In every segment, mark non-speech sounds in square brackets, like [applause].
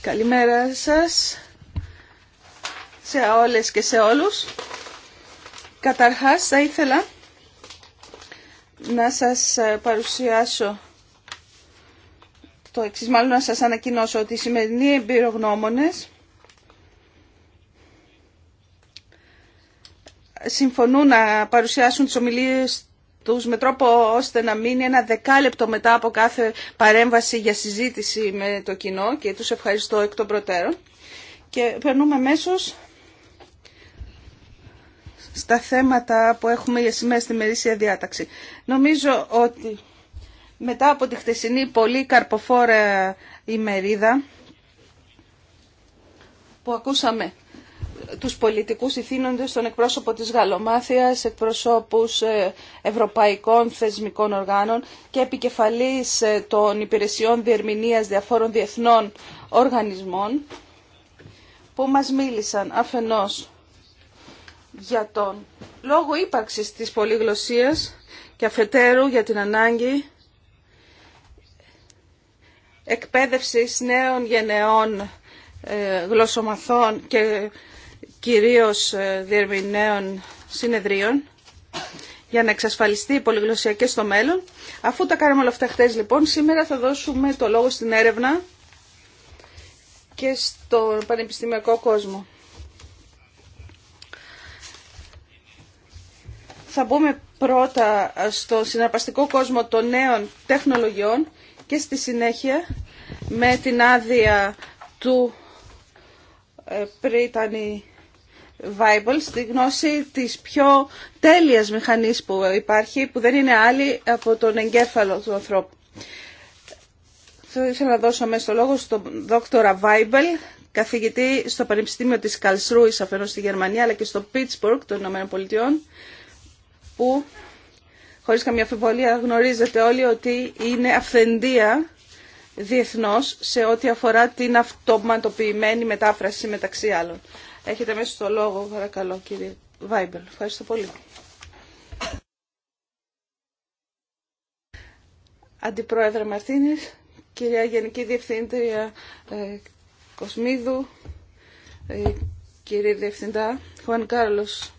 Καλημέρα σας σε όλες και σε όλους. Καταρχάς θα ήθελα να σας ε, παρουσιάσω το εξής, μάλλον να σας ανακοινώσω ότι οι σημερινοί εμπειρογνώμονες συμφωνούν να παρουσιάσουν τις ομιλίες τους με τρόπο ώστε να μείνει ένα δεκάλεπτο μετά από κάθε παρέμβαση για συζήτηση με το κοινό και τους ευχαριστώ εκ των προτέρων. Και περνούμε αμέσω στα θέματα που έχουμε για σήμερα στη μερίσια διάταξη. Νομίζω ότι μετά από τη χτεσινή πολύ καρποφόρα ημερίδα που ακούσαμε τους πολιτικούς ηθήνοντες, τον εκπρόσωπο της Γαλλομάθειας, εκπροσώπους ε, ευρωπαϊκών θεσμικών οργάνων και επικεφαλής ε, των υπηρεσιών διερμηνίας διαφόρων διεθνών οργανισμών που μας μίλησαν αφενός για τον λόγο ύπαρξης της πολυγλωσσίας και αφετέρου για την ανάγκη εκπαίδευσης νέων γενεών ε, γλωσσομαθών και κυρίως ε, διερμηνέων συνεδρίων για να εξασφαλιστεί η πολυγλωσσιακή στο μέλλον. Αφού τα κάναμε όλα αυτά χτες λοιπόν, σήμερα θα δώσουμε το λόγο στην έρευνα και στον πανεπιστημιακό κόσμο. Θα μπούμε πρώτα στον συναρπαστικό κόσμο των νέων τεχνολογιών και στη συνέχεια με την άδεια του ε, Πρίτανη στη γνώση της πιο τέλειας μηχανής που υπάρχει, που δεν είναι άλλη από τον εγκέφαλο του ανθρώπου. Θα ήθελα να δώσω αμέσως το λόγο στον δόκτορα Βάιμπελ, καθηγητή στο Πανεπιστήμιο της Καλσρούης αφενός στη Γερμανία, αλλά και στο Πίτσπουργκ των Ηνωμένων Πολιτειών, που χωρίς καμία αφιβολία γνωρίζετε όλοι ότι είναι αυθεντία διεθνώς σε ό,τι αφορά την αυτοματοποιημένη μετάφραση μεταξύ άλλων. Έχετε μέσα στο λόγο, παρακαλώ, κύριε Βάιμπελ. Ευχαριστώ πολύ. Αντιπρόεδρε Μαρτίνης, κυρία Γενική Διευθύντρια ε, Κοσμίδου, ε, κύριε Διευθυντά, Χωάν Κάρλος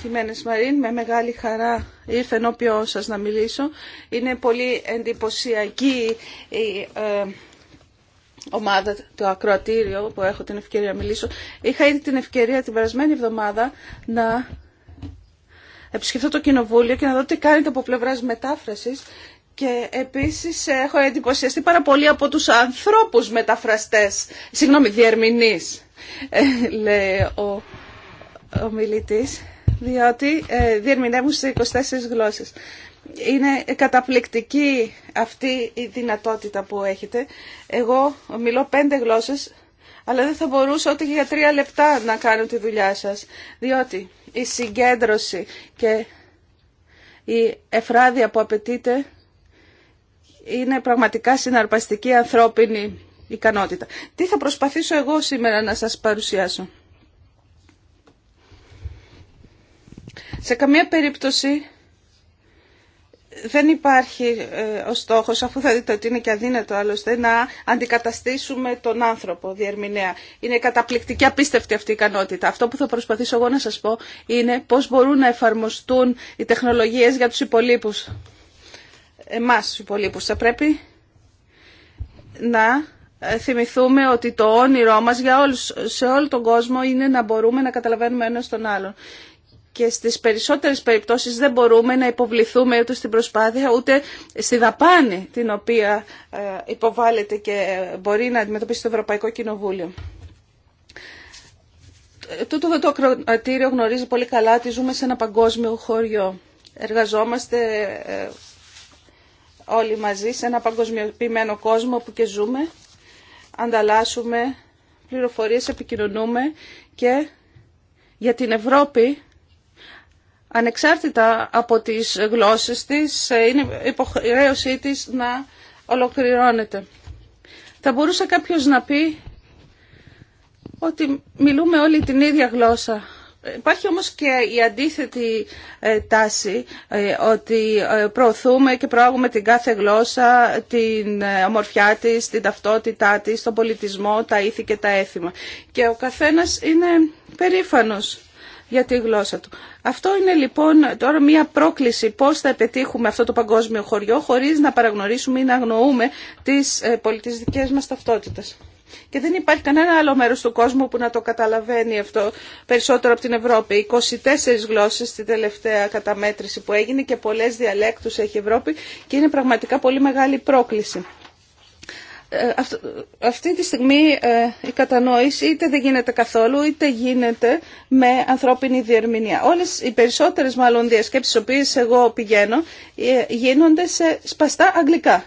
Χιμένες Μαρίν, με μεγάλη χαρά ήρθε ενώπιό σας να μιλήσω. Είναι πολύ εντυπωσιακή η ε, ομάδα, το ακροατήριο που έχω την ευκαιρία να μιλήσω, είχα ήδη την ευκαιρία την περασμένη εβδομάδα να επισκεφθώ το κοινοβούλιο και να δω τι κάνετε από πλευρά μετάφραση. και επίσης έχω εντυπωσιαστεί πάρα πολύ από τους ανθρώπους μεταφραστές, συγγνώμη, διερμηνείς, ε, λέει ο, ο διότι ε, διερμηνεύουν σε 24 γλώσσε. Είναι καταπληκτική αυτή η δυνατότητα που έχετε. Εγώ μιλώ πέντε γλώσσες, αλλά δεν θα μπορούσα ότι για τρία λεπτά να κάνω τη δουλειά σας, διότι η συγκέντρωση και η εφράδια που απαιτείται είναι πραγματικά συναρπαστική ανθρώπινη ικανότητα. Τι θα προσπαθήσω εγώ σήμερα να σας παρουσιάσω. Σε καμία περίπτωση δεν υπάρχει ε, ο στόχος, αφού θα δείτε ότι είναι και αδύνατο άλλωστε, να αντικαταστήσουμε τον άνθρωπο διερμηνέα. Είναι καταπληκτική, απίστευτη αυτή η ικανότητα. Αυτό που θα προσπαθήσω εγώ να σας πω είναι πώς μπορούν να εφαρμοστούν οι τεχνολογίες για τους υπολείπους. Εμάς τους υπολείπους θα πρέπει να ε, θυμηθούμε ότι το όνειρό μας για όλους, σε όλο τον κόσμο είναι να μπορούμε να καταλαβαίνουμε ένας τον άλλον και στις περισσότερες περιπτώσεις δεν μπορούμε να υποβληθούμε ούτε στην προσπάθεια ούτε στη δαπάνη την οποία ε, υποβάλλεται και μπορεί να αντιμετωπίσει το Ευρωπαϊκό Κοινοβούλιο. Ε, τούτο εδώ το ακροατήριο γνωρίζει πολύ καλά ότι ζούμε σε ένα παγκόσμιο χωριό. Εργαζόμαστε ε, όλοι μαζί σε ένα παγκοσμιοποιημένο κόσμο που και ζούμε. Ανταλλάσσουμε πληροφορίες, επικοινωνούμε και για την Ευρώπη ανεξάρτητα από τις γλώσσες της, ε, είναι υποχρέωσή της να ολοκληρώνεται. Θα μπορούσε κάποιος να πει ότι μιλούμε όλοι την ίδια γλώσσα. Υπάρχει όμως και η αντίθετη ε, τάση ε, ότι προωθούμε και προάγουμε την κάθε γλώσσα, την ομορφιά της, την ταυτότητά της, τον πολιτισμό, τα ήθη και τα έθιμα. Και ο καθένας είναι περήφανος για τη γλώσσα του. Αυτό είναι λοιπόν τώρα μια πρόκληση πώς θα επιτύχουμε αυτό το παγκόσμιο χωριό χωρίς να παραγνωρίσουμε ή να αγνοούμε τις ε, πολιτιστικές μας ταυτότητες. Και δεν υπάρχει κανένα άλλο μέρος του κόσμου που να το καταλαβαίνει αυτό περισσότερο από την Ευρώπη. 24 γλώσσες στην τελευταία καταμέτρηση που έγινε και πολλές διαλέκτους έχει η Ευρώπη και είναι πραγματικά πολύ μεγάλη πρόκληση. Ε, αυτή τη στιγμή ε, η κατανόηση είτε δεν γίνεται καθόλου είτε γίνεται με ανθρώπινη διερμηνία. Όλες οι περισσότερες μάλλον διασκέψεις οποίες εγώ πηγαίνω ε, γίνονται σε σπαστά αγγλικά.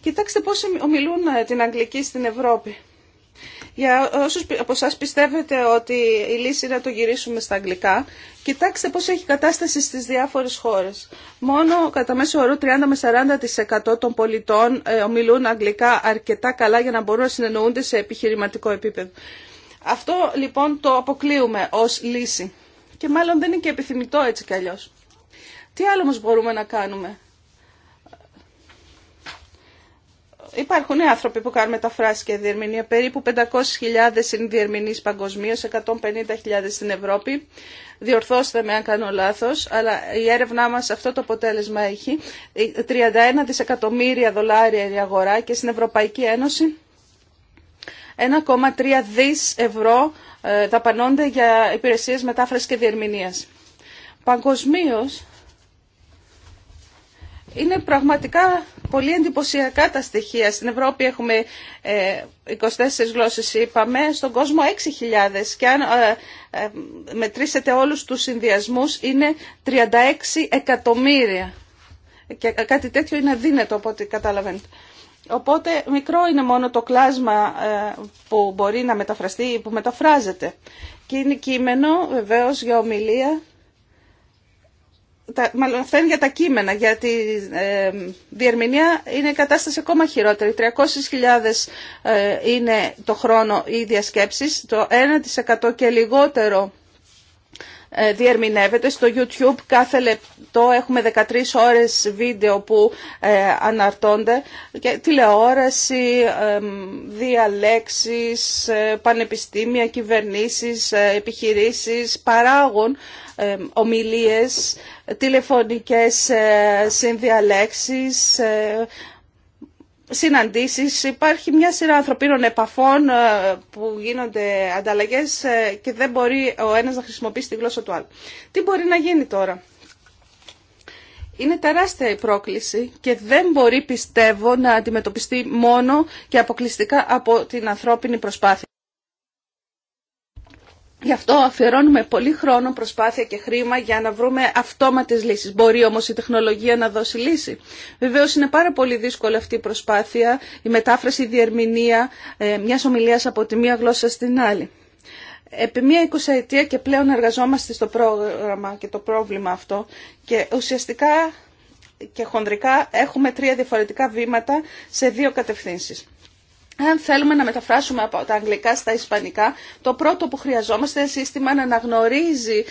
Κοιτάξτε πώς ομιλούν την αγγλική στην Ευρώπη. Για όσους από εσά πιστεύετε ότι η λύση είναι να το γυρίσουμε στα αγγλικά, κοιτάξτε πώς έχει κατάσταση στις διάφορες χώρες. Μόνο κατά μέσο όρο 30 με 40% των πολιτών ε, ομιλούν αγγλικά αρκετά καλά για να μπορούν να συνεννοούνται σε επιχειρηματικό επίπεδο. Αυτό λοιπόν το αποκλείουμε ως λύση. Και μάλλον δεν είναι και επιθυμητό έτσι κι αλλιώς. Τι άλλο όμως μπορούμε να κάνουμε. Υπάρχουν άνθρωποι που κάνουν μεταφράσει και διερμηνία, περίπου 500.000 είναι διερμηνεί παγκοσμίω, 150.000 στην Ευρώπη. Διορθώστε με αν κάνω λάθο, αλλά η έρευνά μας αυτό το αποτέλεσμα έχει. 31 δισεκατομμύρια δολάρια η αγορά και στην Ευρωπαϊκή Ένωση 1,3 δις ευρώ ε, δαπανώνται για υπηρεσίες μετάφρασης και διερμηνίας. Παγκοσμίως είναι πραγματικά πολύ εντυπωσιακά τα στοιχεία. Στην Ευρώπη έχουμε 24 ε, γλώσσες, είπαμε, στον κόσμο 6.000 και αν ε, ε, μετρήσετε όλους τους συνδυασμούς είναι 36 εκατομμύρια. Και κάτι τέτοιο είναι αδύνατο από ό,τι καταλαβαίνετε. Οπότε μικρό είναι μόνο το κλάσμα που μπορεί να μεταφραστεί ή που μεταφράζεται. Και είναι κείμενο βεβαίως για ομιλία τα, μάλλον αυτά για τα κείμενα, για τη ε, διερμηνία είναι η κατάσταση ακόμα χειρότερη. 300.000 ε, είναι το χρόνο οι διασκέψεις, το 1% και λιγότερο ε, διερμηνεύεται στο YouTube. Κάθε λεπτό έχουμε 13 ώρες βίντεο που ε, αναρτώνται. Και τηλεόραση, διαλέξεις, ε, πανεπιστήμια, κυβερνήσεις, επιχειρήσεις παράγουν ομιλίες, τηλεφωνικές συνδιαλέξεις, συναντήσεις, υπάρχει μια σειρά ανθρωπίνων επαφών ε, που γίνονται ανταλλαγές ε, και δεν μπορεί ο ένας να χρησιμοποιήσει τη γλώσσα του άλλου. Τι μπορεί να γίνει τώρα. Είναι τεράστια η πρόκληση και δεν μπορεί πιστεύω να αντιμετωπιστεί μόνο και αποκλειστικά από την ανθρώπινη προσπάθεια. Γι' αυτό αφιερώνουμε πολύ χρόνο, προσπάθεια και χρήμα για να βρούμε αυτόματες λύσεις. Μπορεί όμως η τεχνολογία να δώσει λύση. Βεβαίως είναι πάρα πολύ δύσκολη αυτή η προσπάθεια, η μετάφραση, η διερμηνία ε, μιας ομιλίας από τη μία γλώσσα στην άλλη. Επί μία εικοσαετία και πλέον εργαζόμαστε στο πρόγραμμα και το πρόβλημα αυτό και ουσιαστικά και χοντρικά έχουμε τρία διαφορετικά βήματα σε δύο κατευθύνσεις. Αν θέλουμε να μεταφράσουμε από τα αγγλικά στα ισπανικά, το πρώτο που χρειαζόμαστε είναι σύστημα να αναγνωρίζει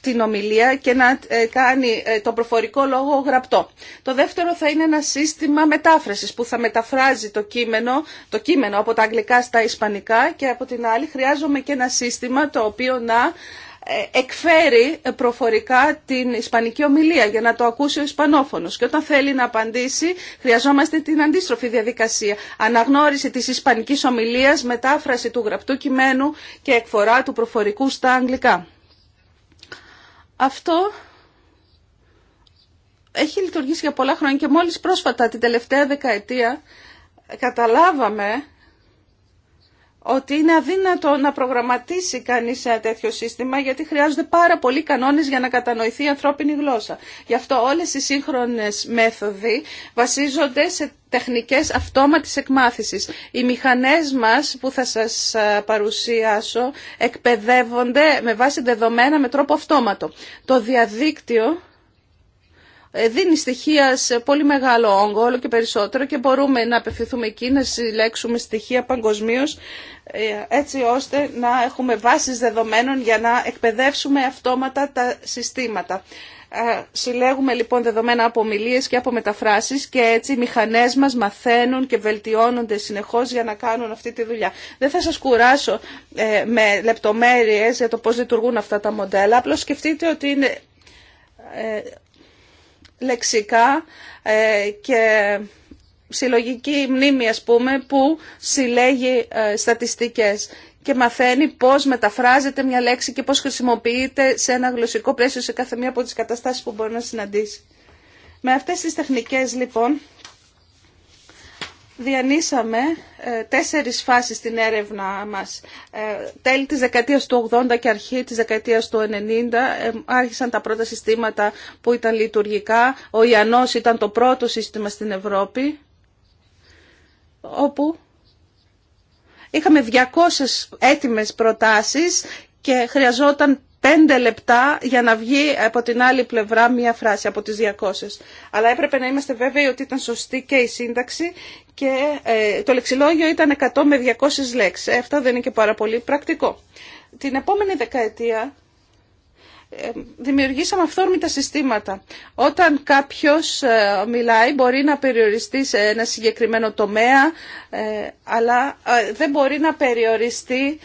την ομιλία και να ε, κάνει ε, τον προφορικό λόγο γραπτό. Το δεύτερο θα είναι ένα σύστημα μετάφρασης που θα μεταφράζει το κείμενο, το κείμενο από τα αγγλικά στα ισπανικά και από την άλλη χρειάζομαι και ένα σύστημα το οποίο να ε, εκφέρει προφορικά την ισπανική ομιλία για να το ακούσει ο ισπανόφωνος και όταν θέλει να απαντήσει χρειαζόμαστε την αντίστροφη διαδικασία αναγνώριση της ισπανικής ομιλίας μετάφραση του γραπτού κειμένου και εκφορά του προφορικού στα αγγλικά αυτό έχει λειτουργήσει για πολλά χρόνια και μόλις πρόσφατα την τελευταία δεκαετία καταλάβαμε ότι είναι αδύνατο να προγραμματίσει κάνει ένα τέτοιο σύστημα γιατί χρειάζονται πάρα πολλοί κανόνες για να κατανοηθεί η ανθρώπινη γλώσσα. Γι' αυτό όλες οι σύγχρονες μέθοδοι βασίζονται σε τεχνικές αυτόματης εκμάθησης. Οι μηχανές μας που θα σας παρουσιάσω εκπαιδεύονται με βάση δεδομένα με τρόπο αυτόματο. Το διαδίκτυο ε, δίνει στοιχεία σε πολύ μεγάλο όγκο, όλο και περισσότερο και μπορούμε να απευθυνθούμε εκεί, να συλλέξουμε στοιχεία παγκοσμίω ε, έτσι ώστε να έχουμε βάσεις δεδομένων για να εκπαιδεύσουμε αυτόματα τα συστήματα. Ε, συλλέγουμε λοιπόν δεδομένα από ομιλίες και από μεταφράσεις και έτσι οι μηχανές μας μαθαίνουν και βελτιώνονται συνεχώς για να κάνουν αυτή τη δουλειά. Δεν θα σας κουράσω με λεπτομέρειες για το πώς λειτουργούν αυτά τα μοντέλα, απλώς σκεφτείτε ότι είναι λεξικά ε, και συλλογική μνήμη, ας πούμε, που συλλέγει ε, στατιστικές και μαθαίνει πώς μεταφράζεται μια λέξη και πώς χρησιμοποιείται σε ένα γλωσσικό πλαίσιο σε κάθε μία από τις καταστάσεις που μπορεί να συναντήσει. Με αυτές τις τεχνικές, λοιπόν, διανύσαμε ε, τέσσερις φάσεις στην έρευνα μας. Ε, τέλη της δεκαετίας του 80 και αρχή της δεκαετίας του 90 ε, άρχισαν τα πρώτα συστήματα που ήταν λειτουργικά. Ο Ιανός ήταν το πρώτο σύστημα στην Ευρώπη, όπου είχαμε 200 έτοιμες προτάσεις και χρειαζόταν πέντε λεπτά για να βγει από την άλλη πλευρά μία φράση από τις 200. Αλλά έπρεπε να είμαστε βέβαιοι ότι ήταν σωστή και η σύνταξη και ε, το λεξιλόγιο ήταν 100 με 200 λέξεις. Ε, αυτό δεν είναι και πάρα πολύ πρακτικό. Την επόμενη δεκαετία ε, δημιουργήσαμε αυθόρμητα συστήματα. Όταν κάποιος μιλάει μπορεί να περιοριστεί σε ένα συγκεκριμένο τομέα, αλλά δεν μπορεί να περιοριστεί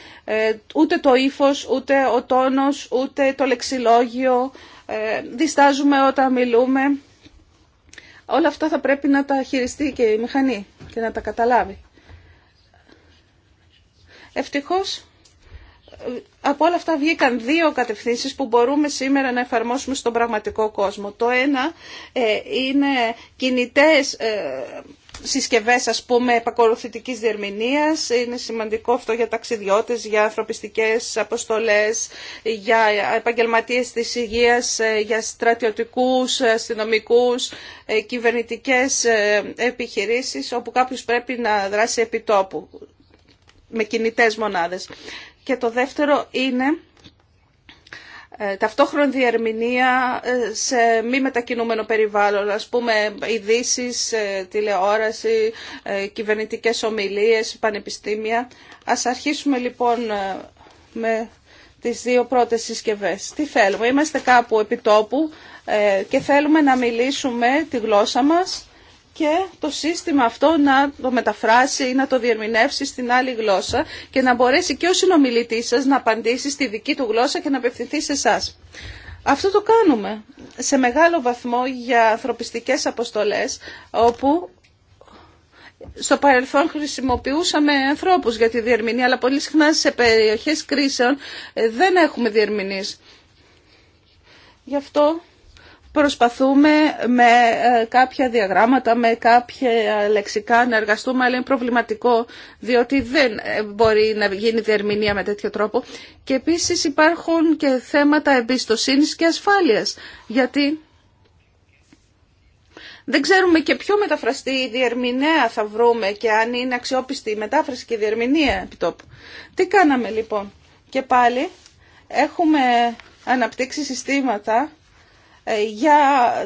ούτε το ύφος, ούτε ο τόνος, ούτε το λεξιλόγιο. Διστάζουμε όταν μιλούμε. Όλα αυτά θα πρέπει να τα χειριστεί και η μηχανή και να τα καταλάβει. Ευτυχώς από όλα αυτά βγήκαν δύο κατευθύνσεις που μπορούμε σήμερα να εφαρμόσουμε στον πραγματικό κόσμο. Το ένα ε, είναι κινητές ε, συσκευές ας πούμε επακολουθητικής διερμηνίας. Είναι σημαντικό αυτό για ταξιδιώτες, για ανθρωπιστικές αποστολές, για επαγγελματίες της υγείας, ε, για στρατιωτικούς, ε, αστυνομικούς, ε, κυβερνητικές επιχειρήσεις όπου κάποιος πρέπει να δράσει επιτόπου με κινητές μονάδες. Και το δεύτερο είναι ε, ταυτόχρονη διερμηνία ε, σε μη μετακινούμενο περιβάλλον, ας πούμε ειδήσει, ε, τηλεόραση, κυβερνητικές ομιλίες, πανεπιστήμια. Ας αρχίσουμε λοιπόν με τις δύο πρώτες συσκευές. Τι θέλουμε, είμαστε κάπου επιτόπου και θέλουμε να μιλήσουμε τη γλώσσα μας και το σύστημα αυτό να το μεταφράσει ή να το διερμηνεύσει στην άλλη γλώσσα και να μπορέσει και ο συνομιλητής σας να απαντήσει στη δική του γλώσσα και να απευθυνθεί σε εσά. Αυτό το κάνουμε σε μεγάλο βαθμό για ανθρωπιστικές αποστολές όπου στο παρελθόν χρησιμοποιούσαμε ανθρώπους για τη διερμηνία αλλά πολύ συχνά σε περιοχές κρίσεων ε, δεν έχουμε διερμηνείς. Γι' αυτό Προσπαθούμε με ε, κάποια διαγράμματα, με κάποια λεξικά να εργαστούμε, αλλά είναι προβληματικό, διότι δεν ε, μπορεί να γίνει διερμηνία με τέτοιο τρόπο. Και επίσης υπάρχουν και θέματα εμπιστοσύνης και ασφάλειας, γιατί δεν ξέρουμε και ποιο μεταφραστή ή διερμηνέα θα βρούμε και αν είναι αξιόπιστη η μετάφραση και η διερμηνία τόπου. Τι κάναμε λοιπόν. Και πάλι έχουμε αναπτύξει συστήματα ε, για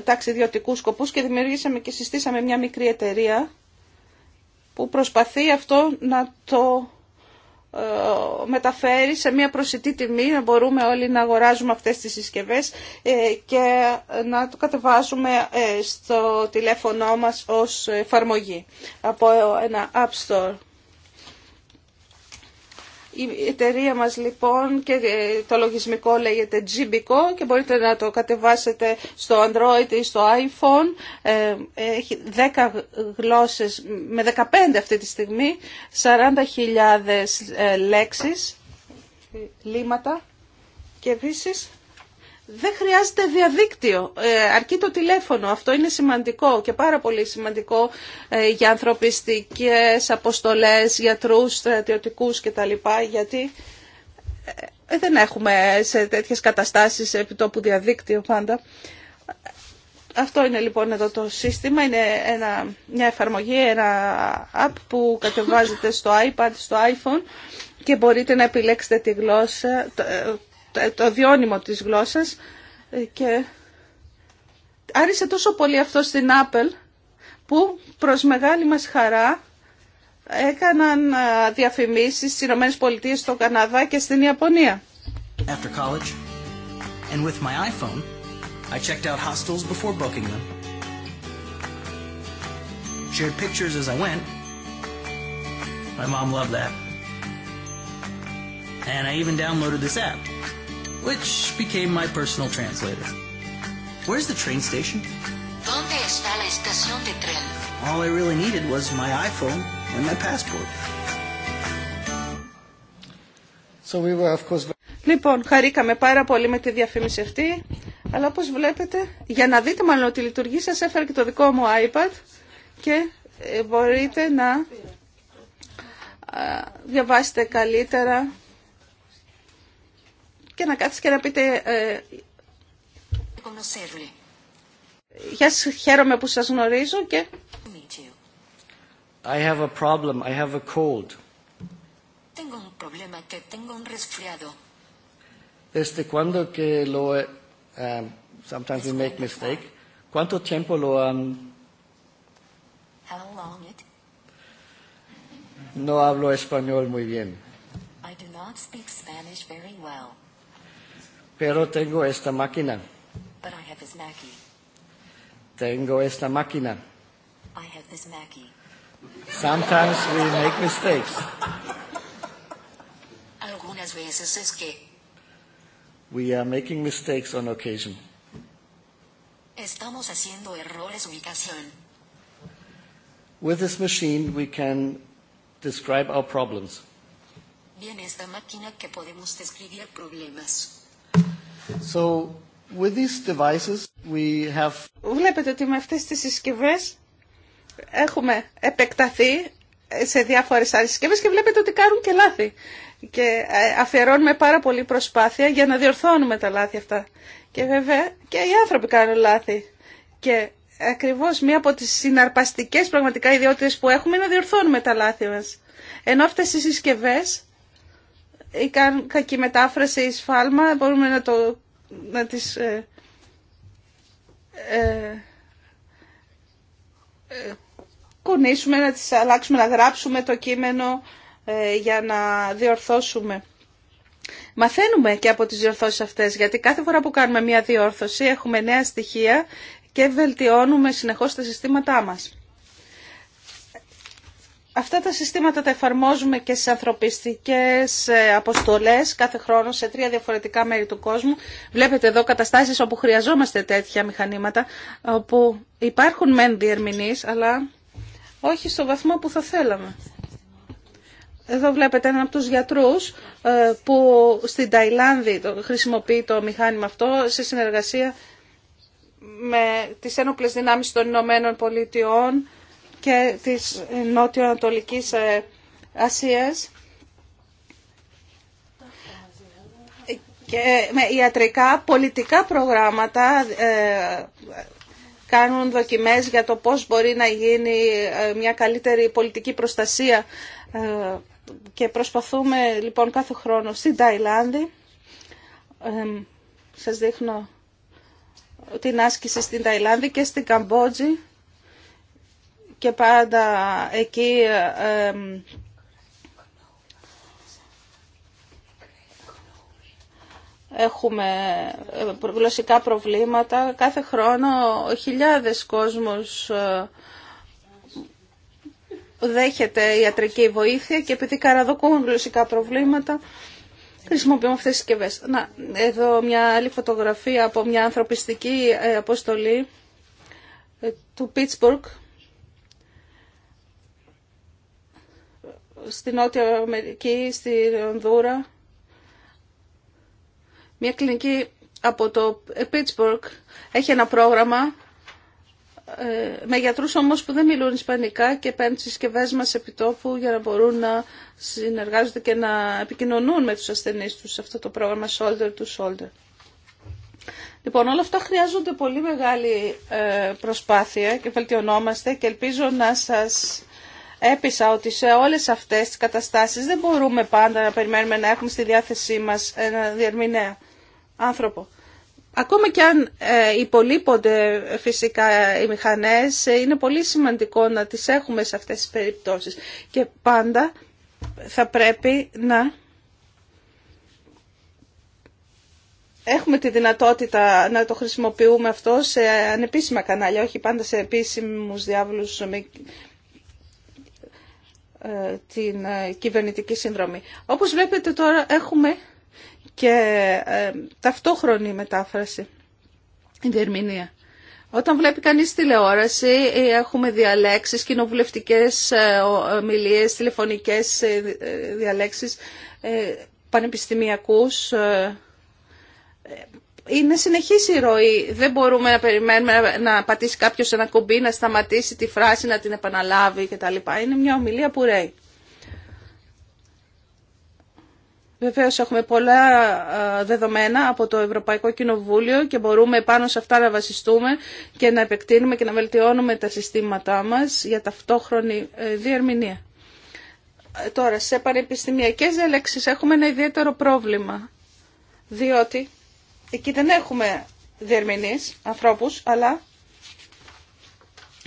ταξιδιωτικούς σκοπούς και δημιουργήσαμε και συστήσαμε μια μικρή εταιρεία που προσπαθεί αυτό να το ε, μεταφέρει σε μια προσιτή τιμή να μπορούμε όλοι να αγοράζουμε αυτές τις συσκευές ε, και να το κατεβάζουμε στο τηλέφωνο μας ως εφαρμογή από ένα App Store. Η εταιρεία μας λοιπόν και ε, το λογισμικό λέγεται GBCO και μπορείτε να το κατεβάσετε στο Android ή στο iPhone. Ε, έχει 10 γλώσσες, με 15 αυτή τη στιγμή, 40.000 ε, λέξεις, λύματα και επίσης δεν χρειάζεται διαδίκτυο, ε, αρκεί το τηλέφωνο. Αυτό είναι σημαντικό και πάρα πολύ σημαντικό ε, για ανθρωπιστικές αποστολές, γιατρούς, στρατιωτικούς κτλ. Γιατί ε, δεν έχουμε σε τέτοιες καταστάσεις επιτόπου διαδίκτυο πάντα. Αυτό είναι λοιπόν εδώ το σύστημα. Είναι μια εφαρμογή, ένα app που κατεβάζετε στο iPad, στο iPhone και μπορείτε να επιλέξετε τη γλώσσα το διώνυμο της γλώσσας και άρεσε τόσο πολύ αυτό στην Apple που προς μεγάλη μας χαρά έκαναν διαφημίσεις στις Ηνωμένες Πολιτείες, στον Καναδά και στην Ιαπωνία. After college and with my iPhone, I checked out hostels before booking them. Shared pictures as I went. My mom loved that. And I even downloaded this app which became my personal translator. Where's the train station? ¿Dónde está la estación de tren? All I really needed was my iPhone and my passport. So we were, of course... Λοιπόν, χαρήκαμε πάρα πολύ με τη διαφήμιση αυτή, αλλά όπως βλέπετε, για να δείτε μάλλον ότι λειτουργεί, σας έφερα και το δικό μου iPad και μπορείτε να διαβάσετε καλύτερα και να κάθεις και να πείτε ε, «Γεια σας, χαίρομαι που σας γνωρίζω» και I have a problem. I have a cold. Tengo un problema que tengo un resfriado. Desde cuando que lo um, sometimes we make mistake. ¿Cuánto tiempo lo han? How long it? No hablo español muy bien. I do not speak Spanish very well. Pero tengo esta máquina. But I have this Mackie. Tengo esta máquina. I have this Mackie. Sometimes we make mistakes. Algunas veces es que. We are making mistakes on occasion. Estamos haciendo errores ubicación. With this machine we can describe our problems. Bien esta máquina que podemos describir problemas. So, with these devices we have... Βλέπετε ότι με αυτές τις συσκευές έχουμε επεκταθεί σε διάφορες άλλες συσκευές και βλέπετε ότι κάνουν και λάθη. Και ε, αφιερώνουμε πάρα πολύ προσπάθεια για να διορθώνουμε τα λάθη αυτά. Και βέβαια και οι άνθρωποι κάνουν λάθη. Και ακριβώς μία από τις συναρπαστικές πραγματικά ιδιότητες που έχουμε είναι να διορθώνουμε τα λάθη μας. Ενώ αυτές οι συσκευές ή καν κακή μετάφραση ή σφάλμα μπορούμε να, το, να τις ε, ε, ε να τις αλλάξουμε, να γράψουμε το κείμενο ε, για να διορθώσουμε. Μαθαίνουμε και από τις διορθώσεις αυτές, γιατί κάθε φορά που κάνουμε μια διόρθωση έχουμε νέα στοιχεία και βελτιώνουμε συνεχώς τα συστήματά μας. Αυτά τα συστήματα τα εφαρμόζουμε και σε ανθρωπιστικές ε, αποστολές κάθε χρόνο σε τρία διαφορετικά μέρη του κόσμου. Βλέπετε εδώ καταστάσεις όπου χρειαζόμαστε τέτοια μηχανήματα, όπου υπάρχουν μεν διερμηνείς, αλλά όχι στο βαθμό που θα θέλαμε. Εδώ βλέπετε έναν από τους γιατρούς ε, που στην Ταϊλάνδη χρησιμοποιεί το μηχάνημα αυτό σε συνεργασία με τις ένοπλες δυνάμεις των Ηνωμένων Πολιτειών και της νότιο-ανατολικής ε, Ασίας και με ιατρικά πολιτικά προγράμματα ε, κάνουν δοκιμές για το πώς μπορεί να γίνει ε, μια καλύτερη πολιτική προστασία και προσπαθούμε λοιπόν κάθε χρόνο στην Ταϊλάνδη σας δείχνω την άσκηση στην Ταϊλάνδη και στην Καμπότζη και πάντα εκεί έχουμε ε, γλωσσικά προβλήματα. Κάθε χρόνο χιλιάδες κόσμος ε, δέχεται ιατρική βοήθεια και επειδή καραδοκούν γλωσσικά προβλήματα χρησιμοποιούμε αυτές τις συσκευές. Να, εδώ μια άλλη φωτογραφία από μια ανθρωπιστική ε, αποστολή του Πίτσμπουργκ στη Νότια Αμερική, στη Ονδούρα. Μια κλινική από το Pittsburgh έχει ένα πρόγραμμα ε, με γιατρούς όμως που δεν μιλούν ισπανικά και παίρνουν τις συσκευέ μας επιτόπου για να μπορούν να συνεργάζονται και να επικοινωνούν με τους ασθενείς τους σε αυτό το πρόγραμμα shoulder to shoulder. Λοιπόν, όλα αυτά χρειάζονται πολύ μεγάλη ε, προσπάθεια και βελτιωνόμαστε και ελπίζω να σας έπεισα ότι σε όλες αυτές τις καταστάσεις δεν μπορούμε πάντα να περιμένουμε να έχουμε στη διάθεσή μας ένα διερμηνέα άνθρωπο. Ακόμα και αν ε, υπολείπονται φυσικά οι μηχανές, ε, είναι πολύ σημαντικό να τις έχουμε σε αυτές τις περιπτώσεις. Και πάντα θα πρέπει να έχουμε τη δυνατότητα να το χρησιμοποιούμε αυτό σε ανεπίσημα κανάλια, όχι πάντα σε επίσημους διάβολους ε, την ε, κυβερνητική συνδρομή. Όπως βλέπετε τώρα έχουμε και ε, ταυτόχρονη μετάφραση, η διερμηνία. Όταν βλέπει κανείς τηλεόραση, έχουμε διαλέξεις, κοινοβουλευτικές μιλίες, τηλεφωνικές διαλέξεις, πανεπιστημιακούς είναι συνεχής η ροή. Δεν μπορούμε να περιμένουμε να πατήσει κάποιος ένα κουμπί, να σταματήσει τη φράση, να την επαναλάβει κτλ. Είναι μια ομιλία που ρέει. Βεβαίω έχουμε πολλά δεδομένα από το Ευρωπαϊκό Κοινοβούλιο και μπορούμε πάνω σε αυτά να βασιστούμε και να επεκτείνουμε και να βελτιώνουμε τα συστήματά μα για ταυτόχρονη ε, διερμηνία. Ε, τώρα, σε πανεπιστημιακές διαλέξεις έχουμε ένα ιδιαίτερο πρόβλημα, διότι Εκεί δεν έχουμε διερμηνείς ανθρώπους, αλλά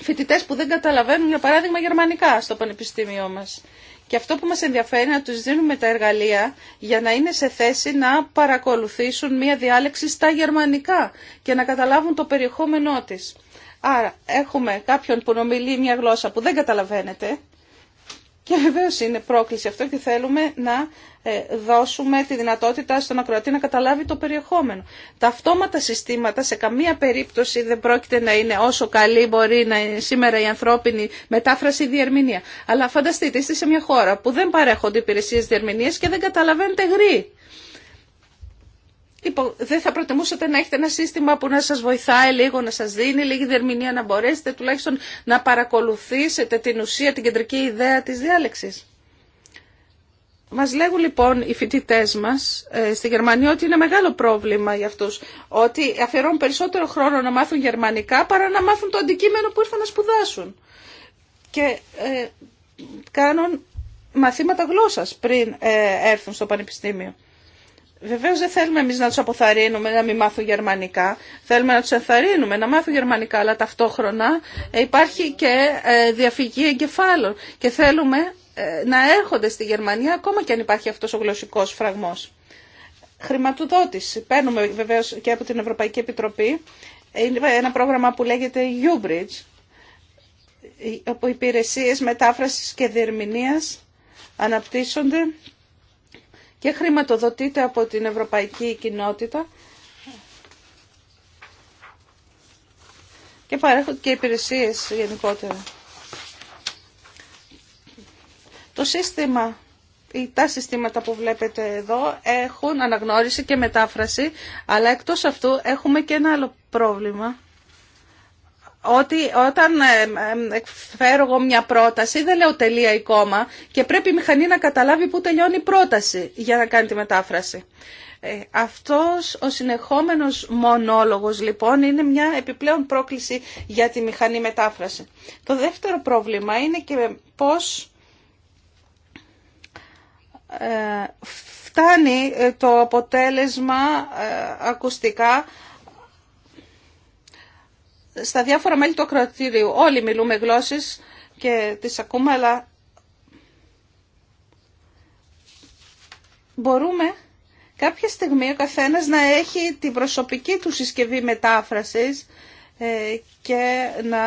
φοιτητές που δεν καταλαβαίνουν, για παράδειγμα, γερμανικά στο πανεπιστήμιό μας. Και αυτό που μας ενδιαφέρει να τους δίνουμε τα εργαλεία για να είναι σε θέση να παρακολουθήσουν μία διάλεξη στα γερμανικά και να καταλάβουν το περιεχόμενό της. Άρα έχουμε κάποιον που νομίλει μια γλώσσα που δεν καταλαβαίνετε και βεβαίω είναι πρόκληση αυτό και θέλουμε να ε, δώσουμε τη δυνατότητα στον ακροατή να καταλάβει το περιεχόμενο. Τα αυτόματα συστήματα σε καμία περίπτωση δεν πρόκειται να είναι όσο καλή μπορεί να είναι σήμερα η ανθρώπινη μετάφραση ή διερμηνία. Αλλά φανταστείτε, είστε σε μια χώρα που δεν παρέχονται υπηρεσίε διερμηνία και δεν καταλαβαίνετε γρή. Λοιπόν, δεν θα προτιμούσατε να έχετε ένα σύστημα που να σας βοηθάει λίγο, να σας δίνει λίγη δερμηνία να μπορέσετε τουλάχιστον να παρακολουθήσετε την ουσία, την κεντρική ιδέα της διάλεξης. Μας λέγουν λοιπόν οι φοιτητέ μας ε, στη Γερμανία ότι είναι μεγάλο πρόβλημα για αυτούς, ότι αφιερώνουν περισσότερο χρόνο να μάθουν γερμανικά παρά να μάθουν το αντικείμενο που ήρθαν να σπουδάσουν. Και ε, κάνουν μαθήματα γλώσσας πριν ε, έρθουν στο πανεπιστήμιο. Βεβαίως δεν θέλουμε εμεί να του αποθαρρύνουμε να μην μάθουν γερμανικά. Θέλουμε να του ενθαρρύνουμε να μάθουν γερμανικά, αλλά ταυτόχρονα υπάρχει και ε, διαφυγή εγκεφάλων. Και θέλουμε ε, να έρχονται στη Γερμανία ακόμα και αν υπάρχει αυτός ο γλωσσικός φραγμός. Χρηματοδότηση. Παίρνουμε βεβαίως και από την Ευρωπαϊκή Επιτροπή ε, ένα πρόγραμμα που λέγεται U-Bridge, όπου υπηρεσίε μετάφραση και διερμηνία αναπτύσσονται και χρηματοδοτείται από την Ευρωπαϊκή Κοινότητα και παρέχονται και υπηρεσίες γενικότερα. Το σύστημα τα συστήματα που βλέπετε εδώ έχουν αναγνώριση και μετάφραση, αλλά εκτός αυτού έχουμε και ένα άλλο πρόβλημα ότι όταν εκφέρω ε, ε, εγώ μια πρόταση δεν λέω τελεία ή κόμμα και πρέπει η μηχανή να καταλάβει πού τελειώνει η πρόταση για να κάνει τη μετάφραση. Ε, αυτός ο συνεχόμενος μονόλογος λοιπόν είναι μια επιπλέον πρόκληση για τη μηχανή μετάφραση. Το δεύτερο πρόβλημα είναι και πώς φτάνει το αποτέλεσμα ακουστικά στα διάφορα μέλη του ακροατήριου. Όλοι μιλούμε γλώσσες και τις ακούμε, αλλά μπορούμε κάποια στιγμή ο καθένας να έχει την προσωπική του συσκευή μετάφρασης ε, και να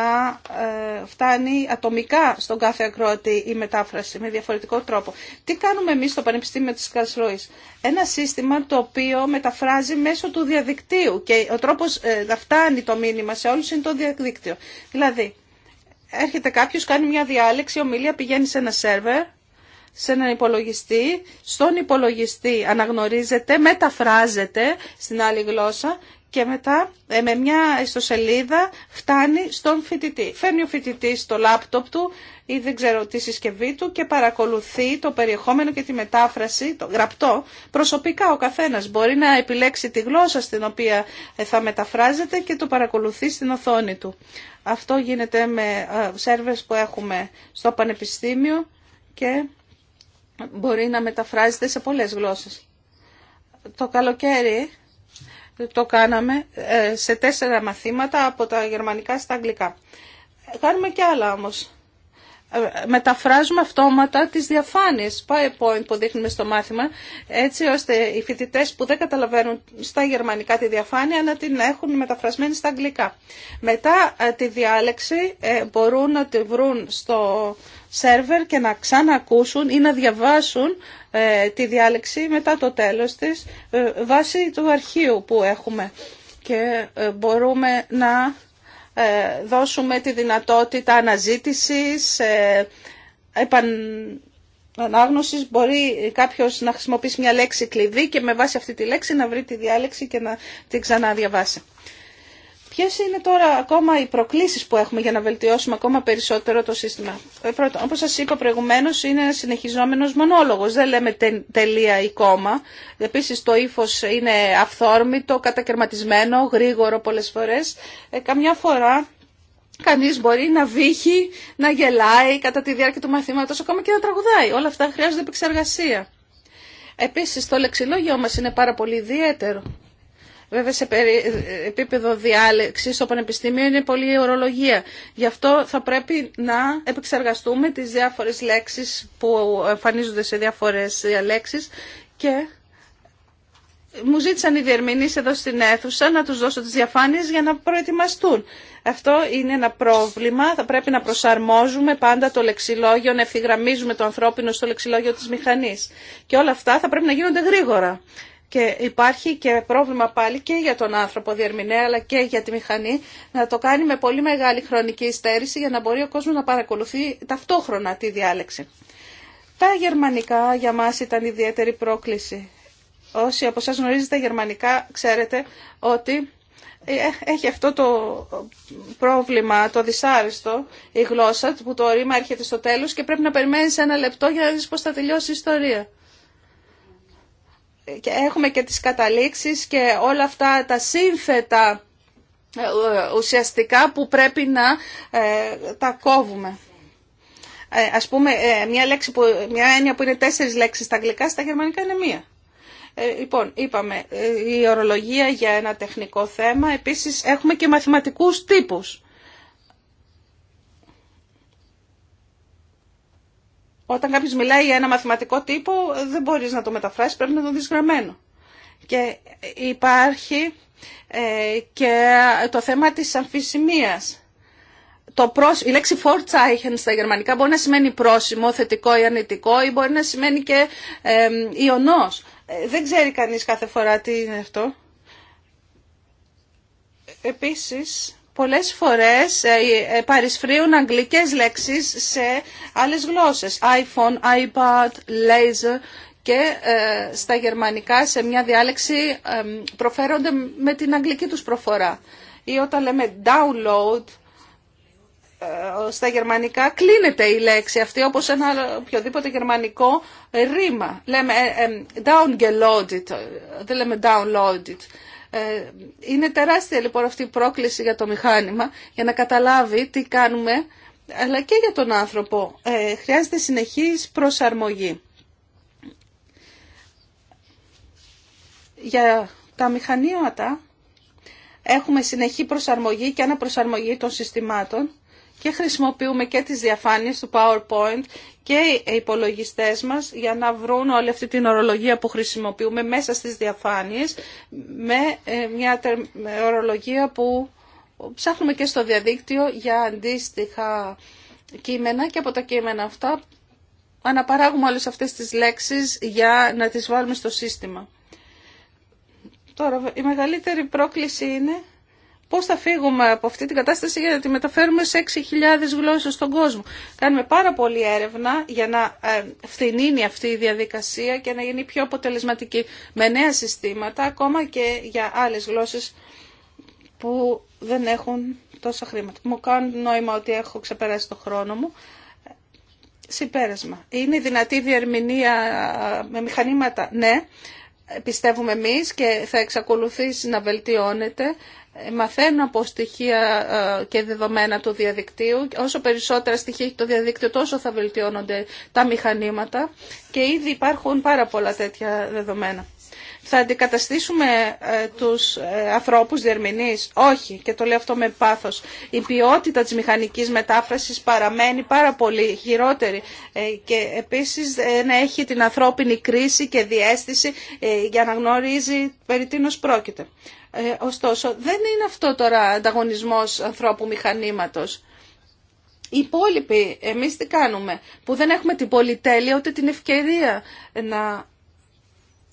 ε, φτάνει ατομικά στον κάθε ακρότη η μετάφραση με διαφορετικό τρόπο. Τι κάνουμε εμείς στο Πανεπιστήμιο της Καλσρόης. Ένα σύστημα το οποίο μεταφράζει μέσω του διαδικτύου και ο τρόπος ε, να φτάνει το μήνυμα σε όλους είναι το διαδίκτυο. Δηλαδή, έρχεται κάποιος, κάνει μια διάλεξη, ομιλία, πηγαίνει σε ένα σερβερ, σε έναν υπολογιστή, στον υπολογιστή αναγνωρίζεται, μεταφράζεται στην άλλη γλώσσα και μετά ε, με μια ιστοσελίδα φτάνει στον φοιτητή. Φέρνει ο φοιτητή το λάπτοπ του ή δεν ξέρω τι συσκευή του και παρακολουθεί το περιεχόμενο και τη μετάφραση, το γραπτό, προσωπικά ο καθένας. Μπορεί να επιλέξει τη γλώσσα στην οποία ε, θα μεταφράζεται και το παρακολουθεί στην οθόνη του. Αυτό γίνεται με ε, σερβες που έχουμε στο πανεπιστήμιο και μπορεί να μεταφράζεται σε πολλές γλώσσες. Το καλοκαίρι το κάναμε ε, σε τέσσερα μαθήματα από τα γερμανικά στα αγγλικά. Κάνουμε και άλλα όμως. Ε, μεταφράζουμε αυτόματα τις διαφάνειες PowerPoint που δείχνουμε στο μάθημα έτσι ώστε οι φοιτητές που δεν καταλαβαίνουν στα γερμανικά τη διαφάνεια να την έχουν μεταφρασμένη στα αγγλικά. Μετά ε, τη διάλεξη μπορούν να τη βρουν στο σερβερ και να ξανακούσουν ή να διαβάσουν ε, τη διάλεξη μετά το τέλος της ε, βάσει του αρχείου που έχουμε και ε, μπορούμε να δώσουμε τη δυνατότητα αναζήτησης, επανάγνωσης. Μπορεί κάποιος να χρησιμοποιήσει μια λέξη κλειδί και με βάση αυτή τη λέξη να βρει τη διάλεξη και να την ξαναδιαβάσει. Ποιε είναι τώρα ακόμα οι προκλήσει που έχουμε για να βελτιώσουμε ακόμα περισσότερο το σύστημα. Όπω ε, όπως σας είπα προηγουμένω, είναι ένα συνεχιζόμενος μονόλογο. Δεν λέμε τελεία ή κόμμα. Επίση το ύφο είναι αυθόρμητο, κατακαιρματισμένο, γρήγορο πολλέ φορέ. Ε, καμιά φορά Κανεί μπορεί να βύχει, να γελάει κατά τη διάρκεια του μαθήματο, ακόμα και να τραγουδάει. Όλα αυτά χρειάζονται επεξεργασία. Επίση, το λεξιλόγιο μα είναι πάρα πολύ ιδιαίτερο. Βέβαια σε επίπεδο διάλεξη στο Πανεπιστήμιο είναι πολύ ορολογία. Γι' αυτό θα πρέπει να επεξεργαστούμε τις διάφορες λέξεις που εμφανίζονται σε διάφορες διαλέξεις και μου ζήτησαν οι διερμηνείς εδώ στην αίθουσα να τους δώσω τις διαφάνειες για να προετοιμαστούν. Αυτό είναι ένα πρόβλημα. Θα πρέπει να προσαρμόζουμε πάντα το λεξιλόγιο, να ευθυγραμμίζουμε το ανθρώπινο στο λεξιλόγιο της μηχανής. Και όλα αυτά θα πρέπει να γίνονται γρήγορα. Και υπάρχει και πρόβλημα πάλι και για τον άνθρωπο διερμηνέα αλλά και για τη μηχανή να το κάνει με πολύ μεγάλη χρονική υστέρηση για να μπορεί ο κόσμος να παρακολουθεί ταυτόχρονα τη διάλεξη. Τα γερμανικά για μας ήταν ιδιαίτερη πρόκληση. Όσοι από σας γνωρίζετε γερμανικά ξέρετε ότι ε, έχει αυτό το πρόβλημα, το δυσάρεστο, η γλώσσα που το ρήμα έρχεται στο τέλος και πρέπει να περιμένεις ένα λεπτό για να δεις πώς θα τελειώσει η ιστορία και έχουμε και τις καταλήξεις και όλα αυτά τα σύνθετα ε, ε, ουσιαστικά που πρέπει να ε, τα κόβουμε. Ε, ας πούμε, μια, λέξη μια έννοια που είναι τέσσερις λέξεις στα αγγλικά, στα γερμανικά είναι μία. λοιπόν, είπαμε, η ορολογία για ένα τεχνικό θέμα. Επίσης, έχουμε και μαθηματικούς τύπους. Όταν κάποιο μιλάει για ένα μαθηματικό τύπο, δεν μπορεί να το μεταφράσει, πρέπει να το δει γραμμένο. Και υπάρχει ε, και το θέμα της αμφισημία. Το προσ... Η λέξη Vorzeichen στα γερμανικά μπορεί να σημαίνει πρόσημο, θετικό ή αρνητικό ή μπορεί να σημαίνει και ε, ιονός. δεν ξέρει κανείς κάθε φορά τι είναι αυτό. Επίσης, πολλές φορές ε, ε, παρισφρίουν αγγλικές λέξεις σε άλλες γλώσσες. iPhone, iPad, laser και ε, στα γερμανικά σε μια διάλεξη προφέρονται με την αγγλική τους προφορά. Ή όταν λέμε download, στα γερμανικά κλείνεται η λέξη αυτή όπως ένα οποιοδήποτε γερμανικό ρήμα. Λέμε downloaded, δεν λέμε downloaded. Ε, είναι τεράστια λοιπόν αυτή η πρόκληση για το μηχάνημα, για να καταλάβει τι κάνουμε, αλλά και για τον άνθρωπο. Ε, χρειάζεται συνεχής προσαρμογή. Για τα μηχανήματα έχουμε συνεχή προσαρμογή και αναπροσαρμογή των συστημάτων και χρησιμοποιούμε και τις διαφάνειες του PowerPoint και οι υπολογιστές μας για να βρουν όλη αυτή την ορολογία που χρησιμοποιούμε μέσα στις διαφάνειες με ε, μια ορολογία που ψάχνουμε και στο διαδίκτυο για αντίστοιχα κείμενα και από τα κείμενα αυτά αναπαράγουμε όλες αυτές τις λέξεις για να τις βάλουμε στο σύστημα. Τώρα, η μεγαλύτερη πρόκληση είναι Πώς θα φύγουμε από αυτή την κατάσταση για να τη μεταφέρουμε σε 6.000 γλώσσε στον κόσμο. Κάνουμε πάρα πολλή έρευνα για να ε, φθηνίνει αυτή η διαδικασία και να γίνει πιο αποτελεσματική με νέα συστήματα, ακόμα και για άλλες γλώσσες που δεν έχουν τόσα χρήματα. Μου κάνουν νόημα ότι έχω ξεπεράσει το χρόνο μου. Συμπέρασμα. Είναι δυνατή διερμηνία ε, με μηχανήματα. Ναι, πιστεύουμε εμείς και θα εξακολουθήσει να βελτιώνεται μαθαίνουν από στοιχεία ε, και δεδομένα του διαδικτύου. Όσο περισσότερα στοιχεία έχει το διαδίκτυο, τόσο θα βελτιώνονται τα μηχανήματα και ήδη υπάρχουν πάρα πολλά τέτοια δεδομένα. Θα αντικαταστήσουμε ε, τους ε, ανθρώπους διερμηνείς. Όχι, και το λέω αυτό με πάθος. Η ποιότητα της μηχανικής μετάφρασης παραμένει πάρα πολύ χειρότερη και επίσης να έχει την ανθρώπινη κρίση και διέστηση για να γνωρίζει περί τίνος πρόκειται. Ε, ωστόσο, δεν είναι αυτό τώρα ανταγωνισμός ανθρώπου-μηχανήματος. Οι υπόλοιποι, εμείς τι κάνουμε, που δεν έχουμε την πολυτέλεια ούτε την ευκαιρία να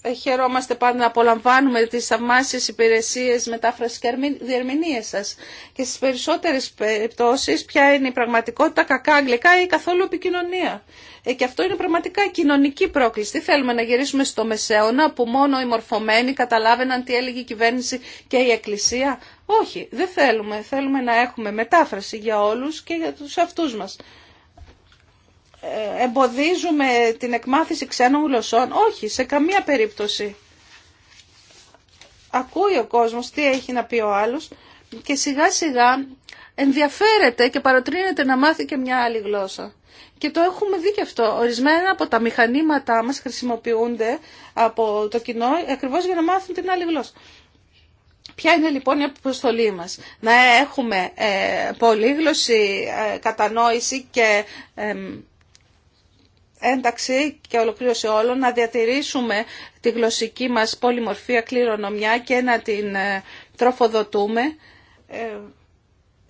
χαιρόμαστε πάντα να απολαμβάνουμε τις θαυμάσιες υπηρεσίες μετάφρασης και διερμηνίες σας. Και στις περισσότερες περιπτώσεις ποια είναι η πραγματικότητα κακά αγγλικά ή καθόλου επικοινωνία. Ε, και αυτό είναι πραγματικά κοινωνική πρόκληση. Τι θέλουμε να γυρίσουμε στο μεσαίωνα που μόνο οι μορφωμένοι καταλάβαιναν τι έλεγε η κυβέρνηση και η εκκλησία. Όχι, δεν θέλουμε. Θέλουμε να έχουμε μετάφραση για όλους και για τους αυτούς μας. Ε, εμποδίζουμε την εκμάθηση ξένων γλωσσών. Όχι, σε καμία περίπτωση. Ακούει ο κόσμος τι έχει να πει ο άλλος και σιγά σιγά ενδιαφέρεται και παροτρύνεται να μάθει και μια άλλη γλώσσα. Και το έχουμε δει και αυτό. Ορισμένα από τα μηχανήματά μας χρησιμοποιούνται από το κοινό ακριβώς για να μάθουν την άλλη γλώσσα. Ποια είναι λοιπόν η αποστολή μας. Να έχουμε ε, πολύγλωση, ε, κατανόηση και ε, ένταξη και ολοκλήρωση όλων, να διατηρήσουμε τη γλωσσική μας πολυμορφία κληρονομιά και να την ε, τροφοδοτούμε. Ε,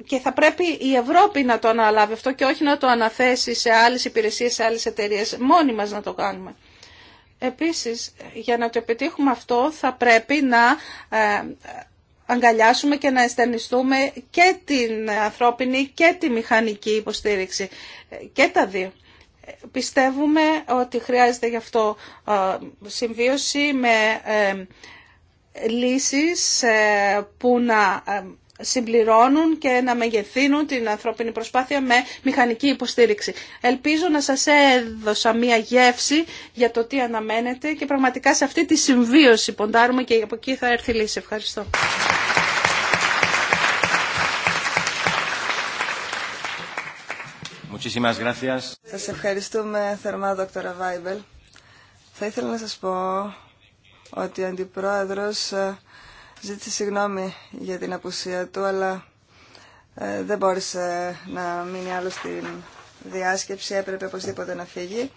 και θα πρέπει η Ευρώπη να το αναλάβει αυτό και όχι να το αναθέσει σε άλλες υπηρεσίες, σε άλλες εταιρείες. Μόνοι μας να το κάνουμε. Επίσης, για να το επιτύχουμε αυτό θα πρέπει να ε, αγκαλιάσουμε και να εστερνιστούμε και την ανθρώπινη και τη μηχανική υποστήριξη. Και τα δύο πιστεύουμε ότι χρειάζεται γι' αυτό συμβίωση με ε, λύσεις ε, που να ε, συμπληρώνουν και να μεγεθύνουν την ανθρώπινη προσπάθεια με μηχανική υποστήριξη. Ελπίζω να σας έδωσα μία γεύση για το τι αναμένετε και πραγματικά σε αυτή τη συμβίωση ποντάρουμε και από εκεί θα έρθει η λύση. Ευχαριστώ. Σας ευχαριστούμε θερμά, δόκτωρα Βάιμπελ. Θα ήθελα να σας πω ότι ο Αντιπρόεδρος ε, ζήτησε συγγνώμη για την απουσία του, αλλά ε, δεν μπόρεσε να μείνει άλλο στην διάσκεψη, έπρεπε οπωσδήποτε να φύγει.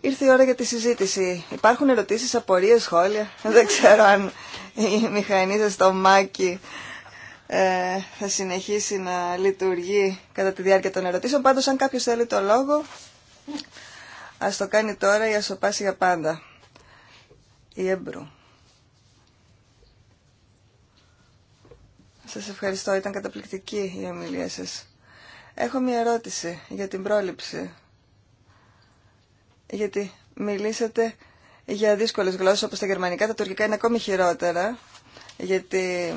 Ήρθε η ώρα για τη συζήτηση. Υπάρχουν ερωτήσεις, απορίες, σχόλια. δεν ξέρω αν η μηχανή σας το μάκι ε, θα συνεχίσει να λειτουργεί κατά τη διάρκεια των ερωτήσεων. Πάντως, αν κάποιος θέλει το λόγο, ας το κάνει τώρα ή ας το πάσει για πάντα. Η Εμπρού. Σας ευχαριστώ. Ήταν καταπληκτική η ομιλία σας. Έχω μια ερώτηση για την πρόληψη. Γιατί μιλήσατε για δύσκολες γλώσσες όπως τα γερμανικά, τα τουρκικά είναι ακόμη χειρότερα. Γιατί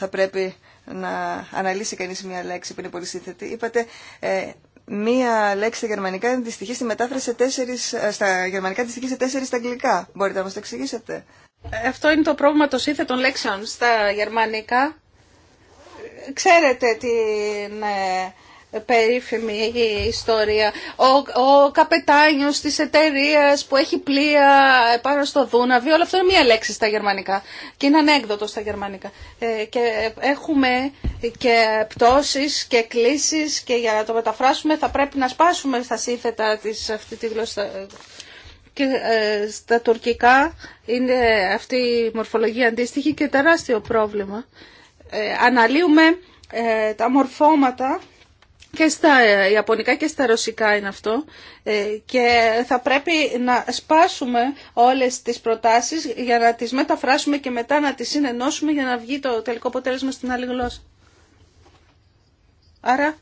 θα πρέπει να αναλύσει κανείς μία λέξη που είναι πολύ σύνθετη. Είπατε ε, μία λέξη στα γερμανικά αντιστοιχεί στη μετάφραση σε ε, στα γερμανικά αντιστοιχεί σε τέσσερις στα αγγλικά. Μπορείτε να μας το εξηγήσετε. Αυτό είναι το πρόβλημα των σύνθετων λέξεων στα γερμανικά. Ξέρετε την ε, περίφημη ιστορία. Ο, ο καπετάνιος της εταιρεία που έχει πλοία πάνω στο Δούναβι, όλα αυτά είναι μία λέξη στα γερμανικά και είναι ανέκδοτο στα γερμανικά. Ε, και έχουμε και πτώσεις και κλήσεις και για να το μεταφράσουμε θα πρέπει να σπάσουμε στα σύνθετα της αυτή τη γλώσσα. Και ε, στα τουρκικά είναι αυτή η μορφολογία αντίστοιχη και τεράστιο πρόβλημα. Ε, αναλύουμε τα μορφώματα και στα ε, Ιαπωνικά και στα Ρωσικά είναι αυτό ε, και θα πρέπει να σπάσουμε όλες τις προτάσεις για να τις μεταφράσουμε και μετά να τις συνενώσουμε για να βγει το τελικό αποτέλεσμα στην άλλη γλώσσα. Άρα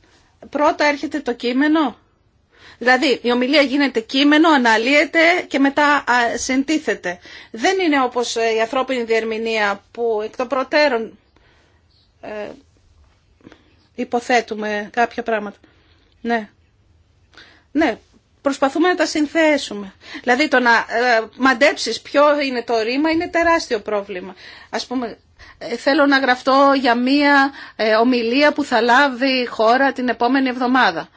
πρώτα έρχεται το κείμενο. Δηλαδή η ομιλία γίνεται κείμενο, αναλύεται και μετά συντίθεται. Δεν είναι όπως ε, η ανθρώπινη διερμηνία που εκ των προτέρων υποθέτουμε κάποια πράγματα. Ναι. Ναι, προσπαθούμε να τα συνθέσουμε. Δηλαδή το να ε, μαντέψεις ποιο είναι το ρήμα είναι τεράστιο πρόβλημα. Ας πούμε, ε, θέλω να γραφτώ για μία ε, ομιλία που θα λάβει η χώρα την επόμενη εβδομάδα.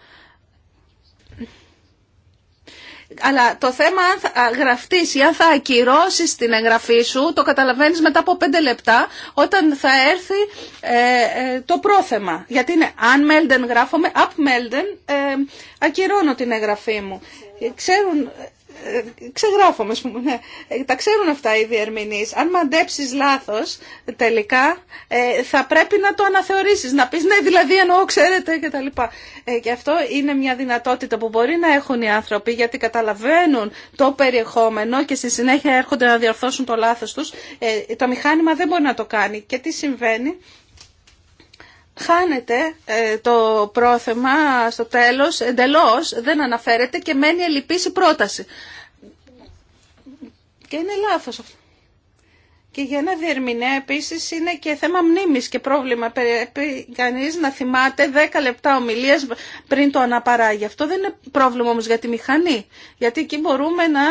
Αλλά το θέμα αν θα γραφτεί ή αν θα ακυρώσει την εγγραφή σου, το καταλαβαίνει μετά από πέντε λεπτά όταν θα έρθει ε, ε, το πρόθεμα. Γιατί είναι αν μέλντεν γράφομαι, up μέλντεν ε, ακυρώνω την εγγραφή μου. Ξέρουν ε, ξεγράφομαι, α πούμε, ναι. ε, τα ξέρουν αυτά οι διερμηνείς. Αν μαντέψεις λάθος, τελικά, ε, θα πρέπει να το αναθεωρήσεις, να πεις ναι, δηλαδή εννοώ, ξέρετε, και τα λοιπά. και αυτό είναι μια δυνατότητα που μπορεί να έχουν οι άνθρωποι, γιατί καταλαβαίνουν το περιεχόμενο και στη συνέχεια έρχονται να διορθώσουν το λάθος τους. το μηχάνημα δεν μπορεί να το κάνει. Και τι συμβαίνει, χάνεται ε, το πρόθεμα στο τέλος εντελώς, δεν αναφέρεται και μένει ελλειπής η πρόταση. Και είναι λάθος αυτό. Και για ένα διερμηνέα επίση είναι και θέμα μνήμη και πρόβλημα. Πρέπει κανεί να θυμάται 10 λεπτά ομιλίας πριν το αναπαράγει. Αυτό δεν είναι πρόβλημα όμω για τη μηχανή. Γιατί εκεί μπορούμε να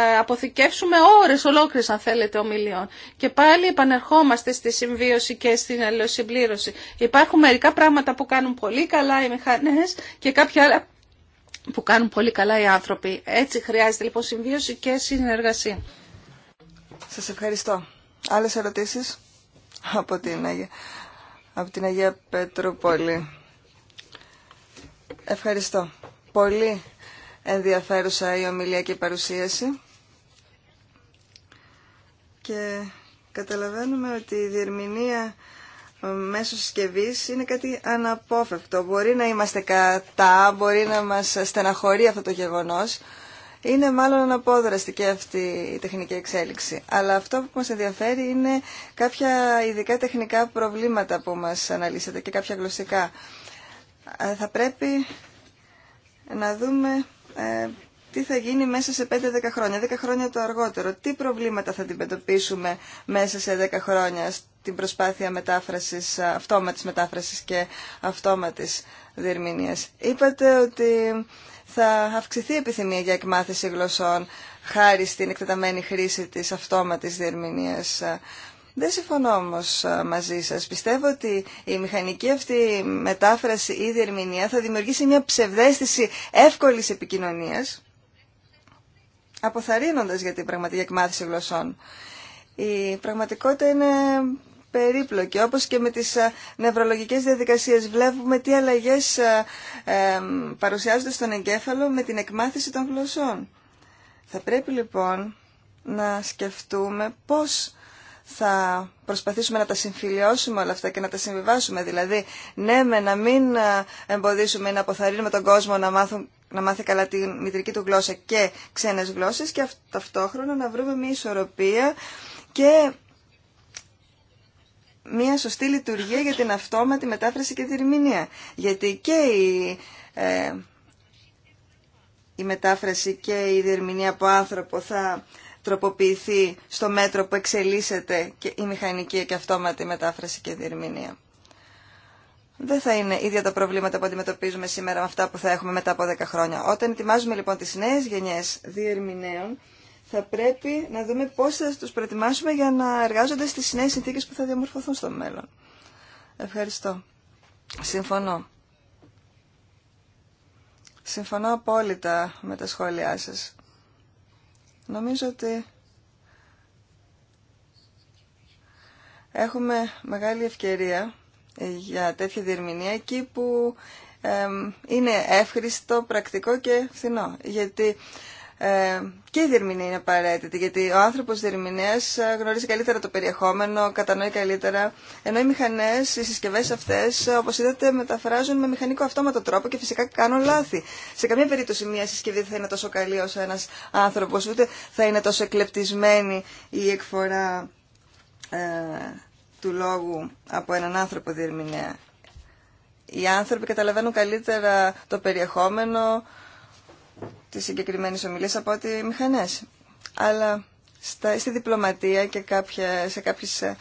ε, αποθηκεύσουμε ώρες ολόκληρε αν θέλετε ομιλιών. Και πάλι επανερχόμαστε στη συμβίωση και στην αλληλοσυμπλήρωση. Υπάρχουν μερικά πράγματα που κάνουν πολύ καλά οι μηχανέ και κάποια άλλα που κάνουν πολύ καλά οι άνθρωποι. Έτσι χρειάζεται λοιπόν συμβίωση και συνεργασία. Σας ευχαριστώ. Άλλες ερωτήσεις από την Αγία, από την Αγία πολύ Ευχαριστώ. Πολύ ενδιαφέρουσα η ομιλία και η παρουσίαση. Και καταλαβαίνουμε ότι η διερμηνία μέσω συσκευή είναι κάτι αναπόφευκτο. Μπορεί να είμαστε κατά, μπορεί να μας στεναχωρεί αυτό το γεγονός, είναι μάλλον αναπόδραστη και αυτή η τεχνική εξέλιξη. Αλλά αυτό που μας ενδιαφέρει είναι κάποια ειδικά τεχνικά προβλήματα που μας αναλύσατε και κάποια γλωσσικά. Ε, θα πρέπει να δούμε ε, τι θα γίνει μέσα σε 5-10 χρόνια, 10 χρόνια το αργότερο. Τι προβλήματα θα αντιμετωπίσουμε μέσα σε 10 χρόνια στην προσπάθεια μετάφρασης, αυτόματης μετάφρασης και αυτόματης διερμηνίας. Είπατε ότι θα αυξηθεί η επιθυμία για εκμάθηση γλωσσών χάρη στην εκτεταμένη χρήση της αυτόματης διερμηνίας. Δεν συμφωνώ όμω ε, μαζί σας. Πιστεύω ότι η μηχανική αυτή μετάφραση ή διερμηνία θα δημιουργήσει μια ψευδέστηση εύκολης επικοινωνίας, αποθαρρύνοντας για την πραγματική εκμάθηση γλωσσών. Η πραγματικότητα είναι περίπλοκη. Όπως και με τις ε, νευρολογικές διαδικασίες βλέπουμε τι αλλαγές ε, ε, παρουσιάζονται στον εγκέφαλο με την εκμάθηση των γλωσσών. Θα πρέπει λοιπόν να σκεφτούμε πώς θα προσπαθήσουμε να τα συμφιλιώσουμε όλα αυτά και να τα συμβιβάσουμε. Δηλαδή, ναι, με να μην εμποδίσουμε ή να αποθαρρύνουμε τον κόσμο να, μάθουν, να μάθει καλά τη μητρική του γλώσσα και ξένες γλώσσες και ταυτόχρονα να βρούμε μια ισορροπία και μια σωστή λειτουργία για την αυτόματη μετάφραση και διερμηνία. Γιατί και η, ε, η μετάφραση και η διερμηνία από άνθρωπο θα τροποποιηθεί στο μέτρο που εξελίσσεται και η μηχανική και αυτόματη μετάφραση και διερμηνία. Δεν θα είναι ίδια τα προβλήματα που αντιμετωπίζουμε σήμερα με αυτά που θα έχουμε μετά από 10 χρόνια. Όταν ετοιμάζουμε λοιπόν τις νέες γενιές διερμηνέων, θα πρέπει να δούμε πώς θα τους προετοιμάσουμε για να εργάζονται στις νέες συνθήκες που θα διαμορφωθούν στο μέλλον. Ευχαριστώ. Συμφωνώ. Συμφωνώ απόλυτα με τα σχόλιά σας. Νομίζω ότι έχουμε μεγάλη ευκαιρία για τέτοια διερμηνία εκεί που είναι εύχριστο, πρακτικό και φθηνό. Γιατί ε, και η διερμηνία είναι απαραίτητη, γιατί ο άνθρωπος διερμηνέας ε, γνωρίζει καλύτερα το περιεχόμενο, κατανοεί καλύτερα, ενώ οι μηχανές, οι συσκευές αυτές, ε, όπως είδατε, μεταφράζουν με μηχανικό αυτόματο τρόπο και φυσικά κάνουν λάθη. Σε καμία περίπτωση μια συσκευή δεν θα είναι τόσο καλή όσο ένας άνθρωπος, ούτε θα είναι τόσο εκλεπτισμένη η εκφορά ε, του λόγου από έναν άνθρωπο διερμηνέα. Οι άνθρωποι καταλαβαίνουν καλύτερα το περιεχόμενο, τι συγκεκριμένε ομιλίε από ότι μηχανές. Αλλά στα, στη διπλωματία και κάποια, σε κάποιες ε,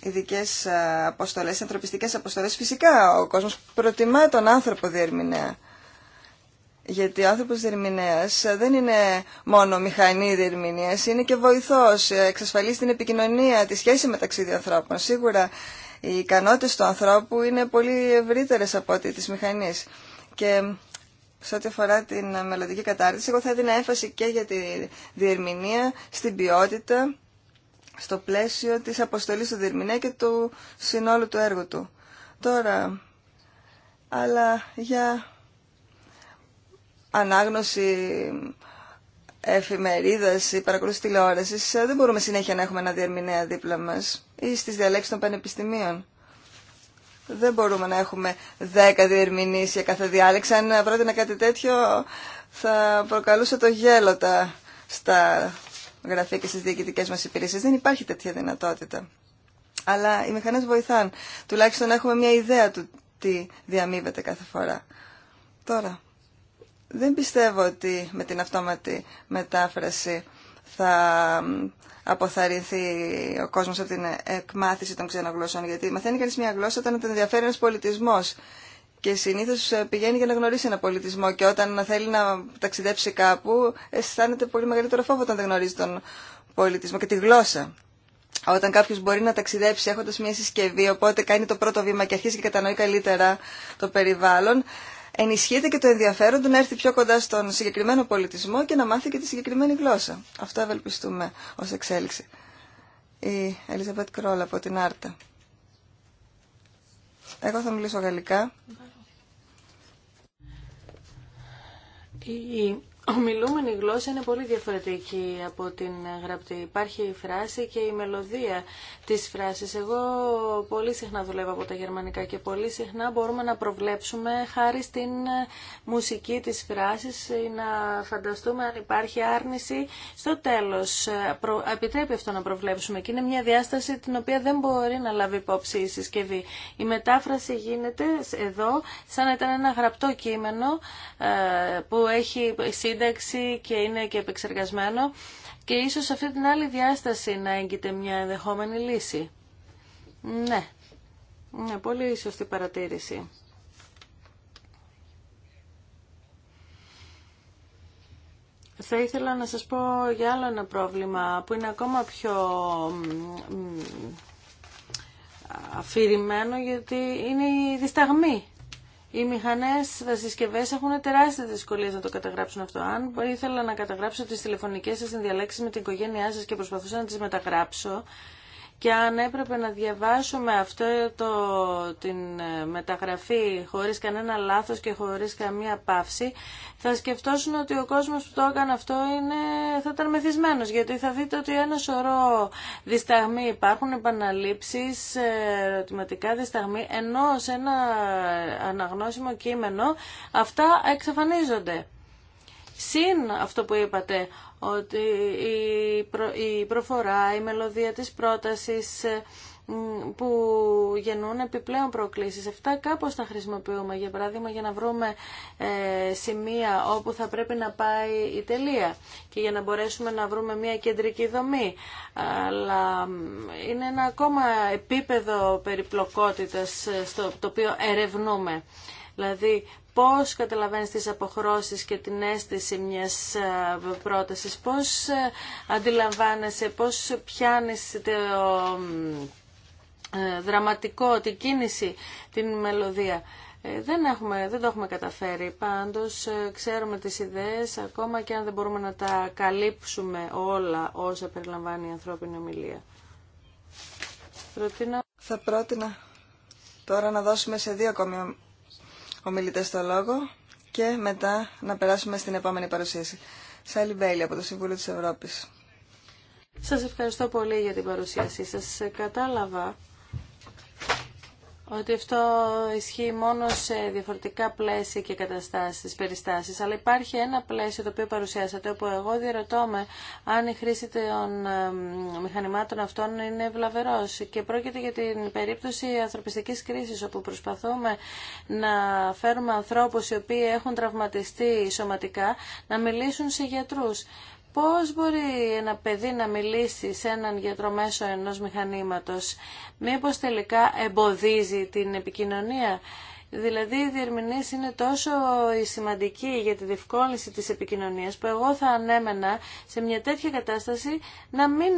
ειδικέ ε, αποστολές, ανθρωπιστικές αποστολές, φυσικά ο κόσμος προτιμά τον άνθρωπο διερμηνέα. Γιατί ο άνθρωπο διερμηνέα δεν είναι μόνο μηχανή διερμηνία, είναι και βοηθό. Εξασφαλίζει την επικοινωνία, τη σχέση μεταξύ δύο ανθρώπων. Σίγουρα οι ικανότητε του ανθρώπου είναι πολύ ευρύτερε από ό,τι τη μηχανή. Και σε ό,τι αφορά την μελλοντική κατάρτιση, εγώ θα έδινα έμφαση και για τη διερμηνία, στην ποιότητα, στο πλαίσιο της αποστολής του διερμηνέα και του συνόλου του έργου του. Τώρα, αλλά για ανάγνωση εφημερίδας ή παρακολούθηση τηλεόρασης, ε, δεν μπορούμε συνέχεια να έχουμε ένα διερμηνέα δίπλα μας ή στις διαλέξεις των πανεπιστημίων. Δεν μπορούμε να έχουμε 10 διερμηνεί για κάθε διάλεξη. Αν πρότεινα κάτι τέτοιο θα προκαλούσε το γέλο τα, στα γραφεία και στις διοικητικές μας υπηρεσίες. Δεν υπάρχει τέτοια δυνατότητα. Αλλά οι μηχανές βοηθάν. Τουλάχιστον να έχουμε μια ιδέα του τι διαμείβεται κάθε φορά. Τώρα, δεν πιστεύω ότι με την αυτόματη μετάφραση θα αποθαρρυνθεί ο κόσμος από την εκμάθηση των ξένων γλώσσων, γιατί μαθαίνει κανείς μια γλώσσα όταν τον ενδιαφέρει ένας πολιτισμός και συνήθω ε, πηγαίνει για να γνωρίσει ένα πολιτισμό και όταν θέλει να ταξιδέψει κάπου αισθάνεται πολύ μεγαλύτερο φόβο όταν δεν γνωρίζει τον πολιτισμό και τη γλώσσα. Όταν κάποιο μπορεί να ταξιδέψει έχοντα μια συσκευή, οπότε κάνει το πρώτο βήμα και αρχίζει και κατανοεί καλύτερα το περιβάλλον, ενισχύεται και το ενδιαφέρον του να έρθει πιο κοντά στον συγκεκριμένο πολιτισμό και να μάθει και τη συγκεκριμένη γλώσσα. Αυτό ευελπιστούμε ως εξέλιξη. Η Ελίζαμπετ Κρόλ από την Άρτα. Εγώ θα μιλήσω γαλλικά ομιλούμενη γλώσσα είναι πολύ διαφορετική από την γραπτή. Υπάρχει η φράση και η μελωδία της φράσης. Εγώ πολύ συχνά δουλεύω από τα γερμανικά και πολύ συχνά μπορούμε να προβλέψουμε χάρη στην ε, μουσική της φράσης ή να φανταστούμε αν υπάρχει άρνηση στο τέλος. Ε, επιτρέπει αυτό να προβλέψουμε και είναι μια διάσταση την οποία δεν μπορεί να λάβει υπόψη η συσκευή. Η μετάφραση γίνεται εδώ σαν να ήταν ένα γραπτό κείμενο ε, που έχει και είναι και επεξεργασμένο και ίσως σε αυτή την άλλη διάσταση να έγκυται μια ενδεχόμενη λύση. Ναι, ναι πολύ σωστή παρατήρηση. Θα ήθελα να σας πω για άλλο ένα πρόβλημα που είναι ακόμα πιο αφηρημένο γιατί είναι η δισταγμή οι μηχανέ, τα συσκευέ, έχουν τεράστιε δυσκολίε να το καταγράψουν αυτό. Αν ήθελα να καταγράψω τις τηλεφωνικές σα συνδιαλέξει με την οικογένειά σα και προσπαθούσα να τις μεταγράψω, και αν έπρεπε να διαβάσουμε αυτό το, την ε, μεταγραφή χωρίς κανένα λάθος και χωρίς καμία παύση, θα σκεφτώσουν ότι ο κόσμος που το έκανε αυτό είναι, θα ήταν μεθυσμένος, γιατί θα δείτε ότι ένα σωρό δισταγμοί υπάρχουν, επαναλήψεις, ε, ερωτηματικά δισταγμοί, ενώ σε ένα αναγνώσιμο κείμενο αυτά εξαφανίζονται. Συν αυτό που είπατε, ότι η, προφορά, η μελωδία της πρότασης ε, που γεννούν επιπλέον προκλήσεις. Αυτά κάπως τα χρησιμοποιούμε, για παράδειγμα, για να βρούμε ε, σημεία όπου θα πρέπει να πάει η τελεία και για να μπορέσουμε να βρούμε μια κεντρική δομή. Αλλά είναι ένα ακόμα επίπεδο περιπλοκότητας ε, στο το οποίο ερευνούμε. Δηλαδή, πώς καταλαβαίνεις τις αποχρώσεις και την αίσθηση μιας ε, πρότασης, πώς ε, αντιλαμβάνεσαι, πώς πιάνεις το ε, δραματικό, την κίνηση, την μελωδία. δεν, έχουμε, δεν το έχουμε καταφέρει. Πάντως ξέρουμε τις ιδέες, ακόμα και αν δεν μπορούμε να τα καλύψουμε όλα όσα περιλαμβάνει η ανθρώπινη ομιλία. Θα πρότεινα τώρα να δώσουμε σε δύο ακόμη ομιλητές στο λόγο και μετά να περάσουμε στην επόμενη παρουσίαση. Σάλι Μπέιλι από το Συμβούλιο της Ευρώπης. Σας ευχαριστώ πολύ για την παρουσίασή σας. Κατάλαβα ότι αυτό ισχύει μόνο σε διαφορετικά πλαίσια και καταστάσεις, περιστάσεις, αλλά υπάρχει ένα πλαίσιο το οποίο παρουσιάσατε, όπου εγώ διερωτώμαι αν η χρήση των μηχανημάτων αυτών είναι βλαβερός και πρόκειται για την περίπτωση ανθρωπιστικής κρίσης, όπου προσπαθούμε να φέρουμε ανθρώπους οι οποίοι έχουν τραυματιστεί σωματικά να μιλήσουν σε γιατρούς. Πώς μπορεί ένα παιδί να μιλήσει σε έναν γιατρό μέσω ενός μηχανήματος. Μήπως τελικά εμποδίζει την επικοινωνία. Δηλαδή η διερμηνείς είναι τόσο σημαντική για τη διευκόλυνση της επικοινωνίας που εγώ θα ανέμενα σε μια τέτοια κατάσταση να μην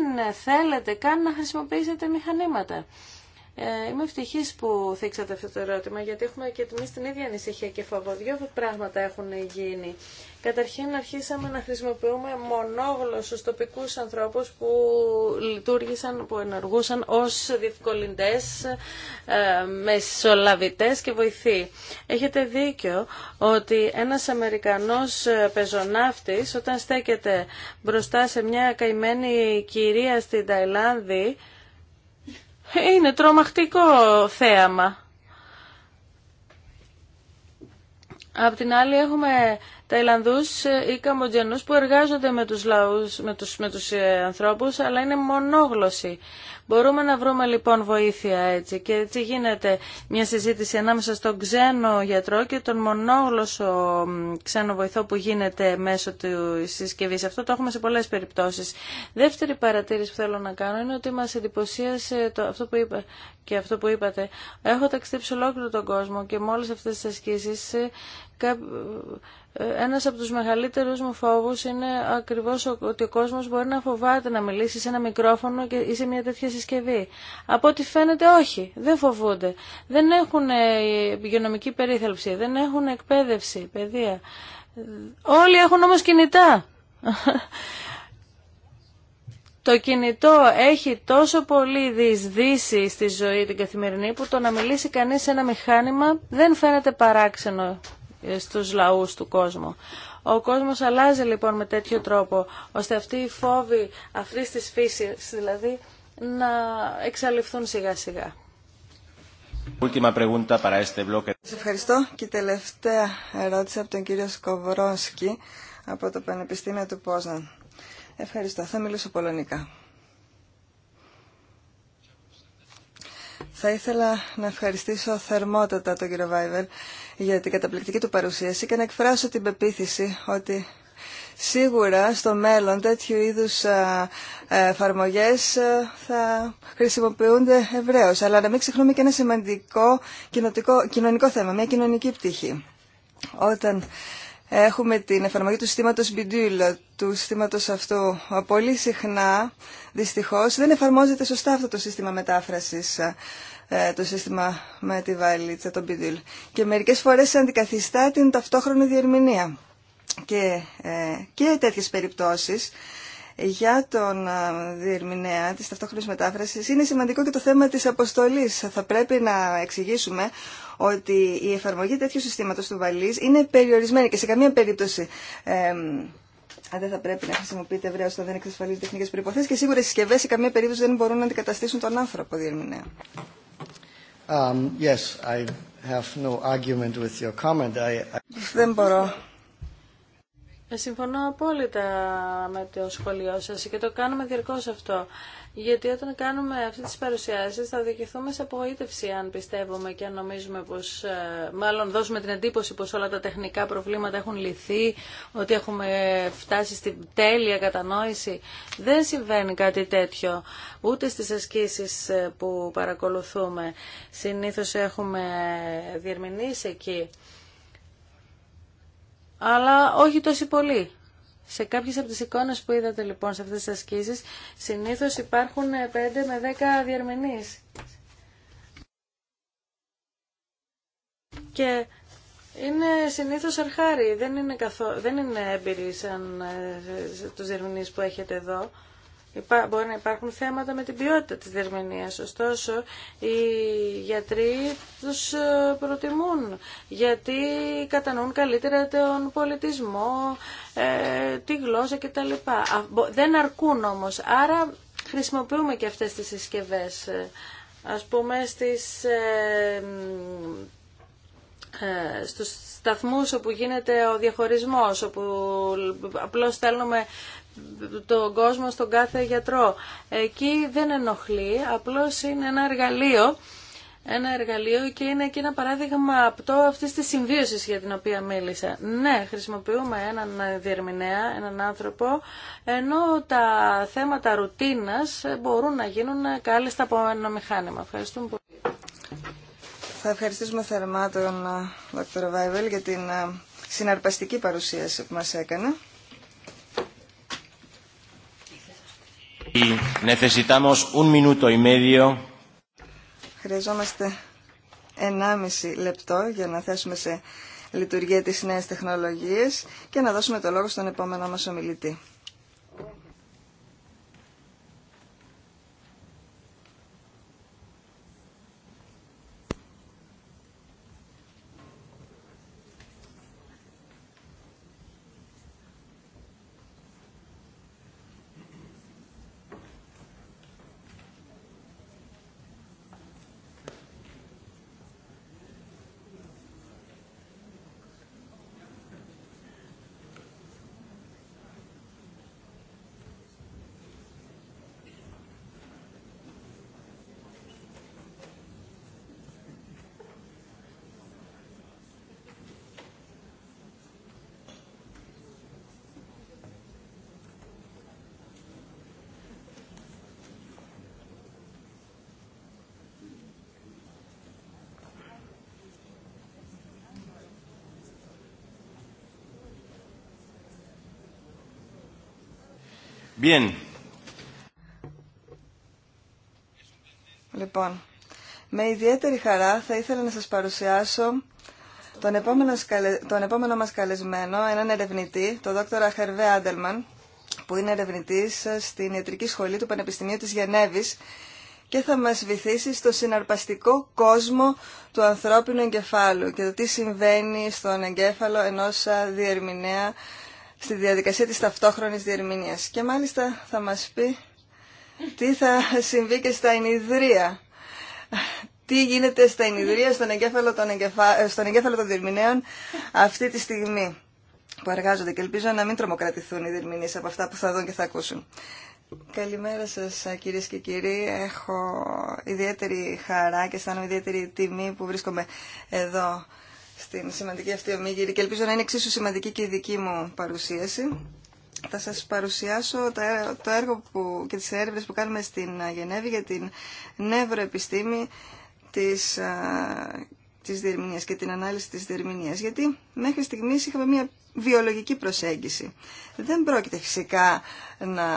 θέλετε καν να χρησιμοποιήσετε μηχανήματα. Ε, είμαι ευτυχής που θίξατε αυτό το ερώτημα, γιατί έχουμε και εμεί την ίδια ανησυχία και φόβο. Δύο πράγματα έχουν γίνει. Καταρχήν αρχίσαμε να χρησιμοποιούμε μονόγλωσσους τοπικούς ανθρώπους που λειτουργήσαν, που ενεργούσαν ως διευκολυντέ, ε, μεσολαβητές και βοηθοί. Έχετε δίκιο ότι ένας Αμερικανός ε, πεζονάύτη, όταν στέκεται μπροστά σε μια καημένη κυρία στην Ταϊλάνδη είναι τρομακτικό θέαμα. Απ' την άλλη έχουμε Ταϊλανδούς ή Καμποτζιανούς που εργάζονται με τους, λαούς, με τους, με τους ε, ανθρώπους, αλλά είναι μονόγλωσοι. Μπορούμε να βρούμε λοιπόν βοήθεια έτσι και έτσι γίνεται μια συζήτηση ανάμεσα στον ξένο γιατρό και τον μονόγλωσσο ξένο βοηθό που γίνεται μέσω του συσκευή. Αυτό το έχουμε σε πολλές περιπτώσεις. Δεύτερη παρατήρηση που θέλω να κάνω είναι ότι μας εντυπωσίασε το, αυτό που είπα και αυτό που είπατε. Έχω ταξιδέψει ολόκληρο τον κόσμο και με όλες αυτές τις ασκήσεις ένας από τους μεγαλύτερους μου φόβους είναι ακριβώς ότι ο κόσμος μπορεί να φοβάται να μιλήσει σε ένα μικρόφωνο ή σε μια τέτοια συσκευή. Από ό,τι φαίνεται όχι, δεν φοβούνται. Δεν έχουν ε, υγειονομική περίθαλψη, δεν έχουν εκπαίδευση, παιδεία. Όλοι έχουν όμως κινητά. [laughs] Το κινητό έχει τόσο πολύ δυσδύση στη ζωή την καθημερινή που το να μιλήσει κανείς σε ένα μηχάνημα δεν φαίνεται παράξενο στους λαούς του κόσμου. Ο κόσμος αλλάζει λοιπόν με τέτοιο τρόπο, ώστε αυτοί οι φόβοι αυτής της φύσης, δηλαδή, να εξαλειφθούν σιγά σιγά. Σας ευχαριστώ και η τελευταία ερώτηση από τον κύριο Σκοβρόσκι από το Πανεπιστήμιο του Πόζαν. Ευχαριστώ. Θα μιλήσω πολωνικά. Θα ήθελα να ευχαριστήσω θερμότατα τον κύριο Βάιβερ για την καταπληκτική του παρουσίαση και να εκφράσω την πεποίθηση ότι σίγουρα στο μέλλον τέτοιου είδους ε, εφαρμογέ θα χρησιμοποιούνται ευρέως. Αλλά να μην ξεχνούμε και ένα σημαντικό κοινωνικό θέμα, μια κοινωνική πτυχή. Όταν έχουμε την εφαρμογή του συστήματος Bidula, του συστήματος αυτού. Πολύ συχνά, δυστυχώς, δεν εφαρμόζεται σωστά αυτό το σύστημα μετάφρασης, ε, το σύστημα με τη βαλίτσα, το Bidula. Και μερικές φορές αντικαθιστά την ταυτόχρονη διερμηνία. Και, ε, και τέτοιες περιπτώσεις για τον ε, διερμηνέα της ταυτόχρονης μετάφρασης είναι σημαντικό και το θέμα της αποστολής. Θα πρέπει να εξηγήσουμε ότι η εφαρμογή τέτοιου συστήματος του βαλής είναι περιορισμένη και σε καμία περίπτωση ε, δεν θα πρέπει να χρησιμοποιείται ευρέω όταν δεν εξασφαλίζει τεχνικέ προποθέσει και σίγουρα οι συσκευέ σε καμία περίπτωση δεν μπορούν να αντικαταστήσουν τον άνθρωπο διερμηνέα. Um, yes, no I... Δεν μπορώ ε, συμφωνώ απόλυτα με το σχολείο σας και το κάνουμε διαρκώς αυτό. Γιατί όταν κάνουμε αυτές τις παρουσιάσεις θα διοικηθούμε σε απογοήτευση αν πιστεύουμε και αν νομίζουμε πως, ε, μάλλον δώσουμε την εντύπωση πως όλα τα τεχνικά προβλήματα έχουν λυθεί, ότι έχουμε φτάσει στην τέλεια κατανόηση. Δεν συμβαίνει κάτι τέτοιο, ούτε στις ασκήσεις ε, που παρακολουθούμε. Συνήθως έχουμε διερμηνείς εκεί αλλά όχι τόσο πολύ. Σε κάποιες από τις εικόνες που είδατε λοιπόν σε αυτές τις ασκήσεις, συνήθως υπάρχουν 5 με 10 διερμηνείς. Και είναι συνήθως αρχάρι, δεν είναι, καθο... δεν είναι έμπειροι σαν ε, τους διερμηνείς που έχετε εδώ. Μπορεί να υπάρχουν θέματα με την ποιότητα της διερμηνίας, ωστόσο οι γιατροί τους ε, προτιμούν γιατί κατανοούν καλύτερα τον πολιτισμό, ε, τη γλώσσα κτλ. Δεν αρκούν όμως, άρα χρησιμοποιούμε και αυτές τις συσκευές. Ε, ας πούμε στις, στους σταθμούς όπου γίνεται ο διαχωρισμός, όπου απλώς στέλνουμε τον κόσμο στον κάθε γιατρό. Εκεί δεν ενοχλεί, απλώς είναι ένα εργαλείο ένα εργαλείο και είναι και ένα παράδειγμα αυτό αυτή τη συμβίωση για την οποία μίλησα. Ναι, χρησιμοποιούμε έναν διερμηνέα, έναν άνθρωπο, ενώ τα θέματα ρουτίνας μπορούν να γίνουν κάλλιστα από ένα μηχάνημα. Ευχαριστούμε πολύ. Θα ευχαριστήσουμε θερμά τον ε, Δ. Βάιβελ για την ε, συναρπαστική παρουσίαση που μας έκανε. Y necesitamos Χρειαζόμαστε 1,5 λεπτό για να θέσουμε σε λειτουργία τις νέες τεχνολογίες και να δώσουμε το λόγο στον επόμενό μας ομιλητή. Bien. Λοιπόν, με ιδιαίτερη χαρά θα ήθελα να σας παρουσιάσω τον επόμενο, τον μας καλεσμένο, έναν ερευνητή, τον δόκτωρα Χερβέ Άντελμαν, που είναι ερευνητής στην Ιατρική Σχολή του Πανεπιστημίου της Γενέβης και θα μας βυθίσει στο συναρπαστικό κόσμο του ανθρώπινου εγκεφάλου και το τι συμβαίνει στον εγκέφαλο ενός διερμηνέα στη διαδικασία της ταυτόχρονης διερμηνίας. Και μάλιστα θα μας πει τι θα συμβεί και στα ενιδρία. Τι γίνεται στα ενηδρία, στον εγκέφαλο των, εγκεφα... Ε, στον εγκέφαλο των διερμηνέων αυτή τη στιγμή που εργάζονται και ελπίζω να μην τρομοκρατηθούν οι διερμηνείς από αυτά που θα δουν και θα ακούσουν. Καλημέρα σας κυρίες και κύριοι. Έχω ιδιαίτερη χαρά και αισθάνομαι ιδιαίτερη τιμή που βρίσκομαι εδώ στην σημαντική αυτή ομίγυρη και ελπίζω να είναι εξίσου σημαντική και η δική μου παρουσίαση. Θα σας παρουσιάσω το έργο που, και τις έρευνες που κάνουμε στην ε, Γενέβη για την νευροεπιστήμη της, ε, της διερμηνίας και την ανάλυση της διερμηνίας. Γιατί μέχρι στιγμής είχαμε μια βιολογική προσέγγιση. Δεν πρόκειται φυσικά να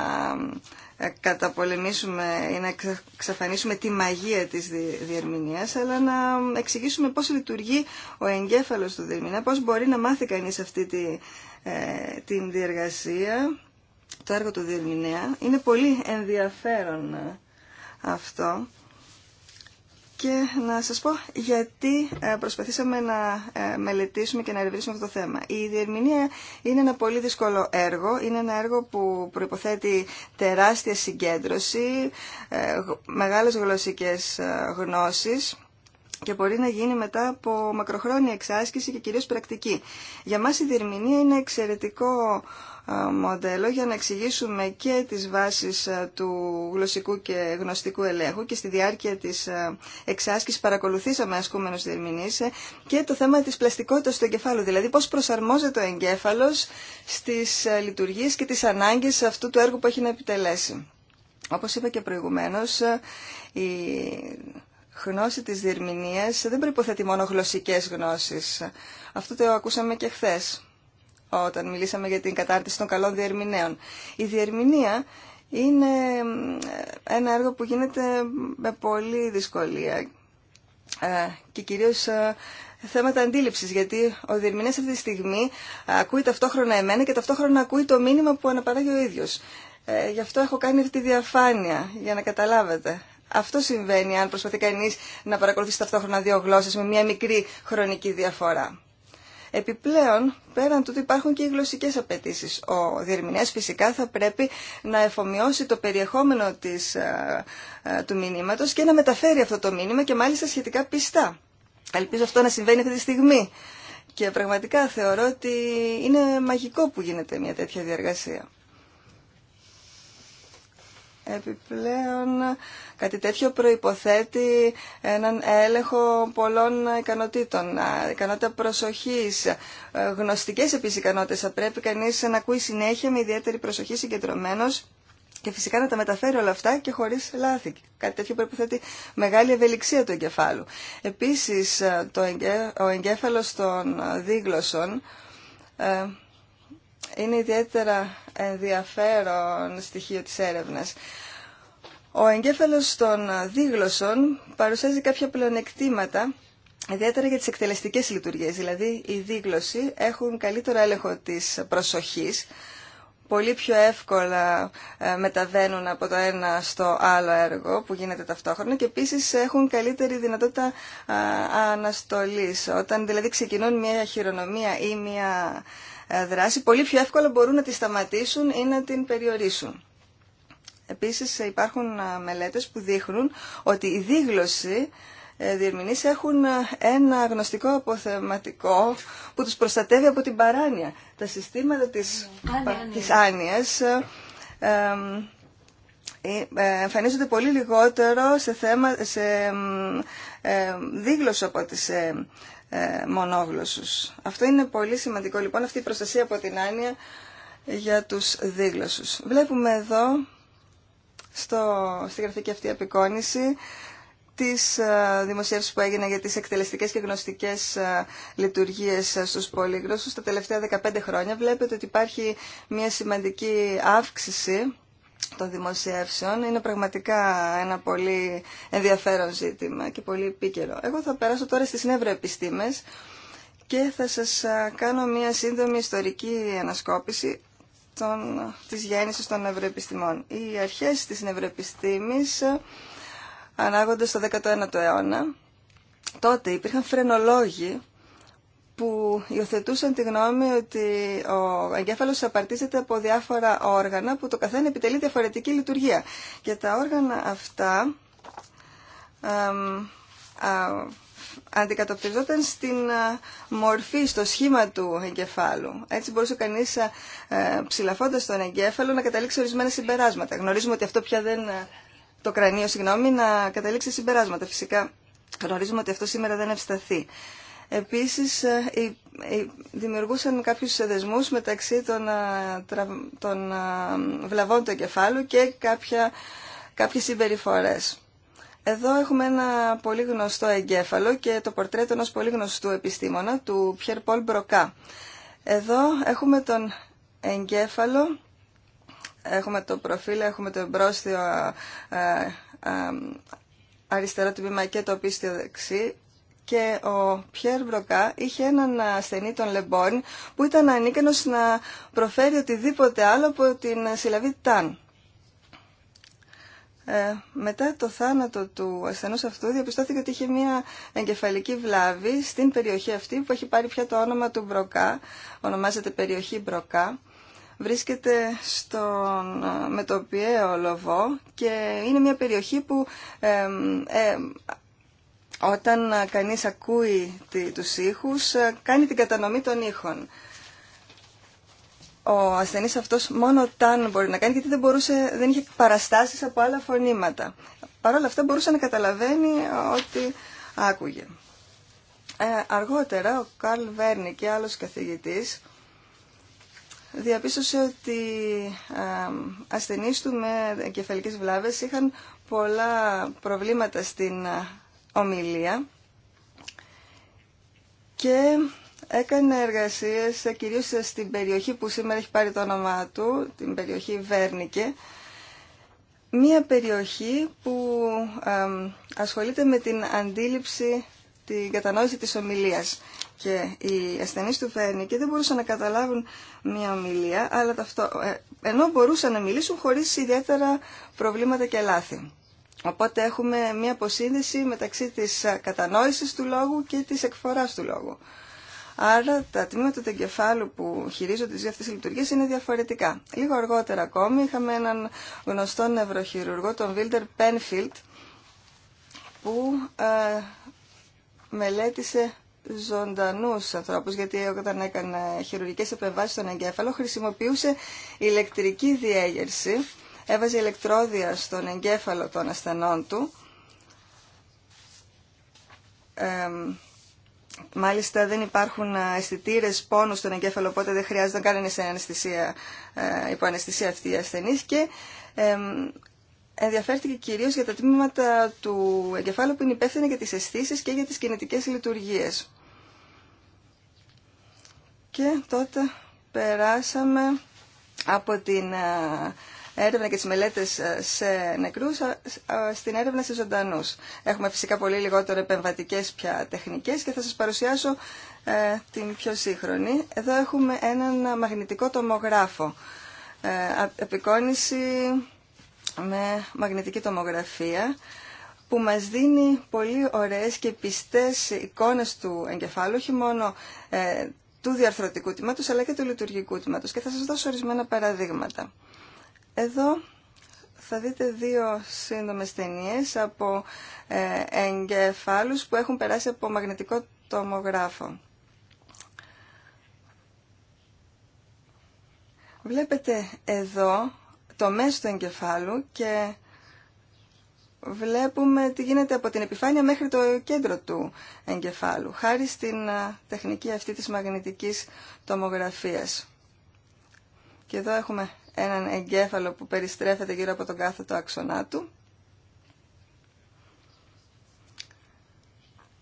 ε, καταπολεμήσουμε ή να εξαφανίσουμε τη μαγεία της διερμηνίας, αλλά να εξηγήσουμε πώς λειτουργεί ο εγκέφαλος του διερμηνία, πώς μπορεί να μάθει κανείς αυτή τη, ε, την διεργασία, το έργο του διερμηνέα. Είναι πολύ ενδιαφέρον ε, αυτό και να σας πω γιατί ε, προσπαθήσαμε να ε, μελετήσουμε και να ερευνήσουμε αυτό το θέμα. Η διερμηνία είναι ένα πολύ δύσκολο έργο. Είναι ένα έργο που προϋποθέτει τεράστια συγκέντρωση, ε, μεγάλες γλωσσικές γνώσεις και μπορεί να γίνει μετά από μακροχρόνια εξάσκηση και κυρίως πρακτική. Για μας η διερμηνία είναι εξαιρετικό μοντέλο για να εξηγήσουμε και τις βάσεις του γλωσσικού και γνωστικού ελέγχου και στη διάρκεια της εξάσκησης παρακολουθήσαμε ασκούμενους διερμηνείς ε, και το θέμα της πλαστικότητας του εγκεφάλου, δηλαδή πώς προσαρμόζεται ο εγκέφαλος στις λειτουργίες και τις ανάγκες αυτού του έργου που έχει να επιτελέσει. Όπως είπα και προηγουμένως, η γνώση της διερμηνίας δεν προϋποθέτει μόνο γλωσσικές γνώσεις. Αυτό το ακούσαμε και χθες όταν μιλήσαμε για την κατάρτιση των καλών διερμηνέων. Η διερμηνία είναι ένα έργο που γίνεται με πολλή δυσκολία ε, και κυρίως ε, θέματα αντίληψης, γιατί ο διερμηνέας αυτή τη στιγμή ακούει ταυτόχρονα εμένα και ταυτόχρονα ακούει το μήνυμα που αναπαράγει ο ίδιος. Ε, γι' αυτό έχω κάνει αυτή τη διαφάνεια, για να καταλάβετε. Αυτό συμβαίνει αν προσπαθεί κανεί να παρακολουθήσει ταυτόχρονα δύο γλώσσες με μια μικρή χρονική διαφορά. Επιπλέον, πέραν τούτου υπάρχουν και οι γλωσσικέ απαιτήσει. Ο διερμηνέα φυσικά θα πρέπει να εφομοιώσει το περιεχόμενο της, ε, ε, του μηνύματο και να μεταφέρει αυτό το μήνυμα και μάλιστα σχετικά πιστά. Ελπίζω αυτό να συμβαίνει αυτή τη στιγμή. Και πραγματικά θεωρώ ότι είναι μαγικό που γίνεται μια τέτοια διαργασία. Επιπλέον, κάτι τέτοιο προϋποθέτει έναν έλεγχο πολλών ικανοτήτων, ικανότητα προσοχής, ε, γνωστικές επίσης ικανότητες. Θα πρέπει κανείς να ακούει συνέχεια με ιδιαίτερη προσοχή συγκεντρωμένος και φυσικά να τα μεταφέρει όλα αυτά και χωρί λάθη. Κάτι τέτοιο προϋποθέτει μεγάλη ευελιξία του εγκεφάλου. Επίση, ε, ο εγκέφαλο των ε, δίγλωσσων είναι ιδιαίτερα ενδιαφέρον στοιχείο της έρευνας. Ο εγκέφαλος των δίγλωσσων παρουσιάζει κάποια πλεονεκτήματα, ιδιαίτερα για τις εκτελεστικές λειτουργίες. Δηλαδή, οι δίγλωσσοι έχουν καλύτερο έλεγχο της προσοχής, πολύ πιο εύκολα ε, μεταβαίνουν από το ένα στο άλλο έργο που γίνεται ταυτόχρονα και επίσης έχουν καλύτερη δυνατότητα ε, αναστολής. Όταν δηλαδή ξεκινούν μια χειρονομία ή μια ε, δράση, πολύ πιο εύκολα μπορούν να τη σταματήσουν ή να την περιορίσουν. Επίσης ε, υπάρχουν ε, μελέτες που δείχνουν ότι η δίγλωση διερμηνείς έχουν ένα γνωστικό αποθεματικό που τους προστατεύει από την παράνοια. Τα συστήματα της, ναι, άνοια. της ναι. άνοιας εμφανίζονται πολύ λιγότερο σε, θέμα, σε δίγλωση από τις ε, μονόγλωσσους. Αυτό είναι πολύ σημαντικό λοιπόν, αυτή η προστασία από την άνοια για τους δίγλωσσους. Βλέπουμε εδώ, στο, στη γραφική αυτή απεικόνηση, τις ε, δημοσίευσεις που έγινε για τις εκτελεστικές και γνωστικές ε, λειτουργίες στους πολύγλωσσους τα τελευταία 15 χρόνια. Βλέπετε ότι υπάρχει μια σημαντική αύξηση των δημοσιεύσεων είναι πραγματικά ένα πολύ ενδιαφέρον ζήτημα και πολύ επίκαιρο. Εγώ θα περάσω τώρα στις νευροεπιστήμες και θα σας κάνω μια σύντομη ιστορική ανασκόπηση των, της γέννησης των νευροεπιστημών. Οι αρχές της νευροεπιστήμης ανάγονται στο 19ο αιώνα. Τότε υπήρχαν φρενολόγοι που υιοθετούσαν τη γνώμη ότι ο εγκέφαλος απαρτίζεται από διάφορα όργανα που το καθένα επιτελεί διαφορετική λειτουργία. Και τα όργανα αυτά αντικατοπτριζόταν στην μορφή, στο σχήμα του εγκεφάλου. Έτσι μπορούσε κανείς ε, ψηλαφώντας τον εγκέφαλο να καταλήξει ορισμένα συμπεράσματα. Γνωρίζουμε ότι αυτό πια δεν... Το κρανίο, συγγνώμη, να καταλήξει συμπεράσματα. Φυσικά γνωρίζουμε ότι αυτό σήμερα δεν ευσταθεί. Επίσης ε, δημιουργούσαν κάποιους δεσμούς μεταξύ των, ε, των ε, βλαβών του εγκεφάλου και κάποια, κάποιες συμπεριφορές. Εδώ έχουμε ένα πολύ γνωστό εγκέφαλο και το πορτρέτο ενός πολύ γνωστού επιστήμονα, του Πιερ Πολ Μπροκά. Εδώ έχουμε τον εγκέφαλο, έχουμε το προφίλ, έχουμε το εμπρόστιο αριστερό τμήμα και το πίστιο δεξί, και ο Πιέρ Μπροκά είχε έναν ασθενή των Λεμπόν που ήταν ανίκανος να προφέρει οτιδήποτε άλλο από την συλλαβή Ταν. Ε, μετά το θάνατο του ασθενούς αυτού διαπιστώθηκε ότι είχε μια εγκεφαλική βλάβη στην περιοχή αυτή που έχει πάρει πια το όνομα του Μπροκά, ονομάζεται περιοχή Μπροκά. Βρίσκεται στον ε, μετωπιαίο λοβό και είναι μια περιοχή που ε, όταν κανείς ακούει τους ήχους, ε, κάνει την κατανομή των ήχων. Ο ασθενής αυτός μόνο ταν μπορεί να κάνει, γιατί δεν, μπορούσε, δεν είχε παραστάσεις από άλλα φωνήματα. Παρ' όλα αυτά μπορούσε να καταλαβαίνει ότι άκουγε. Ε, αργότερα ο Καρλ Βέρνη και άλλος καθηγητής διαπίστωσε ότι ε, ασθενείς του με κεφαλικές βλάβες είχαν πολλά προβλήματα στην ομιλία και έκανε εργασίες ε, κυρίως στην περιοχή που σήμερα έχει πάρει το όνομά του, την περιοχή Βέρνικε, μία περιοχή που ασχολείται με την αντίληψη, την κατανόηση της ομιλίας. Και οι ασθενείς του Βέρνικε δεν μπορούσαν να καταλάβουν μία ομιλία, αλλά ταυτό, ε, ενώ μπορούσαν να μιλήσουν χωρίς ιδιαίτερα προβλήματα και λάθη. Οπότε έχουμε μία αποσύνδεση μεταξύ της κατανόησης του λόγου και της εκφοράς του λόγου. Άρα τα τμήματα του εγκεφάλου που χειρίζονται τις δύο αυτές λειτουργίες είναι διαφορετικά. Λίγο αργότερα ακόμη είχαμε έναν γνωστό νευροχειρουργό, τον Βίλτερ Πένφιλτ, που ε, μελέτησε ζωντανού ανθρώπου, γιατί όταν έκανε χειρουργικές επεμβάσεις στον εγκέφαλο χρησιμοποιούσε ηλεκτρική διέγερση έβαζε ηλεκτρόδια στον εγκέφαλο των ασθενών του. μάλιστα δεν υπάρχουν ε, αισθητήρε πόνου στον εγκέφαλο, οπότε δεν χρειάζεται να κάνει σε αναισθησία, ε, υπό αναισθησία αυτή η ασθενή. Και ε, ενδιαφέρθηκε κυρίως για τα τμήματα του εγκεφάλου που είναι υπεύθυνα για τις αισθήσει και για τις κινητικές λειτουργίες. Και τότε περάσαμε από την ε, έρευνα και τις μελέτες ε, σε νεκρούς ε, ε, στην έρευνα σε ζωντανούς. Έχουμε φυσικά πολύ λιγότερο επεμβατικές πια τεχνικές και θα σας παρουσιάσω την πιο σύγχρονη. Εδώ έχουμε έναν μαγνητικό τομογράφο. Επικόνηση με μαγνητική τομογραφία που μας δίνει πολύ ωραίες και πιστές εικόνες του εγκεφάλου, όχι μόνο του διαρθρωτικού τμήματος αλλά και του λειτουργικού τμήματος. Και θα σας δώσω ορισμένα παραδείγματα. Εδώ θα δείτε δύο σύντομες ταινίε από ε, που έχουν περάσει από μαγνητικό τομογράφο. Βλέπετε εδώ το μέσο του εγκεφάλου και βλέπουμε τι γίνεται από την επιφάνεια μέχρι το κέντρο του εγκεφάλου, χάρη στην ε, τεχνική αυτή της μαγνητικής τομογραφίας. Και εδώ έχουμε έναν εγκέφαλο που περιστρέφεται γύρω από τον κάθετο άξονά του.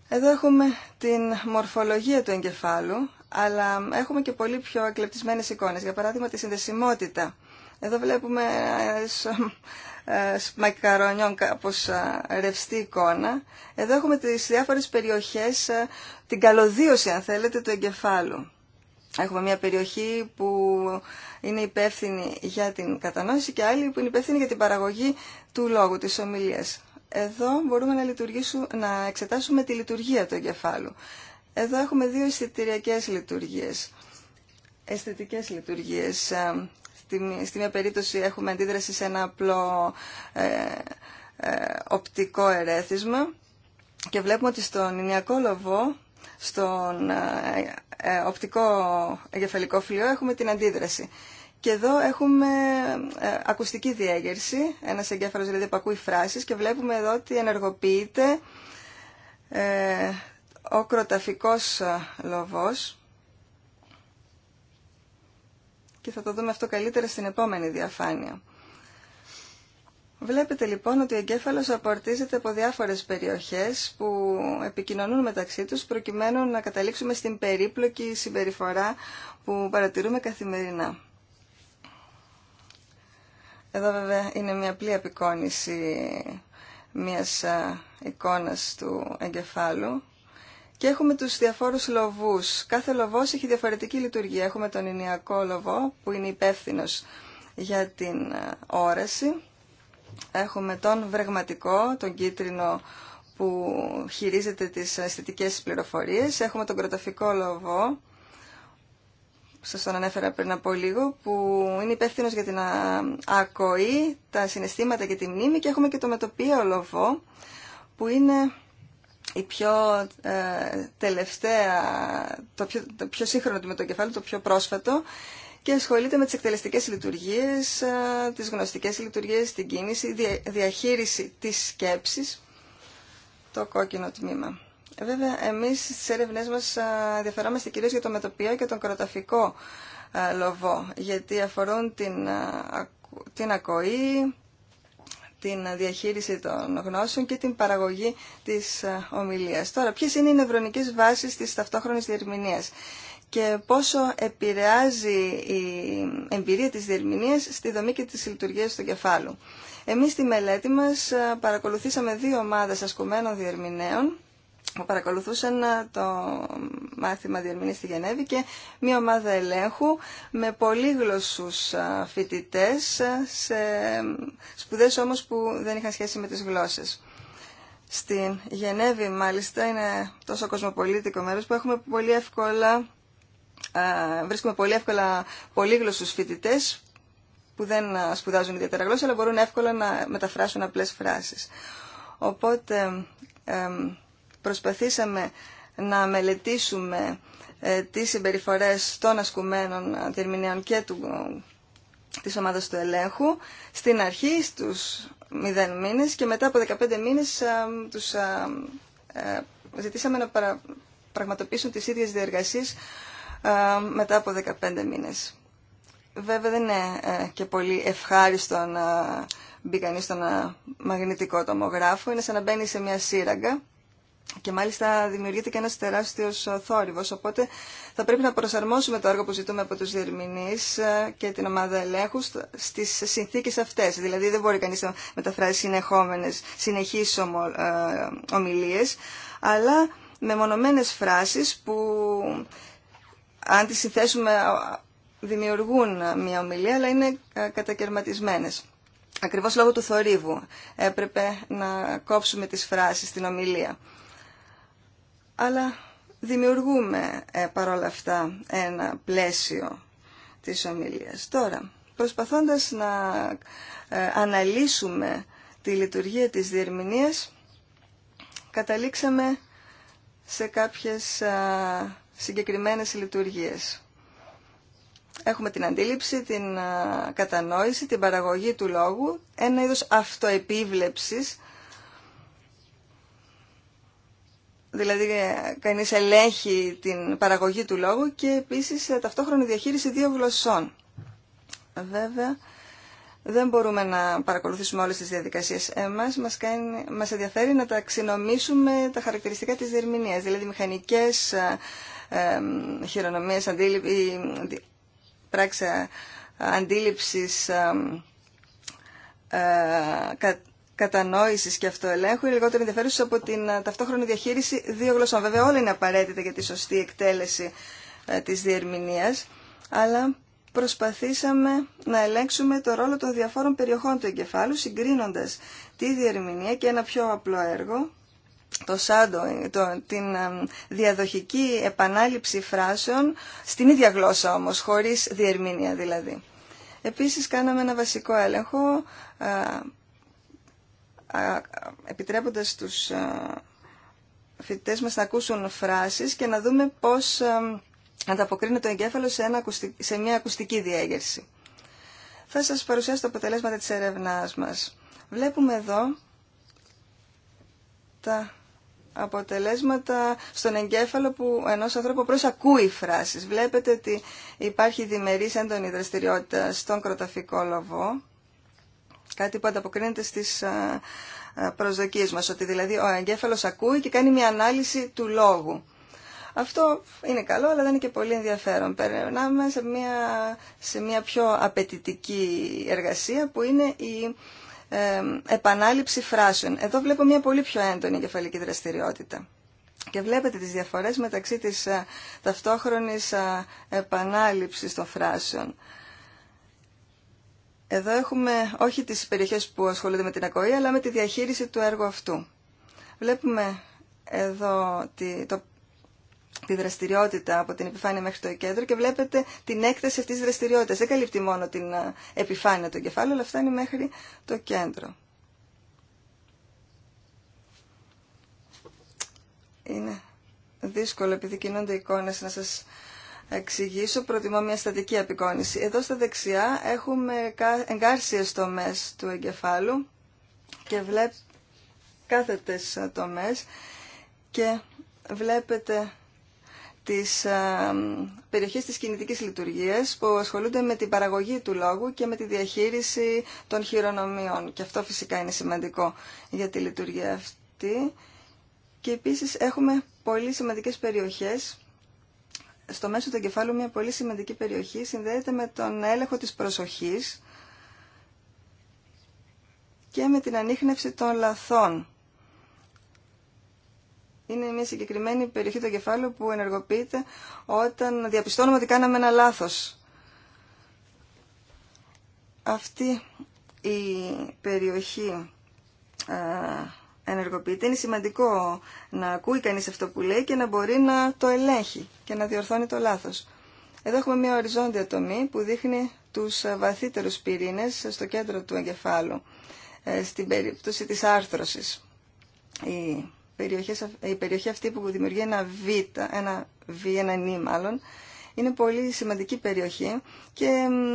Εδώ έχουμε την μορφολογία του εγκεφάλου, αλλά έχουμε και πολύ πιο εκλεπτισμένες εικόνες. Για παράδειγμα, τη συνδεσιμότητα. Εδώ βλέπουμε ε, μακαρονιών κάπως ε, ρευστή εικόνα. Εδώ έχουμε τις διάφορες περιοχές, ε, την καλωδίωση αν θέλετε του εγκεφάλου. Έχουμε μια περιοχή που είναι υπεύθυνη για την κατανόηση και άλλη που είναι υπεύθυνη για την παραγωγή του λόγου, της ομιλίας. Εδώ μπορούμε να, να εξετάσουμε τη λειτουργία του εγκεφάλου. Εδώ έχουμε δύο αισθητηριακέ λειτουργίες, αισθητικές λειτουργίες. Ε, στη μία περίπτωση έχουμε αντίδραση σε ένα απλό ε, ε οπτικό ερέθισμα και βλέπουμε ότι στον ινιακό λοβό, στον ε, ε, οπτικό εγκεφαλικό φλοιό έχουμε την αντίδραση. Και εδώ έχουμε ε, ακουστική διέγερση, ένας εγκέφαλος δηλαδή που ακούει φράσεις και βλέπουμε εδώ ότι ενεργοποιείται ε, ο κροταφικός λοβός και θα το δούμε αυτό καλύτερα στην επόμενη διαφάνεια. Βλέπετε λοιπόν ότι ο εγκέφαλος απορτίζεται από διάφορες περιοχές που επικοινωνούν μεταξύ τους προκειμένου να καταλήξουμε στην περίπλοκη συμπεριφορά που παρατηρούμε καθημερινά. Εδώ βέβαια είναι μια απλή απεικόνηση μιας εικόνας του εγκεφάλου και έχουμε τους διαφόρους λοβούς. Κάθε λοβός έχει διαφορετική λειτουργία. Έχουμε τον ενιακό λοβό που είναι υπεύθυνο για την όραση Έχουμε τον βρεγματικό, τον κίτρινο που χειρίζεται τις αισθητικές πληροφορίες. Έχουμε τον κροταφικό λοβό, σας τον ανέφερα πριν από λίγο, που είναι υπεύθυνο για την ακοή, τα συναισθήματα και τη μνήμη και έχουμε και το μετοπίο λοβό, που είναι η πιο ε, τελευταία, το πιο, το πιο σύγχρονο του μετοκεφάλου, το πιο πρόσφατο και ασχολείται με τις εκτελεστικές λειτουργίες, ε, τις γνωστικές λειτουργίες, την κίνηση, διαχείριση της σκέψης, το κόκκινο τμήμα. Ε, βέβαια, εμείς στις έρευνές μας ε, ενδιαφερόμαστε κυρίως για το μετοπιό και τον κροταφικό λοβό, γιατί αφορούν την, την ακοή, την διαχείριση των γνώσεων και την παραγωγή της ομιλίας. Τώρα, ποιες είναι οι νευρονικές βάσεις της ταυτόχρονης διερμηνίας και πόσο επηρεάζει η εμπειρία της διερμηνίας στη δομή και τις λειτουργίες του κεφάλου. Εμείς στη μελέτη μας παρακολουθήσαμε δύο ομάδες ασκουμένων διερμηνέων που παρακολουθούσαν το μάθημα διερμηνής στη Γενέβη και μία ομάδα ελέγχου με πολύγλωσσους φοιτητές σε σπουδές όμως που δεν είχαν σχέση με τις γλώσσες. Στην Γενέβη μάλιστα είναι τόσο κοσμοπολίτικο μέρος που έχουμε πολύ εύκολα βρίσκουμε πολύ εύκολα πολύγλωσσους φοιτητέ που δεν σπουδάζουν ιδιαίτερα γλώσσα, αλλά μπορούν εύκολα να μεταφράσουν απλές φράσεις. Οπότε προσπαθήσαμε να μελετήσουμε ε, τις συμπεριφορές των ασκουμένων ε, διερμηνέων και του, της ομάδας του ελέγχου στην αρχή στους 0 μήνες και μετά από 15 μήνες ε, τους ζητήσαμε να πραγματοποιήσουν τις ίδιες διεργασίες ε, μετά από 15 μήνες. Βέβαια δεν είναι ε, και πολύ ευχάριστο να μπει κανεί στον ε, μαγνητικό τομογράφο. Είναι σαν να μπαίνει σε μια σύραγγα και μάλιστα δημιουργείται και ένας τεράστιος θόρυβος, οπότε θα πρέπει να προσαρμόσουμε το έργο που ζητούμε από τους διερμηνείς και την ομάδα ελέγχου στις συνθήκες αυτές. Δηλαδή δεν μπορεί κανείς να μεταφράσει συνεχόμενες, συνεχείς ομιλίες, αλλά με μονομένες φράσεις που αν τις συνθέσουμε δημιουργούν μια ομιλία, αλλά είναι κατακαιρματισμένες. Ακριβώς λόγω του θορύβου έπρεπε να κόψουμε τις φράσεις στην ομιλία. Αλλά δημιουργούμε ε, παρόλα αυτά ένα πλαίσιο της ομιλίας. Τώρα, προσπαθώντας να ε, αναλύσουμε τη λειτουργία της διερμηνίας, καταλήξαμε σε κάποιες συγκεκριμένες λειτουργίες. Έχουμε την αντίληψη, την κατανόηση, την παραγωγή του λόγου, ένα είδος αυτοεπίβλεψης, δηλαδή ε, κανείς ελέγχει την παραγωγή του λόγου και επίσης ε, ταυτόχρονη διαχείριση δύο γλωσσών. Βέβαια, δεν μπορούμε να παρακολουθήσουμε όλες τις διαδικασίες. Εμάς μας, μας ενδιαφέρει να ταξινομήσουμε τα χαρακτηριστικά της διερμηνίας, δηλαδή μηχανικές ε, χειρονομίες, αντίληψη, πράξη ε, αντίληψης ε, κατανόησης και αυτοελέγχου ή λιγότερο ενδιαφέρουσε από την ε, ταυτόχρονη διαχείριση δύο γλωσσών. Βέβαια, όλα είναι απαραίτητα για τη σωστή εκτέλεση της διερμηνίας, αλλά προσπαθήσαμε να ελέγξουμε το ρόλο των διαφόρων περιοχών του εγκεφάλου, συγκρίνοντας τη διερμηνία και ένα πιο απλό έργο, το σάντο, την διαδοχική επανάληψη φράσεων στην ίδια γλώσσα όμως, χωρίς διερμηνεία, δηλαδή. Επίσης κάναμε ένα βασικό έλεγχο ε, επιτρέποντας τους ε, φοιτητές μας να ακούσουν φράσεις και να δούμε πώς ανταποκρίνεται ο εγκέφαλο σε, μια ακουστική διέγερση. Θα σας παρουσιάσω τα αποτελέσματα της έρευνάς μας. Βλέπουμε εδώ τα αποτελέσματα στον εγκέφαλο που ενός ανθρώπου απλώ ακούει φράσεις. Βλέπετε ότι υπάρχει διμερής έντονη δραστηριότητα στον κροταφικό λοβό, κάτι που ανταποκρίνεται στις ε, ε, προσδοκίες μας, ότι δηλαδή ο εγκέφαλος ακούει και κάνει μια ανάλυση του λόγου. Αυτό είναι καλό, αλλά δεν είναι και πολύ ενδιαφέρον. Περνάμε σε μια, σε μια πιο απαιτητική εργασία που είναι η επανάληψη φράσεων. Εδώ βλέπω μια πολύ πιο έντονη κεφαλική δραστηριότητα. Και βλέπετε τις διαφορές μεταξύ της ε, ταυτόχρονης ε, επανάληψης των φράσεων. Εδώ έχουμε όχι τις περιοχές που ασχολούνται με την ακοή, αλλά με τη διαχείριση του έργου αυτού. Βλέπουμε εδώ το τη δραστηριότητα από την επιφάνεια μέχρι το κέντρο και βλέπετε την έκταση αυτής της δραστηριότητας. Δεν καλύπτει μόνο την ε, επιφάνεια του εγκεφάλου, αλλά φτάνει μέχρι το κέντρο. Είναι δύσκολο επειδή κινούνται εικόνες να σας εξηγήσω. Προτιμώ μια στατική απεικόνηση. Εδώ στα δεξιά έχουμε εγκάρσιες τομές του εγκεφάλου και βλέπετε κάθετες ε, τομές και βλέπετε τις ε, περιοχές της κινητικής λειτουργίας που ασχολούνται με την παραγωγή του λόγου και με τη διαχείριση των χειρονομιών. Και αυτό φυσικά είναι σημαντικό για τη λειτουργία αυτή. Και επίσης έχουμε πολύ σημαντικές περιοχές. Στο μέσο του εγκεφάλου μια πολύ σημαντική περιοχή συνδέεται με τον έλεγχο της προσοχής και με την ανείχνευση των λαθών είναι μια συγκεκριμένη περιοχή του εγκεφάλου που ενεργοποιείται όταν διαπιστώνουμε ότι κάναμε ένα λάθος. Αυτή η περιοχή ε, ενεργοποιείται. Είναι σημαντικό να ακούει κανείς αυτό που λέει και να μπορεί να το ελέγχει και να διορθώνει το λάθος. Εδώ έχουμε μια οριζόντια τομή που δείχνει τους βαθύτερους πυρήνες στο κέντρο του εγκεφάλου, ε, στην περίπτωση της άρθρωσης η περιοχή αυτή που δημιουργεί ένα Β, ένα Β, μάλλον, είναι πολύ σημαντική περιοχή και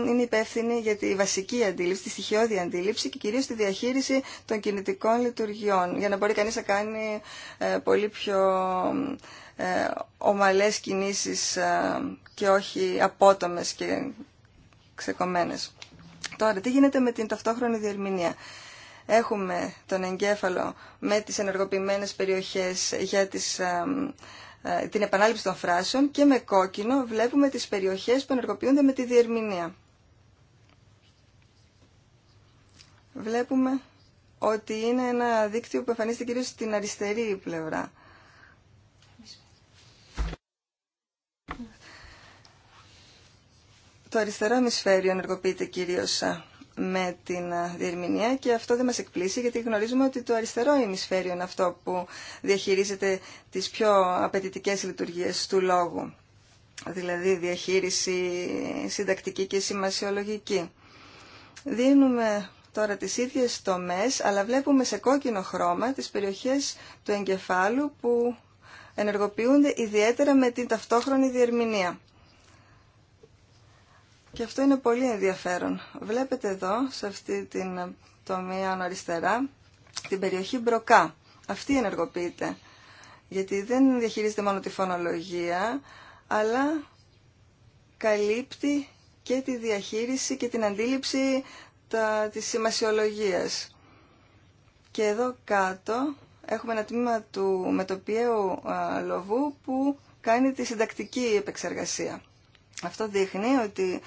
είναι υπεύθυνη για τη βασική αντίληψη, τη στοιχειώδη αντίληψη και κυρίως τη διαχείριση των κινητικών λειτουργιών για να μπορεί κανείς να κάνει ε, πολύ πιο ε, ομαλές κινήσεις ε, και όχι απότομες και ξεκομμένες. Τώρα, τι γίνεται με την ταυτόχρονη διερμηνία έχουμε τον εγκέφαλο με τις ενεργοποιημένες περιοχές για τις, ε, την επανάληψη των φράσεων και με κόκκινο βλέπουμε τις περιοχές που ενεργοποιούνται με τη διερμηνία. Βλέπουμε ότι είναι ένα δίκτυο που εμφανίζεται κυρίως στην αριστερή πλευρά. Το αριστερό ημισφαίριο ενεργοποιείται κυρίως με την ε, διερμηνία και αυτό δεν μας εκπλήσει γιατί γνωρίζουμε ότι το αριστερό ημισφαίριο είναι αυτό που διαχειρίζεται τις πιο απαιτητικές λειτουργίες του λόγου, δηλαδή διαχείριση συντακτική και σημασιολογική. Δίνουμε τώρα τις ίδιες τομές, αλλά βλέπουμε σε κόκκινο χρώμα τις περιοχές του εγκεφάλου που ενεργοποιούνται ιδιαίτερα με την ταυτόχρονη διερμηνία. Και αυτό είναι πολύ ενδιαφέρον. Βλέπετε εδώ, σε αυτή την τομία αναριστερά την περιοχή Μπροκά. Αυτή ενεργοποιείται. Γιατί δεν διαχειρίζεται μόνο τη φωνολογία, αλλά καλύπτει και τη διαχείριση και την αντίληψη τα, της σημασιολογίας. Και εδώ κάτω έχουμε ένα τμήμα του μετοπιαίου λοβού που κάνει τη συντακτική επεξεργασία. Αυτό δείχνει ότι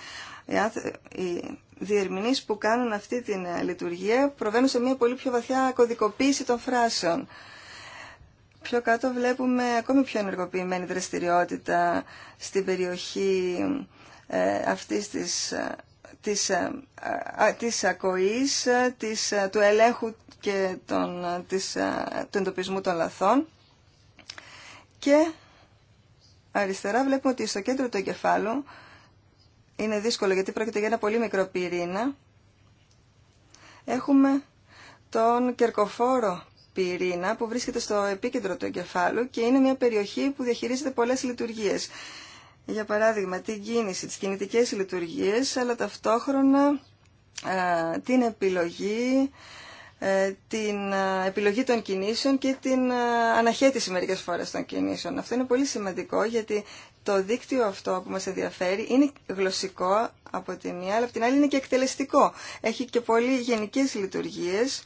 οι διερμηνείς που κάνουν αυτή την ε, λειτουργία προβαίνουν σε μια πολύ πιο βαθιά κωδικοποίηση των φράσεων. Πιο κάτω βλέπουμε ακόμη πιο ενεργοποιημένη δραστηριότητα στην περιοχή ε, αυτής της, ε, της, της ακοής, της, του ελέγχου και των, της, του εντοπισμού των λαθών και αριστερά βλέπουμε ότι στο κέντρο του εγκεφάλου είναι δύσκολο γιατί πρόκειται για ένα πολύ μικρό πυρήνα. Έχουμε τον κερκοφόρο πυρήνα που βρίσκεται στο επίκεντρο του εγκεφάλου και είναι μια περιοχή που διαχειρίζεται πολλές λειτουργίες. Για παράδειγμα, την κίνηση, τις κινητικές λειτουργίες, αλλά ταυτόχρονα την επιλογή, ε, την ε, επιλογή των κινήσεων και την ε, αναχέτηση μερικές φορές των κινήσεων. Αυτό είναι πολύ σημαντικό γιατί το δίκτυο αυτό που μας ενδιαφέρει είναι γλωσσικό από τη μία, αλλά από την άλλη είναι και εκτελεστικό. Έχει και πολύ γενικές λειτουργίες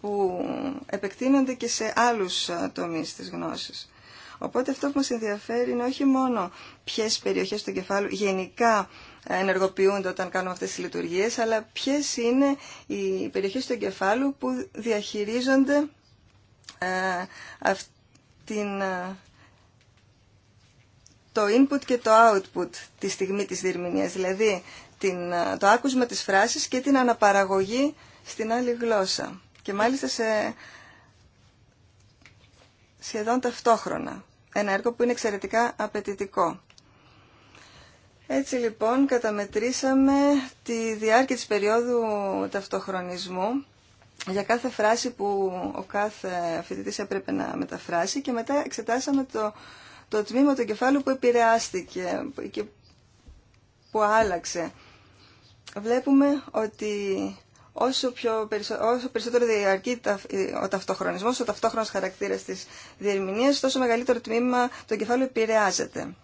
που επεκτείνονται και σε άλλους τομείς της γνώσης. Οπότε αυτό που μας ενδιαφέρει είναι όχι μόνο ποιες περιοχές του κεφάλου γενικά ενεργοποιούνται όταν κάνουμε αυτές τις λειτουργίες, αλλά ποιες είναι οι περιοχές του εγκεφάλου που διαχειρίζονται ε, αυτήν, ε, το input και το output τη στιγμή της διερμηνίας, δηλαδή την, ε, το άκουσμα της φράσης και την αναπαραγωγή στην άλλη γλώσσα. Και μάλιστα σε σχεδόν ταυτόχρονα. Ένα έργο που είναι εξαιρετικά απαιτητικό. Έτσι λοιπόν καταμετρήσαμε τη διάρκεια της περίοδου ταυτοχρονισμού για κάθε φράση που ο κάθε φοιτητής έπρεπε να μεταφράσει και μετά εξετάσαμε το, το τμήμα του κεφάλου που επηρεάστηκε και που άλλαξε. Βλέπουμε ότι όσο, πιο όσο περισσότερο διαρκεί ο ταυτοχρονισμός, ο ταυτόχρονος χαρακτήρας της διερμηνίας, τόσο μεγαλύτερο τμήμα το κεφάλου επηρεάζεται.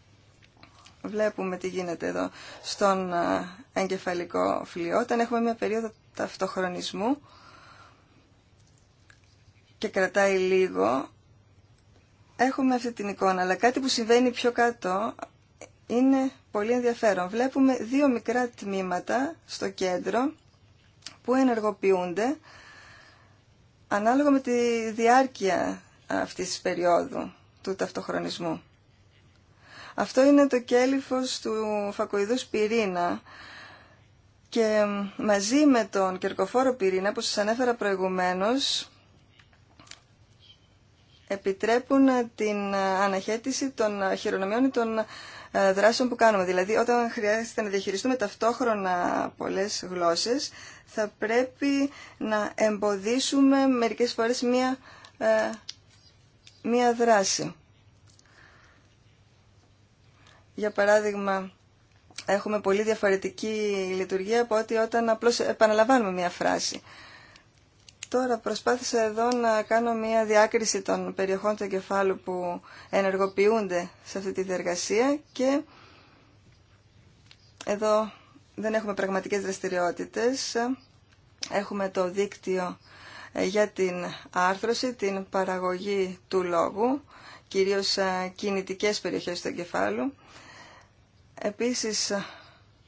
Βλέπουμε τι γίνεται εδώ στον ε, εγκεφαλικό φλοιό. Όταν έχουμε μια περίοδο ταυτοχρονισμού και κρατάει λίγο, έχουμε αυτή την εικόνα. Αλλά κάτι που συμβαίνει πιο κάτω είναι πολύ ενδιαφέρον. Βλέπουμε δύο μικρά τμήματα στο κέντρο που ενεργοποιούνται ανάλογα με τη διάρκεια αυτής της περίοδου του ταυτοχρονισμού. Αυτό είναι το κέλυφος του φακοειδούς πυρήνα και μαζί με τον κερκοφόρο πυρήνα που σας ανέφερα προηγουμένως επιτρέπουν την αναχέτηση των χειρονομιών ή των ε, δράσεων που κάνουμε. Δηλαδή, όταν χρειάζεται να διαχειριστούμε ταυτόχρονα πολλές γλώσσες, θα πρέπει να εμποδίσουμε μερικές φορές μία, ε, μία δράση για παράδειγμα, έχουμε πολύ διαφορετική λειτουργία από ότι όταν απλώς επαναλαμβάνουμε μία φράση. Τώρα προσπάθησα εδώ να κάνω μία διάκριση των περιοχών του εγκεφάλου που ενεργοποιούνται σε αυτή τη διεργασία και εδώ δεν έχουμε πραγματικές δραστηριότητες. Έχουμε το δίκτυο ε, για την άρθρωση, την παραγωγή του λόγου, κυρίως ε, κινητικές περιοχές του εγκεφάλου Επίσης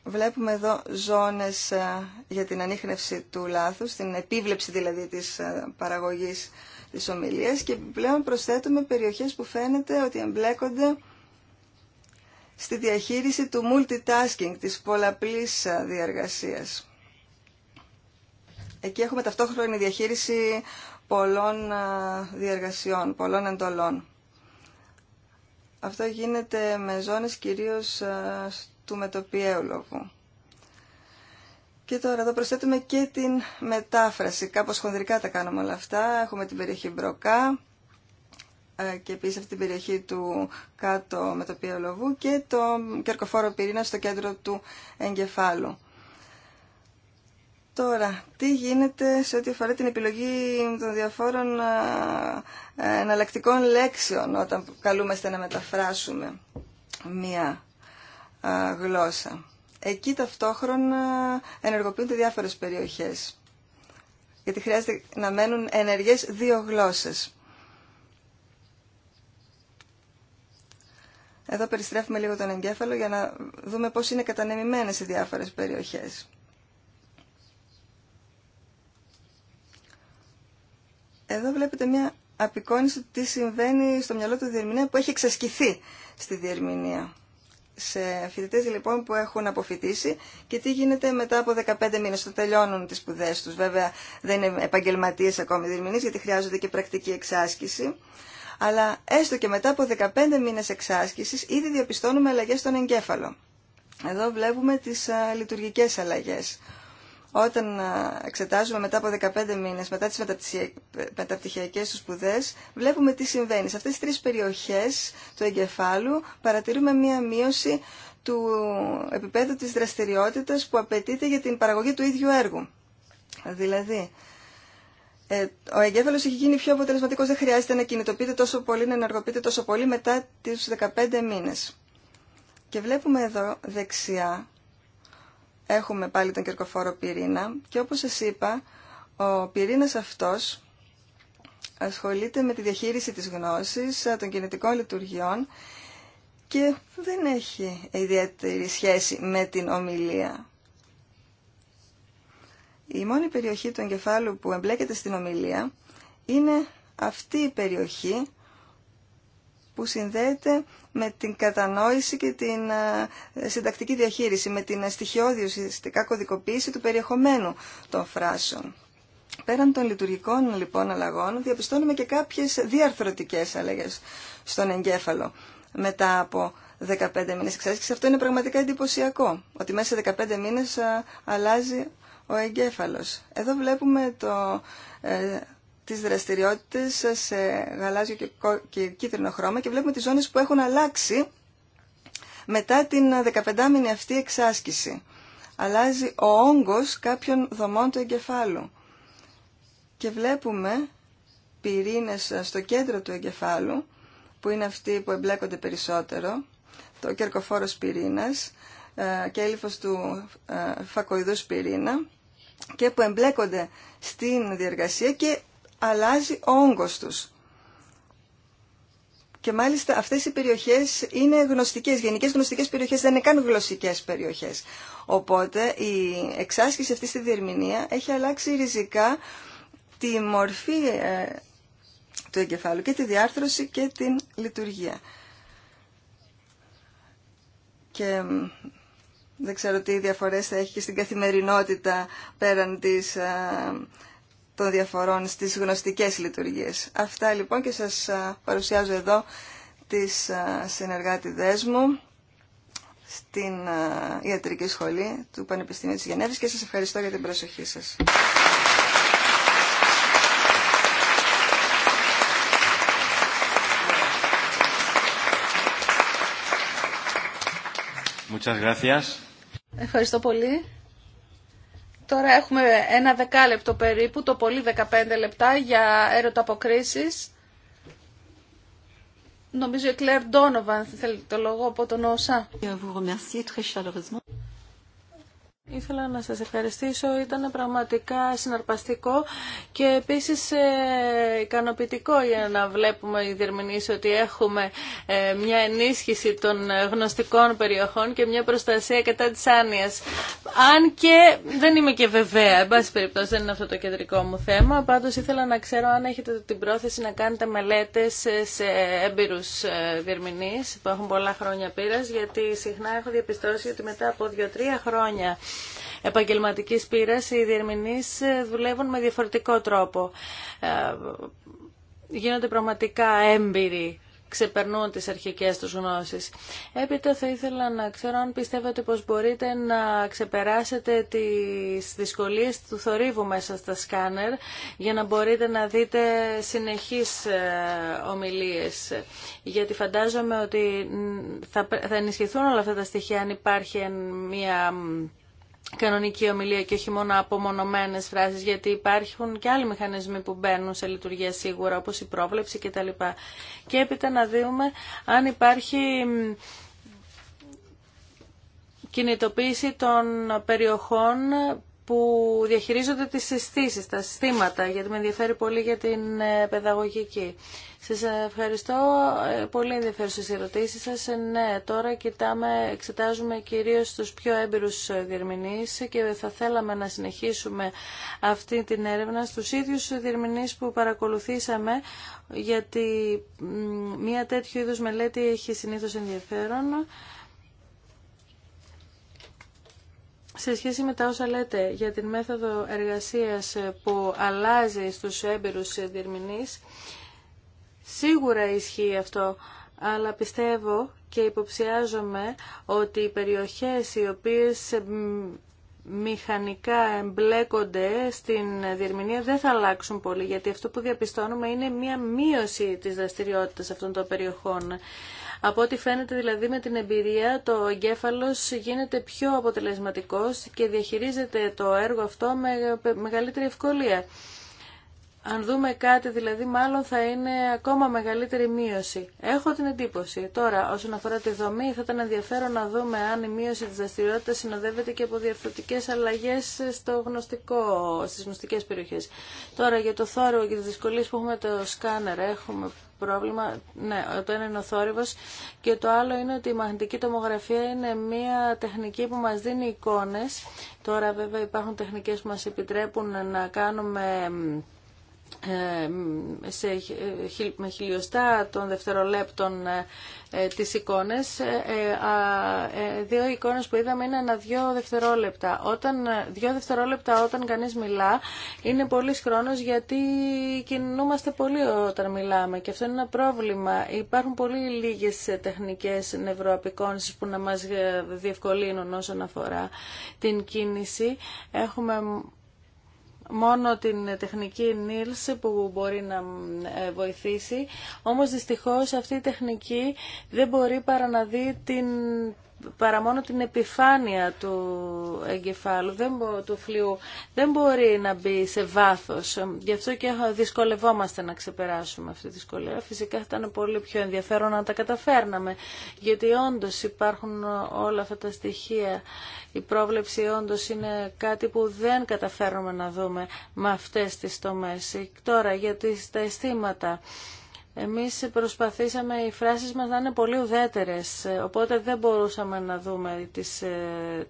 βλέπουμε εδώ ζώνες ε, για την ανείχνευση του λάθους, την επίβλεψη δηλαδή της ε, παραγωγής της ομιλίας και πλέον προσθέτουμε περιοχές που φαίνεται ότι εμπλέκονται στη διαχείριση του multitasking, της πολλαπλής ε, διαργασίας. Εκεί έχουμε ταυτόχρονη διαχείριση πολλών διαργασιών, πολλών εντολών. Αυτό γίνεται με ζώνες κυρίως ε, του μετοπιαίου λόγου. Και τώρα εδώ προσθέτουμε και την μετάφραση. Κάπως χονδρικά τα κάνουμε όλα αυτά. Έχουμε την περιοχή Μπροκά ε, και επίσης αυτή την περιοχή του κάτω μετοπιαίου λόγου και το κερκοφόρο πυρήνα στο κέντρο του εγκεφάλου. Τώρα, τι γίνεται σε ό,τι αφορά την επιλογή των διαφόρων ε, εναλλακτικών λέξεων όταν καλούμαστε να μεταφράσουμε μία γλώσσα. Εκεί ταυτόχρονα ενεργοποιούνται διάφορες περιοχές, γιατί χρειάζεται να μένουν ενεργές δύο γλώσσες. Εδώ περιστρέφουμε λίγο τον εγκέφαλο για να δούμε πώς είναι κατανεμημένες οι διάφορες περιοχές. Εδώ βλέπετε μια απεικόνιση τι συμβαίνει στο μυαλό του διερμηνέα που έχει εξασκηθεί στη διερμηνία. Σε φοιτητέ λοιπόν που έχουν αποφοιτήσει και τι γίνεται μετά από 15 μήνε όταν τελειώνουν τι σπουδέ του. Βέβαια δεν είναι επαγγελματίε ακόμη διερμηνεί γιατί χρειάζονται και πρακτική εξάσκηση. Αλλά έστω και μετά από 15 μήνε εξάσκηση ήδη διαπιστώνουμε αλλαγέ στον εγκέφαλο. Εδώ βλέπουμε τι λειτουργικέ αλλαγέ όταν ε, εξετάζουμε μετά από 15 μήνες, μετά τις μεταπτυχιακές του σπουδές, βλέπουμε τι συμβαίνει. Σε αυτές τις τρεις περιοχές του εγκεφάλου παρατηρούμε μία μείωση του επίπεδου της δραστηριότητας που απαιτείται για την παραγωγή του ίδιου έργου. Δηλαδή, ε, ο εγκέφαλο έχει γίνει πιο αποτελεσματικό, δεν χρειάζεται να κινητοποιείται τόσο πολύ, να ενεργοποιείται τόσο πολύ μετά του 15 μήνες. Και βλέπουμε εδώ δεξιά έχουμε πάλι τον κερκοφόρο πυρήνα και όπως σας είπα, ο πυρήνας αυτός ασχολείται με τη διαχείριση της γνώσης, ε, των κινητικών λειτουργιών και δεν έχει ιδιαίτερη σχέση με την ομιλία. Η μόνη περιοχή του εγκεφάλου που εμπλέκεται στην ομιλία είναι αυτή η περιοχή που συνδέεται με την κατανόηση και την ε, συντακτική διαχείριση, με την στοιχειώδη ουσιαστικά κωδικοποίηση του περιεχομένου των φράσεων. Πέραν των λειτουργικών λοιπόν αλλαγών, διαπιστώνουμε και κάποιες διαρθρωτικές αλλαγές στον εγκέφαλο μετά από 15 μήνες εξάσκηση. αυτό είναι πραγματικά εντυπωσιακό, ότι μέσα σε 15 μήνες ε, αλλάζει ο εγκέφαλος. Εδώ βλέπουμε το ε, τις δραστηριότητες σε γαλάζιο και κίτρινο χρώμα και βλέπουμε τις ζώνες που έχουν αλλάξει μετά την 15μηνη ε, αυτή εξάσκηση. Αλλάζει ο όγκος κάποιων δομών του εγκεφάλου. Και βλέπουμε πυρήνες ε, στο κέντρο του εγκεφάλου, που είναι αυτοί που εμπλέκονται περισσότερο, το κερκοφόρος πυρήνας, ε, έλυφος του φακοειδούς πυρήνα, και που εμπλέκονται στην διεργασία και αλλάζει ο όγκος τους. Και μάλιστα αυτές οι περιοχές είναι γνωστικές, γενικές γνωστικές περιοχές, δεν είναι καν γλωσσικές περιοχές. Οπότε η εξάσκηση αυτή στη διερμηνία έχει αλλάξει ριζικά τη μορφή ε, του εγκεφάλου και τη διάρθρωση και την λειτουργία. Και δεν ξέρω τι διαφορές θα έχει και στην καθημερινότητα πέραν της ε, των διαφορών στις γνωστικές λειτουργίες. Αυτά λοιπόν και σας παρουσιάζω εδώ τις συνεργάτηδές μου στην Ιατρική Σχολή του Πανεπιστημίου της Γενέβης και σας ευχαριστώ για την προσοχή σας. Muchas gracias. Ευχαριστώ πολύ. Τώρα έχουμε ένα δεκάλεπτο περίπου, το πολύ δεκαπέντε λεπτά για έρωτα αποκρίσεις. Νομίζω η Κλέρ Ντόνοβαν θέλει το λόγο από τον ΩΣΑ. Ήθελα να σας ευχαριστήσω. Ήταν πραγματικά συναρπαστικό και επίσης ε, ικανοποιητικό για να βλέπουμε οι διερμηνείς ότι έχουμε ε, μια ενίσχυση των γνωστικών περιοχών και μια προστασία κατά της άνοιας. Αν και δεν είμαι και βεβαία, εν πάση περιπτώσει δεν είναι αυτό το κεντρικό μου θέμα, πάντως ήθελα να ξέρω αν έχετε την πρόθεση να κάνετε μελέτες ε, σε έμπειρους διερμηνείς που έχουν πολλά χρόνια πείρας, γιατί συχνά έχω διαπιστώσει ότι μετά από 2-3 χρόνια Επαγγελματική πείρα, οι διερμηνείς ε, δουλεύουν με διαφορετικό τρόπο. Ε, γίνονται πραγματικά έμπειροι ξεπερνούν τις αρχικές τους γνώσεις. Έπειτα θα ήθελα να ξέρω αν πιστεύετε πως μπορείτε να ξεπεράσετε τις δυσκολίες του θορύβου μέσα στα σκάνερ για να μπορείτε να δείτε συνεχείς ε, ομιλίες. Γιατί φαντάζομαι ότι θα ενισχυθούν όλα αυτά τα στοιχεία αν υπάρχει μια κανονική ομιλία και όχι μόνο απομονωμένε φράσεις, γιατί υπάρχουν και άλλοι μηχανισμοί που μπαίνουν σε λειτουργία σίγουρα, όπως η πρόβλεψη κτλ. Και έπειτα να δούμε αν υπάρχει κινητοποίηση των περιοχών που διαχειρίζονται τις συστήσεις, τα συστήματα, γιατί με ενδιαφέρει πολύ για την ε, παιδαγωγική. Σας ευχαριστώ. Ε, πολύ ενδιαφέρουσες οι ερωτήσεις σας. Ε, ναι, τώρα κοιτάμε, εξετάζουμε κυρίως τους πιο έμπειρους ε, διερμηνείς και θα θέλαμε να συνεχίσουμε αυτή την έρευνα στους ίδιους διερμηνείς που παρακολουθήσαμε γιατί μία τέτοιου είδους μελέτη έχει συνήθως ενδιαφέρον. Σε σχέση με τα όσα λέτε για την μέθοδο εργασίας που αλλάζει στους έμπειρους διερμηνείς, Σίγουρα ισχύει αυτό, αλλά πιστεύω και υποψιάζομαι ότι οι περιοχές οι οποίες μηχανικά εμπλέκονται στην διερμηνία δεν θα αλλάξουν πολύ, γιατί αυτό που διαπιστώνουμε είναι μία μείωση της δραστηριότητας αυτών των περιοχών. Από ό,τι φαίνεται δηλαδή με την εμπειρία το εγκέφαλος γίνεται πιο αποτελεσματικός και διαχειρίζεται το έργο αυτό με μεγαλύτερη ευκολία. Αν δούμε κάτι δηλαδή μάλλον θα είναι ακόμα μεγαλύτερη μείωση. Έχω την εντύπωση. Τώρα όσον αφορά τη δομή θα ήταν ενδιαφέρον να δούμε αν η μείωση τη δραστηριότητα συνοδεύεται και από διαρθρωτικές αλλαγέ στο γνωστικό, στις περιοχές. Τώρα για το θόρυβο και τι δυσκολίε που έχουμε το σκάνερ έχουμε πρόβλημα. Ναι, το ένα είναι ο θόρυβο και το άλλο είναι ότι η μαγνητική τομογραφία είναι μια τεχνική που μα δίνει εικόνε. Τώρα, βέβαια, υπάρχουν τεχνικέ που μα επιτρέπουν να κάνουμε ε, σε, ε, με χιλιοστά των δευτερολέπτων ε, τις εικόνες. δύο εικόνες που είδαμε είναι κανείς δύο δευτερόλεπτα. Όταν, δύο δευτερόλεπτα όταν κανείς μιλά είναι πολύ χρόνος γιατί κινούμαστε πολύ όταν μιλάμε και αυτό είναι ένα πρόβλημα. Υπάρχουν πολύ λίγες τεχνικές νευροαπεικόνσεις που να μας διευκολύνουν όσον αφορά την κίνηση. Έχουμε μόνο την τεχνική NILS που μπορεί να ε, βοηθήσει. Όμως δυστυχώς αυτή η τεχνική δεν μπορεί παρά να δει την παρά μόνο την επιφάνεια του εγκεφάλου, δεν, του φλοιού, δεν μπορεί να μπει σε βάθος. Γι' αυτό και δυσκολευόμαστε να ξεπεράσουμε αυτή τη δυσκολία. Φυσικά θα ήταν πολύ πιο ενδιαφέρον να τα καταφέρναμε, γιατί όντως υπάρχουν όλα αυτά τα στοιχεία. Η πρόβλεψη όντως είναι κάτι που δεν καταφέρνουμε να δούμε με αυτές τις τομές. Τώρα για τα αισθήματα. Εμείς προσπαθήσαμε οι φράσεις μας να είναι πολύ ουδέτερες, ε, οπότε δεν μπορούσαμε να δούμε τις, ε,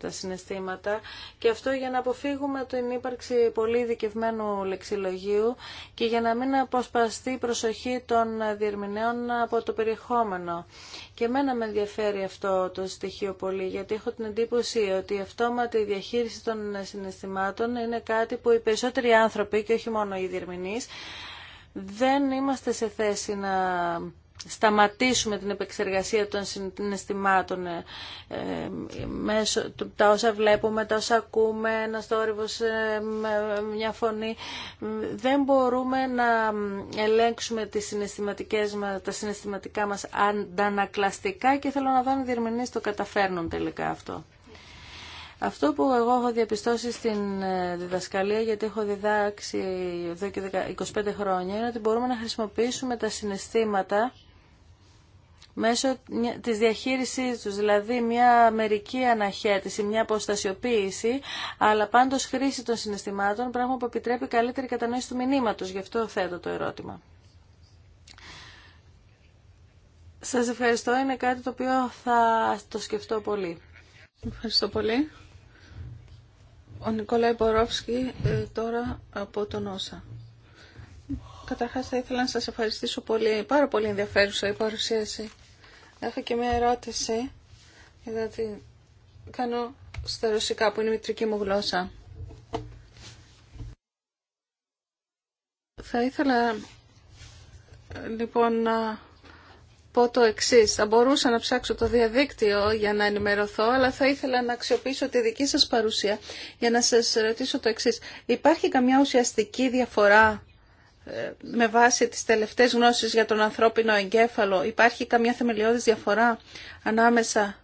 τα συναισθήματα και αυτό για να αποφύγουμε την ύπαρξη πολύ ειδικευμένου λεξιλογίου και για να μην αποσπαστεί η προσοχή των διερμηνέων από το περιεχόμενο. Και μένα με ενδιαφέρει αυτό το στοιχείο πολύ, γιατί έχω την εντύπωση ότι η αυτόματη διαχείριση των συναισθημάτων είναι κάτι που οι περισσότεροι άνθρωποι, και όχι μόνο οι διερμηνείς, δεν είμαστε σε θέση να σταματήσουμε την επεξεργασία των συναισθημάτων ε, ε μέσω, τα όσα βλέπουμε, τα όσα ακούμε, ένα θόρυβος, ε, μια φωνή. Δεν μπορούμε να ελέγξουμε τις συναισθηματικές μας, τα συναισθηματικά μας αντανακλαστικά και θέλω να δω αν οι διερμηνείς το καταφέρνουν τελικά αυτό. Αυτό που εγώ έχω διαπιστώσει στην ε, διδασκαλία, γιατί έχω διδάξει εδώ και 25 χρόνια, είναι ότι μπορούμε να χρησιμοποιήσουμε τα συναισθήματα μέσω της διαχείρισής τους, δηλαδή μια μερική αναχέτηση, μια αποστασιοποίηση, αλλά πάντως χρήση των συναισθημάτων, πράγμα που επιτρέπει καλύτερη κατανόηση του μηνύματος. Γι' αυτό θέτω το ερώτημα. Σας ευχαριστώ. Είναι κάτι το οποίο θα το σκεφτώ πολύ. Ευχαριστώ πολύ. Ο Νικόλαη Μπορόφσκι ε, τώρα από τον Όσα. Καταρχάς θα ήθελα να σας ευχαριστήσω πολύ. Πάρα πολύ ενδιαφέρουσα η παρουσίαση. Έχω και μια ερώτηση γιατί κάνω στα ρωσικά που είναι η μητρική μου γλώσσα. Θα ήθελα ε, λοιπόν να πω το εξή. Θα μπορούσα να ψάξω το διαδίκτυο για να ενημερωθώ, αλλά θα ήθελα να αξιοποιήσω τη δική σας παρουσία για να σας ρωτήσω το εξή. Υπάρχει καμιά ουσιαστική διαφορά ε, με βάση τις τελευταίες γνώσεις για τον ανθρώπινο εγκέφαλο. Υπάρχει καμιά θεμελιώδης διαφορά ανάμεσα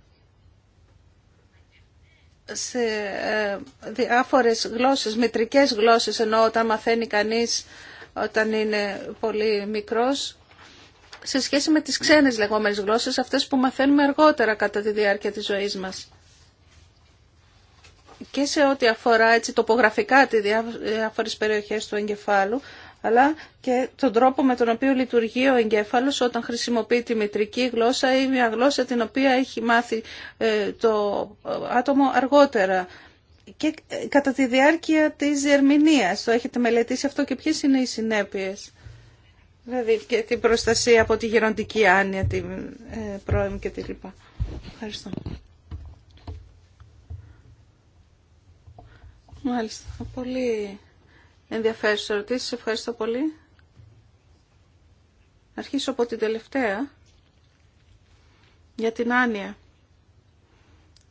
σε ε, διάφορες γλώσσες, μητρικές γλώσσες, ενώ όταν μαθαίνει κανείς όταν είναι πολύ μικρός σε σχέση με τις ξένες λεγόμενες γλώσσες, αυτές που μαθαίνουμε αργότερα κατά τη διάρκεια της ζωής μας. Και σε ό,τι αφορά έτσι, τοπογραφικά τις διάφορες περιοχές του εγκεφάλου, αλλά και τον τρόπο με τον οποίο λειτουργεί ο εγκέφαλος όταν χρησιμοποιεί τη μητρική γλώσσα ή μια γλώσσα την οποία έχει μάθει ε, το άτομο αργότερα και ε, κατά τη διάρκεια της διερμηνίας. Το έχετε μελετήσει αυτό και ποιες είναι οι συνέπειες. Δηλαδή και την προστασία από τη γεροντική άνοια, την ε, και τη λοιπά. Ευχαριστώ. Μάλιστα. Πολύ ενδιαφέρουσε ερωτήσει. Ευχαριστώ πολύ. Αρχίσω από την τελευταία για την άνοια.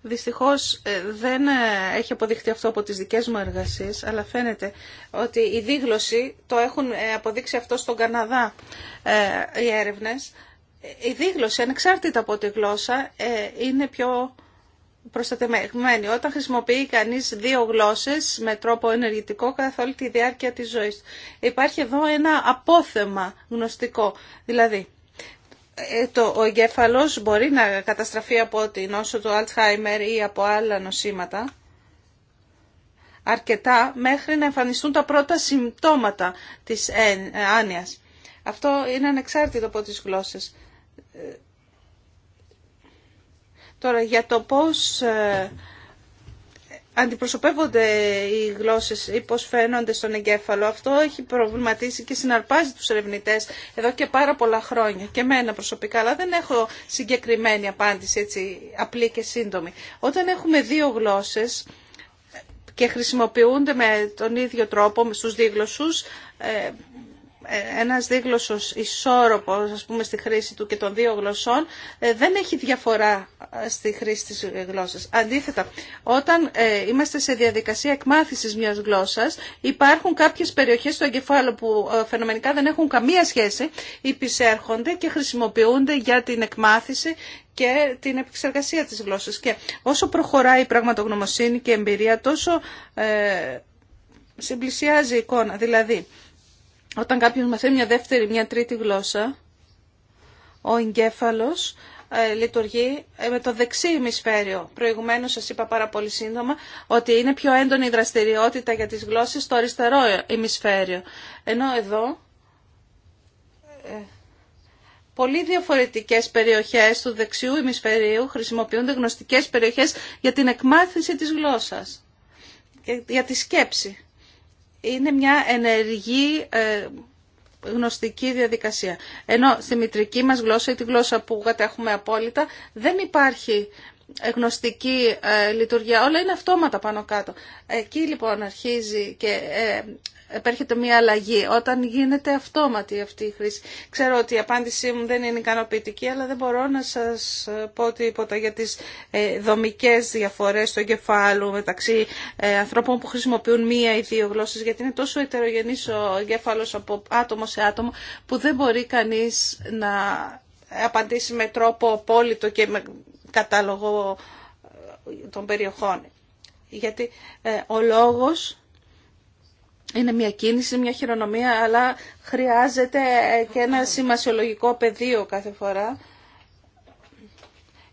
Δυστυχώς ε, δεν ε, έχει αποδειχτεί αυτό από τις δικές μου εργασίες, αλλά φαίνεται ότι η δίγλωση, το έχουν ε, αποδείξει αυτό στον Καναδά οι έρευνες, η δίγλωση ανεξάρτητα από τη γλώσσα είναι πιο προστατευμένη. Όταν χρησιμοποιεί κανείς δύο γλώσσες με τρόπο ενεργητικό καθ' όλη τη διάρκεια της ζωής. Υπάρχει εδώ ένα απόθεμα γνωστικό. Δηλαδή, ε, το, ο εγκέφαλος μπορεί να καταστραφεί από την όσο του Αλτσχάιμερ ή από άλλα νοσήματα αρκετά μέχρι να εμφανιστούν τα πρώτα συμπτώματα της ε, άνοιας. Αυτό είναι ανεξάρτητο από τις γλώσσες. Ε, τώρα για το πώς αντιπροσωπεύονται οι γλώσσες ή πώς φαίνονται στον εγκέφαλο. Αυτό έχει προβληματίσει και συναρπάζει τους ερευνητέ εδώ και πάρα πολλά χρόνια και μένα προσωπικά, αλλά δεν έχω συγκεκριμένη απάντηση έτσι απλή και σύντομη. Όταν έχουμε δύο γλώσσες και χρησιμοποιούνται με τον ίδιο τρόπο στους δίγλωσσους, ε, ε, ένας δίγλωσσος ισόρροπος, ας πούμε, στη χρήση του και των δύο γλωσσών, ε, δεν έχει διαφορά ε, στη χρήση της γλώσσας. Αντίθετα, όταν είμαστε σε διαδικασία εκμάθησης μιας γλώσσας, υπάρχουν κάποιες περιοχές του εγκεφάλου που φαινομενικά δεν έχουν καμία σχέση, υπησέρχονται και χρησιμοποιούνται για την εκμάθηση και την επεξεργασία της γλώσσας. Και όσο προχωράει η πραγματογνωμοσύνη και η εμπειρία, τόσο ε, συμπλησιάζει η εικόνα. Δηλαδή, όταν κάποιος μαθαίνει μια δεύτερη, μια τρίτη γλώσσα, ο εγκέφαλος ε, λειτουργεί ε, με το δεξί ημισφαίριο. Προηγουμένως σας είπα πάρα πολύ σύντομα ότι είναι πιο έντονη η δραστηριότητα για τις γλώσσες στο αριστερό ημισφαίριο. Ενώ εδώ ε, πολύ διαφορετικές περιοχές του δεξιού ημισφαιρίου χρησιμοποιούνται γνωστικές περιοχές για την εκμάθηση της γλώσσας, για τη σκέψη είναι μια ενεργή ε, γνωστική διαδικασία. Ενώ στη μητρική μας γλώσσα ή τη γλώσσα που κατέχουμε απόλυτα δεν υπάρχει ε, γνωστική ε, λειτουργία. Όλα είναι αυτόματα πάνω κάτω. Εκεί λοιπόν αρχίζει και επέρχεται μια αλλαγή, όταν γίνεται αυτόματη αυτή η χρήση. Ξέρω ότι η απάντησή μου δεν είναι ικανοποιητική, αλλά δεν μπορώ να σας πω τίποτα για τις ε, δομικές διαφορές του εγκεφάλου μεταξύ ε, ανθρώπων που χρησιμοποιούν μία ή δύο γλώσσες, γιατί είναι τόσο ετερογενής ο κέφαλος από άτομο σε άτομο, που δεν μπορεί κανείς να απαντήσει με τρόπο απόλυτο και με κατάλογο ε, των περιοχών. Γιατί ο λόγος είναι μια κίνηση, μια χειρονομία, αλλά χρειάζεται και ένα σημασιολογικό πεδίο κάθε φορά.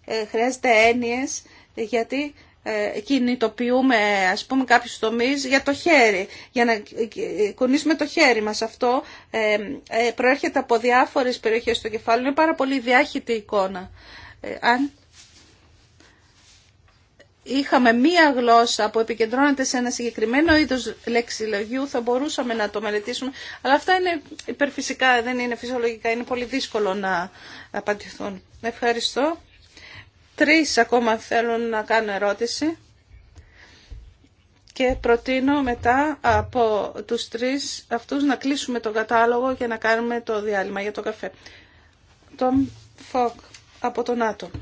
Ε, χρειάζεται έννοιες, γιατί ε, κινητοποιούμε ας πούμε κάποιους τομείς για το χέρι, για να κουνήσουμε το χέρι μας. Αυτό ε, προέρχεται από διάφορες περιοχές του κεφάλου, είναι πάρα πολύ διάχυτη εικόνα. Αν είχαμε μία γλώσσα που επικεντρώνεται σε ένα συγκεκριμένο είδος λεξιλογίου, θα μπορούσαμε να το μελετήσουμε. Αλλά αυτά είναι υπερφυσικά, δεν είναι φυσιολογικά, είναι πολύ δύσκολο να απαντηθούν. Ευχαριστώ. Τρεις ακόμα θέλουν να κάνω ερώτηση και προτείνω μετά από τους τρεις αυτούς να κλείσουμε τον κατάλογο και να κάνουμε το διάλειμμα για το καφέ. Τον Φοκ από τον Άτομο.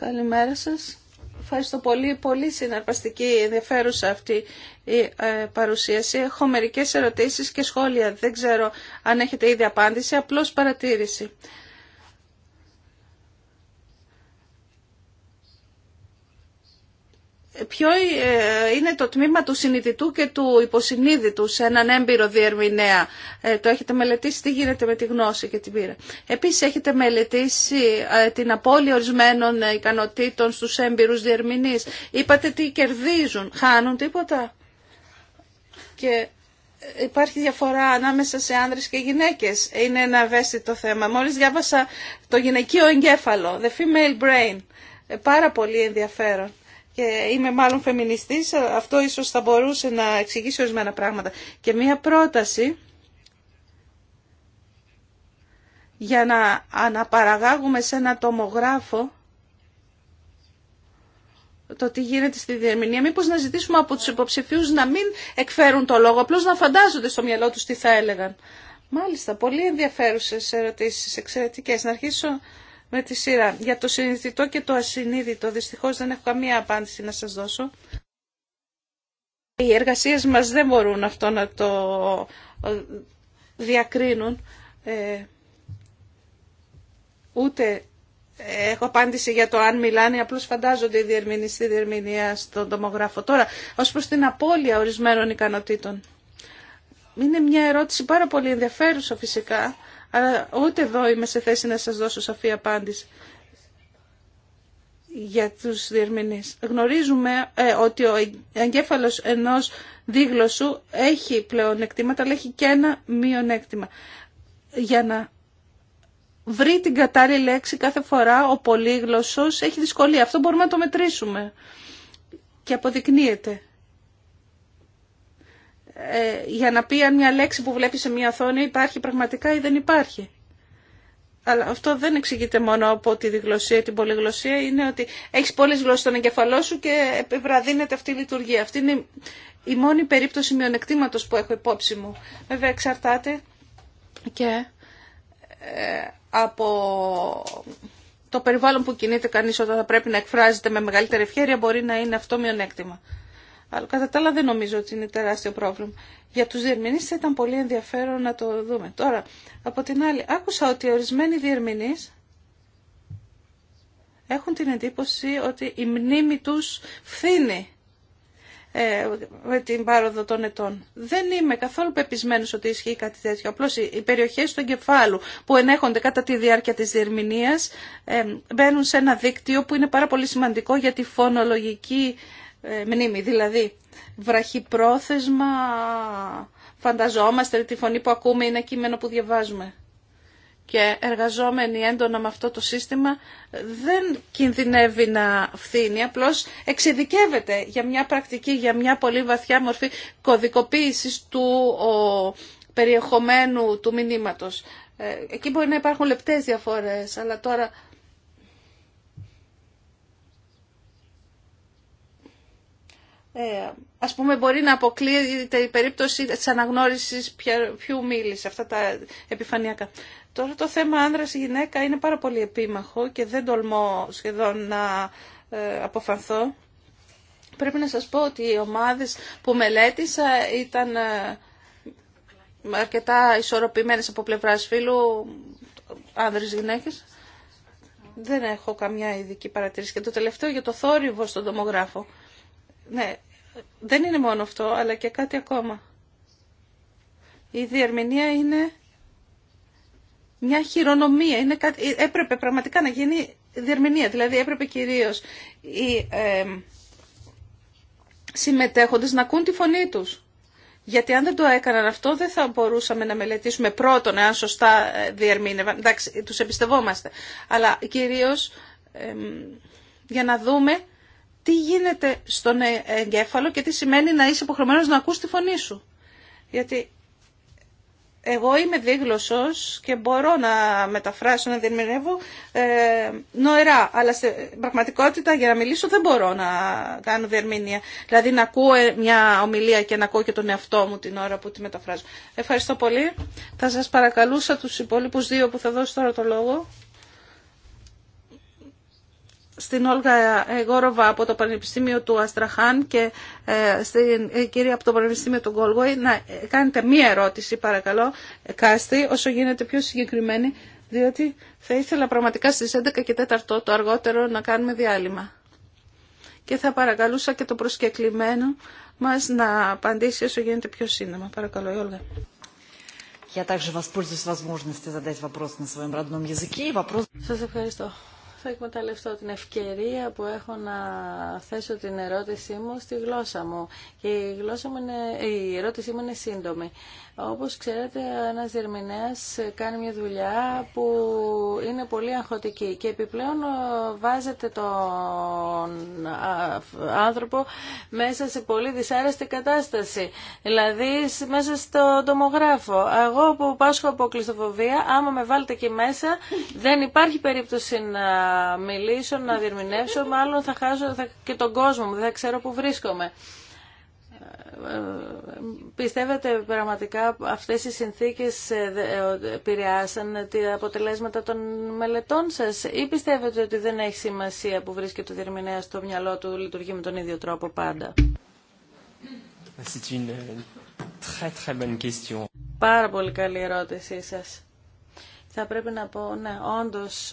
Καλημέρα σας. Ευχαριστώ πολύ. Πολύ συναρπαστική, ενδιαφέρουσα αυτή η ε, παρουσίαση. Έχω μερικές ερωτήσεις και σχόλια. Δεν ξέρω αν έχετε ήδη απάντηση, απλώς παρατήρηση. ποιο ε, είναι το τμήμα του συνειδητού και του υποσυνείδητου σε έναν έμπειρο διερμηνέα. Ε, το έχετε μελετήσει τι γίνεται με τη γνώση και την πείρα. Επίσης έχετε μελετήσει ε, την απώλεια ορισμένων ικανοτήτων στους έμπειρους διερμηνείς. Είπατε τι κερδίζουν, χάνουν τίποτα. Και υπάρχει διαφορά ανάμεσα σε άνδρες και γυναίκες. Είναι ένα ευαίσθητο θέμα. Μόλις διάβασα το γυναικείο εγκέφαλο, the female brain. Πάρα πολύ ενδιαφέρον και είμαι μάλλον φεμινιστής, αυτό ίσως θα μπορούσε να εξηγήσει ορισμένα πράγματα. Και μία πρόταση για να αναπαραγάγουμε σε ένα τομογράφο το τι γίνεται στη διερμηνία. Μήπως να ζητήσουμε από τους υποψηφίους να μην εκφέρουν το λόγο, απλώς να φαντάζονται στο μυαλό τους τι θα έλεγαν. Μάλιστα, πολύ ενδιαφέρουσες ερωτήσεις, εξαιρετικές. Να αρχίσω με τη σειρά. Για το συνειδητό και το ασυνείδητο, δυστυχώς δεν έχω καμία απάντηση να σας δώσω. Οι εργασίες μας δεν μπορούν αυτό να το ε, διακρίνουν. Ε, ούτε έχω απάντηση για το αν μιλάνε, απλώς φαντάζονται οι διερμηνείς στη διερμηνία στον τομογράφο. Τώρα, ως προς την απώλεια ορισμένων ικανοτήτων. Είναι μια ερώτηση πάρα πολύ ενδιαφέρουσα φυσικά αλλά ε, ούτε εδώ είμαι σε θέση να σας δώσω σαφή απάντηση για τους διερμηνείς. Γνωρίζουμε ε, ότι ο εγκέφαλος ενός δίγλωσσου έχει πλεονεκτήματα, αλλά έχει και ένα μειονέκτημα. Για να βρει την κατάλληλη λέξη κάθε φορά, ο πολύγλωσσος έχει δυσκολία. Αυτό μπορούμε να το μετρήσουμε και αποδεικνύεται. Ε, για να πει αν μια λέξη που βλέπει σε μια οθόνη υπάρχει πραγματικά ή δεν υπάρχει. Αλλά αυτό δεν εξηγείται μόνο από τη διγλωσία ή την πολυγλωσία, είναι ότι έχει πολλέ γλώσσε στον εγκεφαλό σου και επιβραδύνεται αυτή η λειτουργία. Αυτή είναι η μόνη περίπτωση μειονεκτήματο που έχω υπόψη μου. Βέβαια εξαρτάται και ε, από το περιβάλλον που κινείται κανείς όταν θα πρέπει να εκφράζεται με μεγαλύτερη ευχαίρεια μπορεί να είναι αυτό μειονέκτημα. Αλλά κατά τα άλλα δεν νομίζω ότι είναι τεράστιο πρόβλημα. Για τους διερμηνείς θα ήταν πολύ ενδιαφέρον να το δούμε. Τώρα, από την άλλη, άκουσα ότι ορισμένοι διερμηνείς έχουν την εντύπωση ότι η μνήμη τους φθήνει ε, με την πάροδο των ετών. Δεν είμαι καθόλου πεπισμένος ότι ισχύει κάτι τέτοιο. Απλώς οι περιοχές του εγκεφάλου που ενέχονται κατά τη διάρκεια της διερμηνίας ε, μπαίνουν σε ένα δίκτυο που είναι πάρα πολύ σημαντικό για τη φωνολογική ε, μνήμη. Δηλαδή, βραχυπρόθεσμα φανταζόμαστε τη φωνή που ακούμε είναι κείμενο που διαβάζουμε. Και εργαζόμενοι έντονα με αυτό το σύστημα δεν κινδυνεύει να φθήνει, απλώς εξειδικεύεται για μια πρακτική, για μια πολύ βαθιά μορφή κωδικοποίησης του περιεχομένου του μηνύματος. Ε, εκεί μπορεί να υπάρχουν λεπτές διαφορές, αλλά τώρα Ε, ας πούμε μπορεί να αποκλείεται η περίπτωση της αναγνώρισης ποιου μίλησε αυτά τα επιφανειακά. Τώρα το θέμα άνδρας γυναίκα είναι πάρα πολύ επίμαχο και δεν τολμώ σχεδόν να ε, αποφανθώ. Πρέπει να σας πω ότι οι ομάδες που μελέτησα ήταν ε, αρκετά ισορροπημένες από πλευράς φίλου άνδρες γυναίκες. Δεν έχω καμιά ειδική παρατήρηση. Και το τελευταίο για το θόρυβο στον τομογράφο. Ναι, δεν είναι μόνο αυτό, αλλά και κάτι ακόμα. Η διερμηνία είναι μια χειρονομία. Είναι κάτι... Έπρεπε πραγματικά να γίνει διερμηνία. Δηλαδή έπρεπε κυρίως οι ε, συμμετέχοντες να ακούν τη φωνή τους. Γιατί αν δεν το έκαναν αυτό δεν θα μπορούσαμε να μελετήσουμε πρώτον εάν σωστά ε, διερμήνευαν. Εντάξει, τους εμπιστευόμαστε. Αλλά κυρίως για να δούμε τι γίνεται στον ε, εγκέφαλο και τι σημαίνει να είσαι υποχρεωμένος να ακούς τη φωνή σου. Γιατί εγώ είμαι δίγλωσσος και μπορώ να μεταφράσω, να διερμηνεύω ε, νοερά, αλλά στην πραγματικότητα για να μιλήσω δεν μπορώ να κάνω διερμηνία. Δηλαδή να ακούω ε, μια ομιλία και να ακούω και τον εαυτό μου την ώρα που τη μεταφράζω. Ευχαριστώ πολύ. Θα σας παρακαλούσα τους υπόλοιπους δύο που θα δώσω τώρα το λόγο στην Όλγα Γόροβα από το Πανεπιστήμιο του Αστραχάν και ε, στην ε, κυρία από το Πανεπιστήμιο του Γκόλγοη να ε, κάνετε μία ερώτηση παρακαλώ, Κάστη, όσο γίνεται πιο συγκεκριμένη, διότι θα ήθελα πραγματικά στις 11 και 4 το αργότερο να κάνουμε διάλειμμα. Και θα παρακαλούσα και το προσκεκλημένο μας να απαντήσει όσο γίνεται πιο σύντομα. Παρακαλώ, Όλγα. Σας ευχαριστώ θα εκμεταλλευτώ την ευκαιρία που έχω να θέσω την ερώτησή μου στη γλώσσα μου. Και η, γλώσσα μου είναι, η ερώτησή μου είναι σύντομη. Όπως ξέρετε, ένας διερμηνέας κάνει μια δουλειά που είναι πολύ αγχωτική και επιπλέον ε, βάζετε τον άνθρωπο μέσα σε πολύ δυσάρεστη κατάσταση. Δηλαδή, μέσα στο τομογράφο. Εγώ που πάσχω από κλειστοφοβία, άμα με βάλετε εκεί μέσα, δεν υπάρχει περίπτωση να μιλήσω, να διερμηνεύσω, μάλλον θα χάσω και τον κόσμο μου, δεν ξέρω που βρίσκομαι πιστεύετε πραγματικά αυτές οι συνθήκες ε, ε, επηρεάσαν τα αποτελέσματα των μελετών σας ή πιστεύετε ότι δεν έχει σημασία που βρίσκεται ο διερμηνέας στο μυαλό του, λειτουργεί με τον ίδιο τρόπο πάντα. Πάρα πολύ καλή ερώτησή σας θα πρέπει να πω, ναι, όντως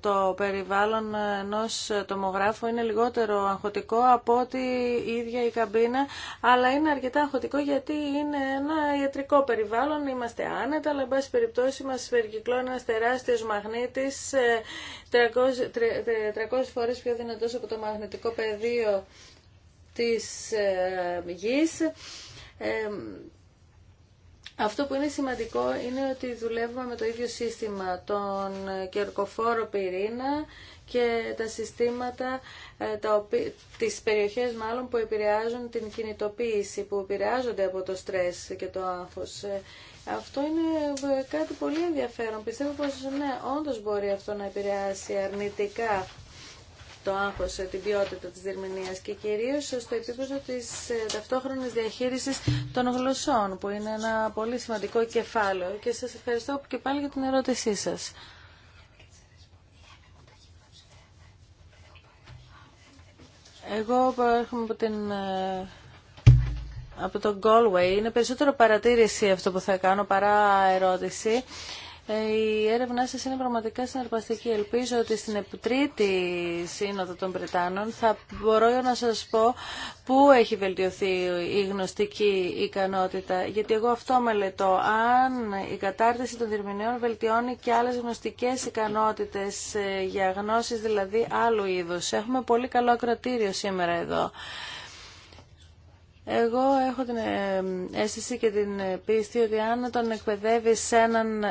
το περιβάλλον ενός τομογράφου είναι λιγότερο αγχωτικό από ότι η ίδια η καμπίνα, αλλά είναι αρκετά αγχωτικό γιατί είναι ένα ιατρικό περιβάλλον, είμαστε άνετα, αλλά εν πάση περιπτώσει μας περικυκλώνει ένας τεράστιος μαγνήτης, 300, ε, 300 φορές πιο δυνατός από το μαγνητικό πεδίο της ε, γης. Ε, αυτό που είναι σημαντικό είναι ότι δουλεύουμε με το ίδιο σύστημα, τον κερκοφόρο πυρήνα και τα συστήματα, ε, τα περιοχέ τις περιοχές μάλλον που επηρεάζουν την κινητοποίηση, που επηρεάζονται από το στρες και το άγχος. Ε, αυτό είναι ε, κάτι πολύ ενδιαφέρον. Πιστεύω πως ναι, όντως μπορεί αυτό να επηρεάσει αρνητικά το άγχος, ε, την ποιότητα της διερμηνίας και κυρίως στο επίπεδο της ε, ταυτόχρονης διαχείρισης των γλωσσών που είναι ένα πολύ σημαντικό κεφάλαιο και σας ευχαριστώ και πάλι για την ερώτησή σας. Εγώ έρχομαι από την ε, από τον Galway. Είναι περισσότερο παρατήρηση αυτό που θα κάνω παρά ερώτηση. Ε, η έρευνά σας είναι πραγματικά συναρπαστική. Ελπίζω ότι στην τρίτη σύνοδο των Βρετάνων θα μπορώ να σας πω πού έχει βελτιωθεί η γνωστική ικανότητα. Γιατί εγώ αυτό μελετώ. Αν η κατάρτιση των διερμηνέων βελτιώνει και άλλες γνωστικές ικανότητες ε, για γνώσεις δηλαδή άλλου είδους. Έχουμε πολύ καλό ακροτήριο σήμερα εδώ. Εγώ έχω την ε, αίσθηση και την ε, πίστη ότι αν τον εκπαιδεύεις έναν,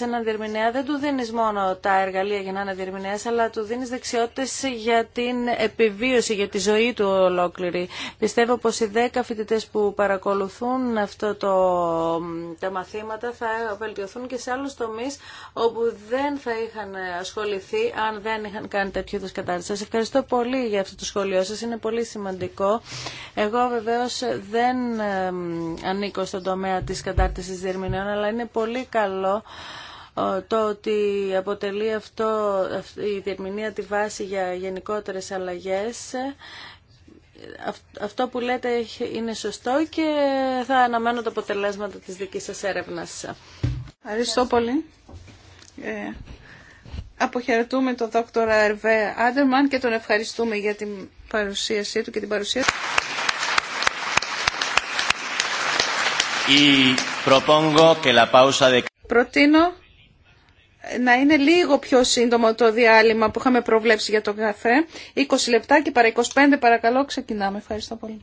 έναν διερμηνέα δεν του δίνει μόνο τα εργαλεία για να είναι διερμηνέα, αλλά του δίνει δεξιότητε για την επιβίωση, για τη ζωή του ολόκληρη. Πιστεύω πω οι δέκα φοιτητέ που παρακολουθούν αυτό τα μαθήματα θα βελτιωθούν και σε άλλου τομεί όπου δεν θα είχαν ασχοληθεί αν δεν είχαν κάνει τέτοιου είδου κατάρτιση. Σα ευχαριστώ πολύ για αυτό το σχόλιο σα, είναι πολύ σημαντικό. Εγώ βέβαια βεβαίως δεν ανήκω στον τομέα της κατάρτισης διερμηνέων, αλλά είναι πολύ καλό ε, το ότι αποτελεί αυτό, η διερμηνία τη βάση για γενικότερες αλλαγές αυτό που λέτε είναι σωστό και θα αναμένω τα αποτελέσματα της δικής σας έρευνας. Ευχαριστώ πολύ. Ε, αποχαιρετούμε τον δόκτωρα Ερβέ Άντερμαν και τον ευχαριστούμε για την παρουσίασή του και την παρουσία του. Προτείνω να είναι λίγο πιο σύντομο το διάλειμμα που είχαμε προβλέψει για το καφέ. 20 λεπτά και παρά 25 παρακαλώ ξεκινάμε. Ευχαριστώ πολύ.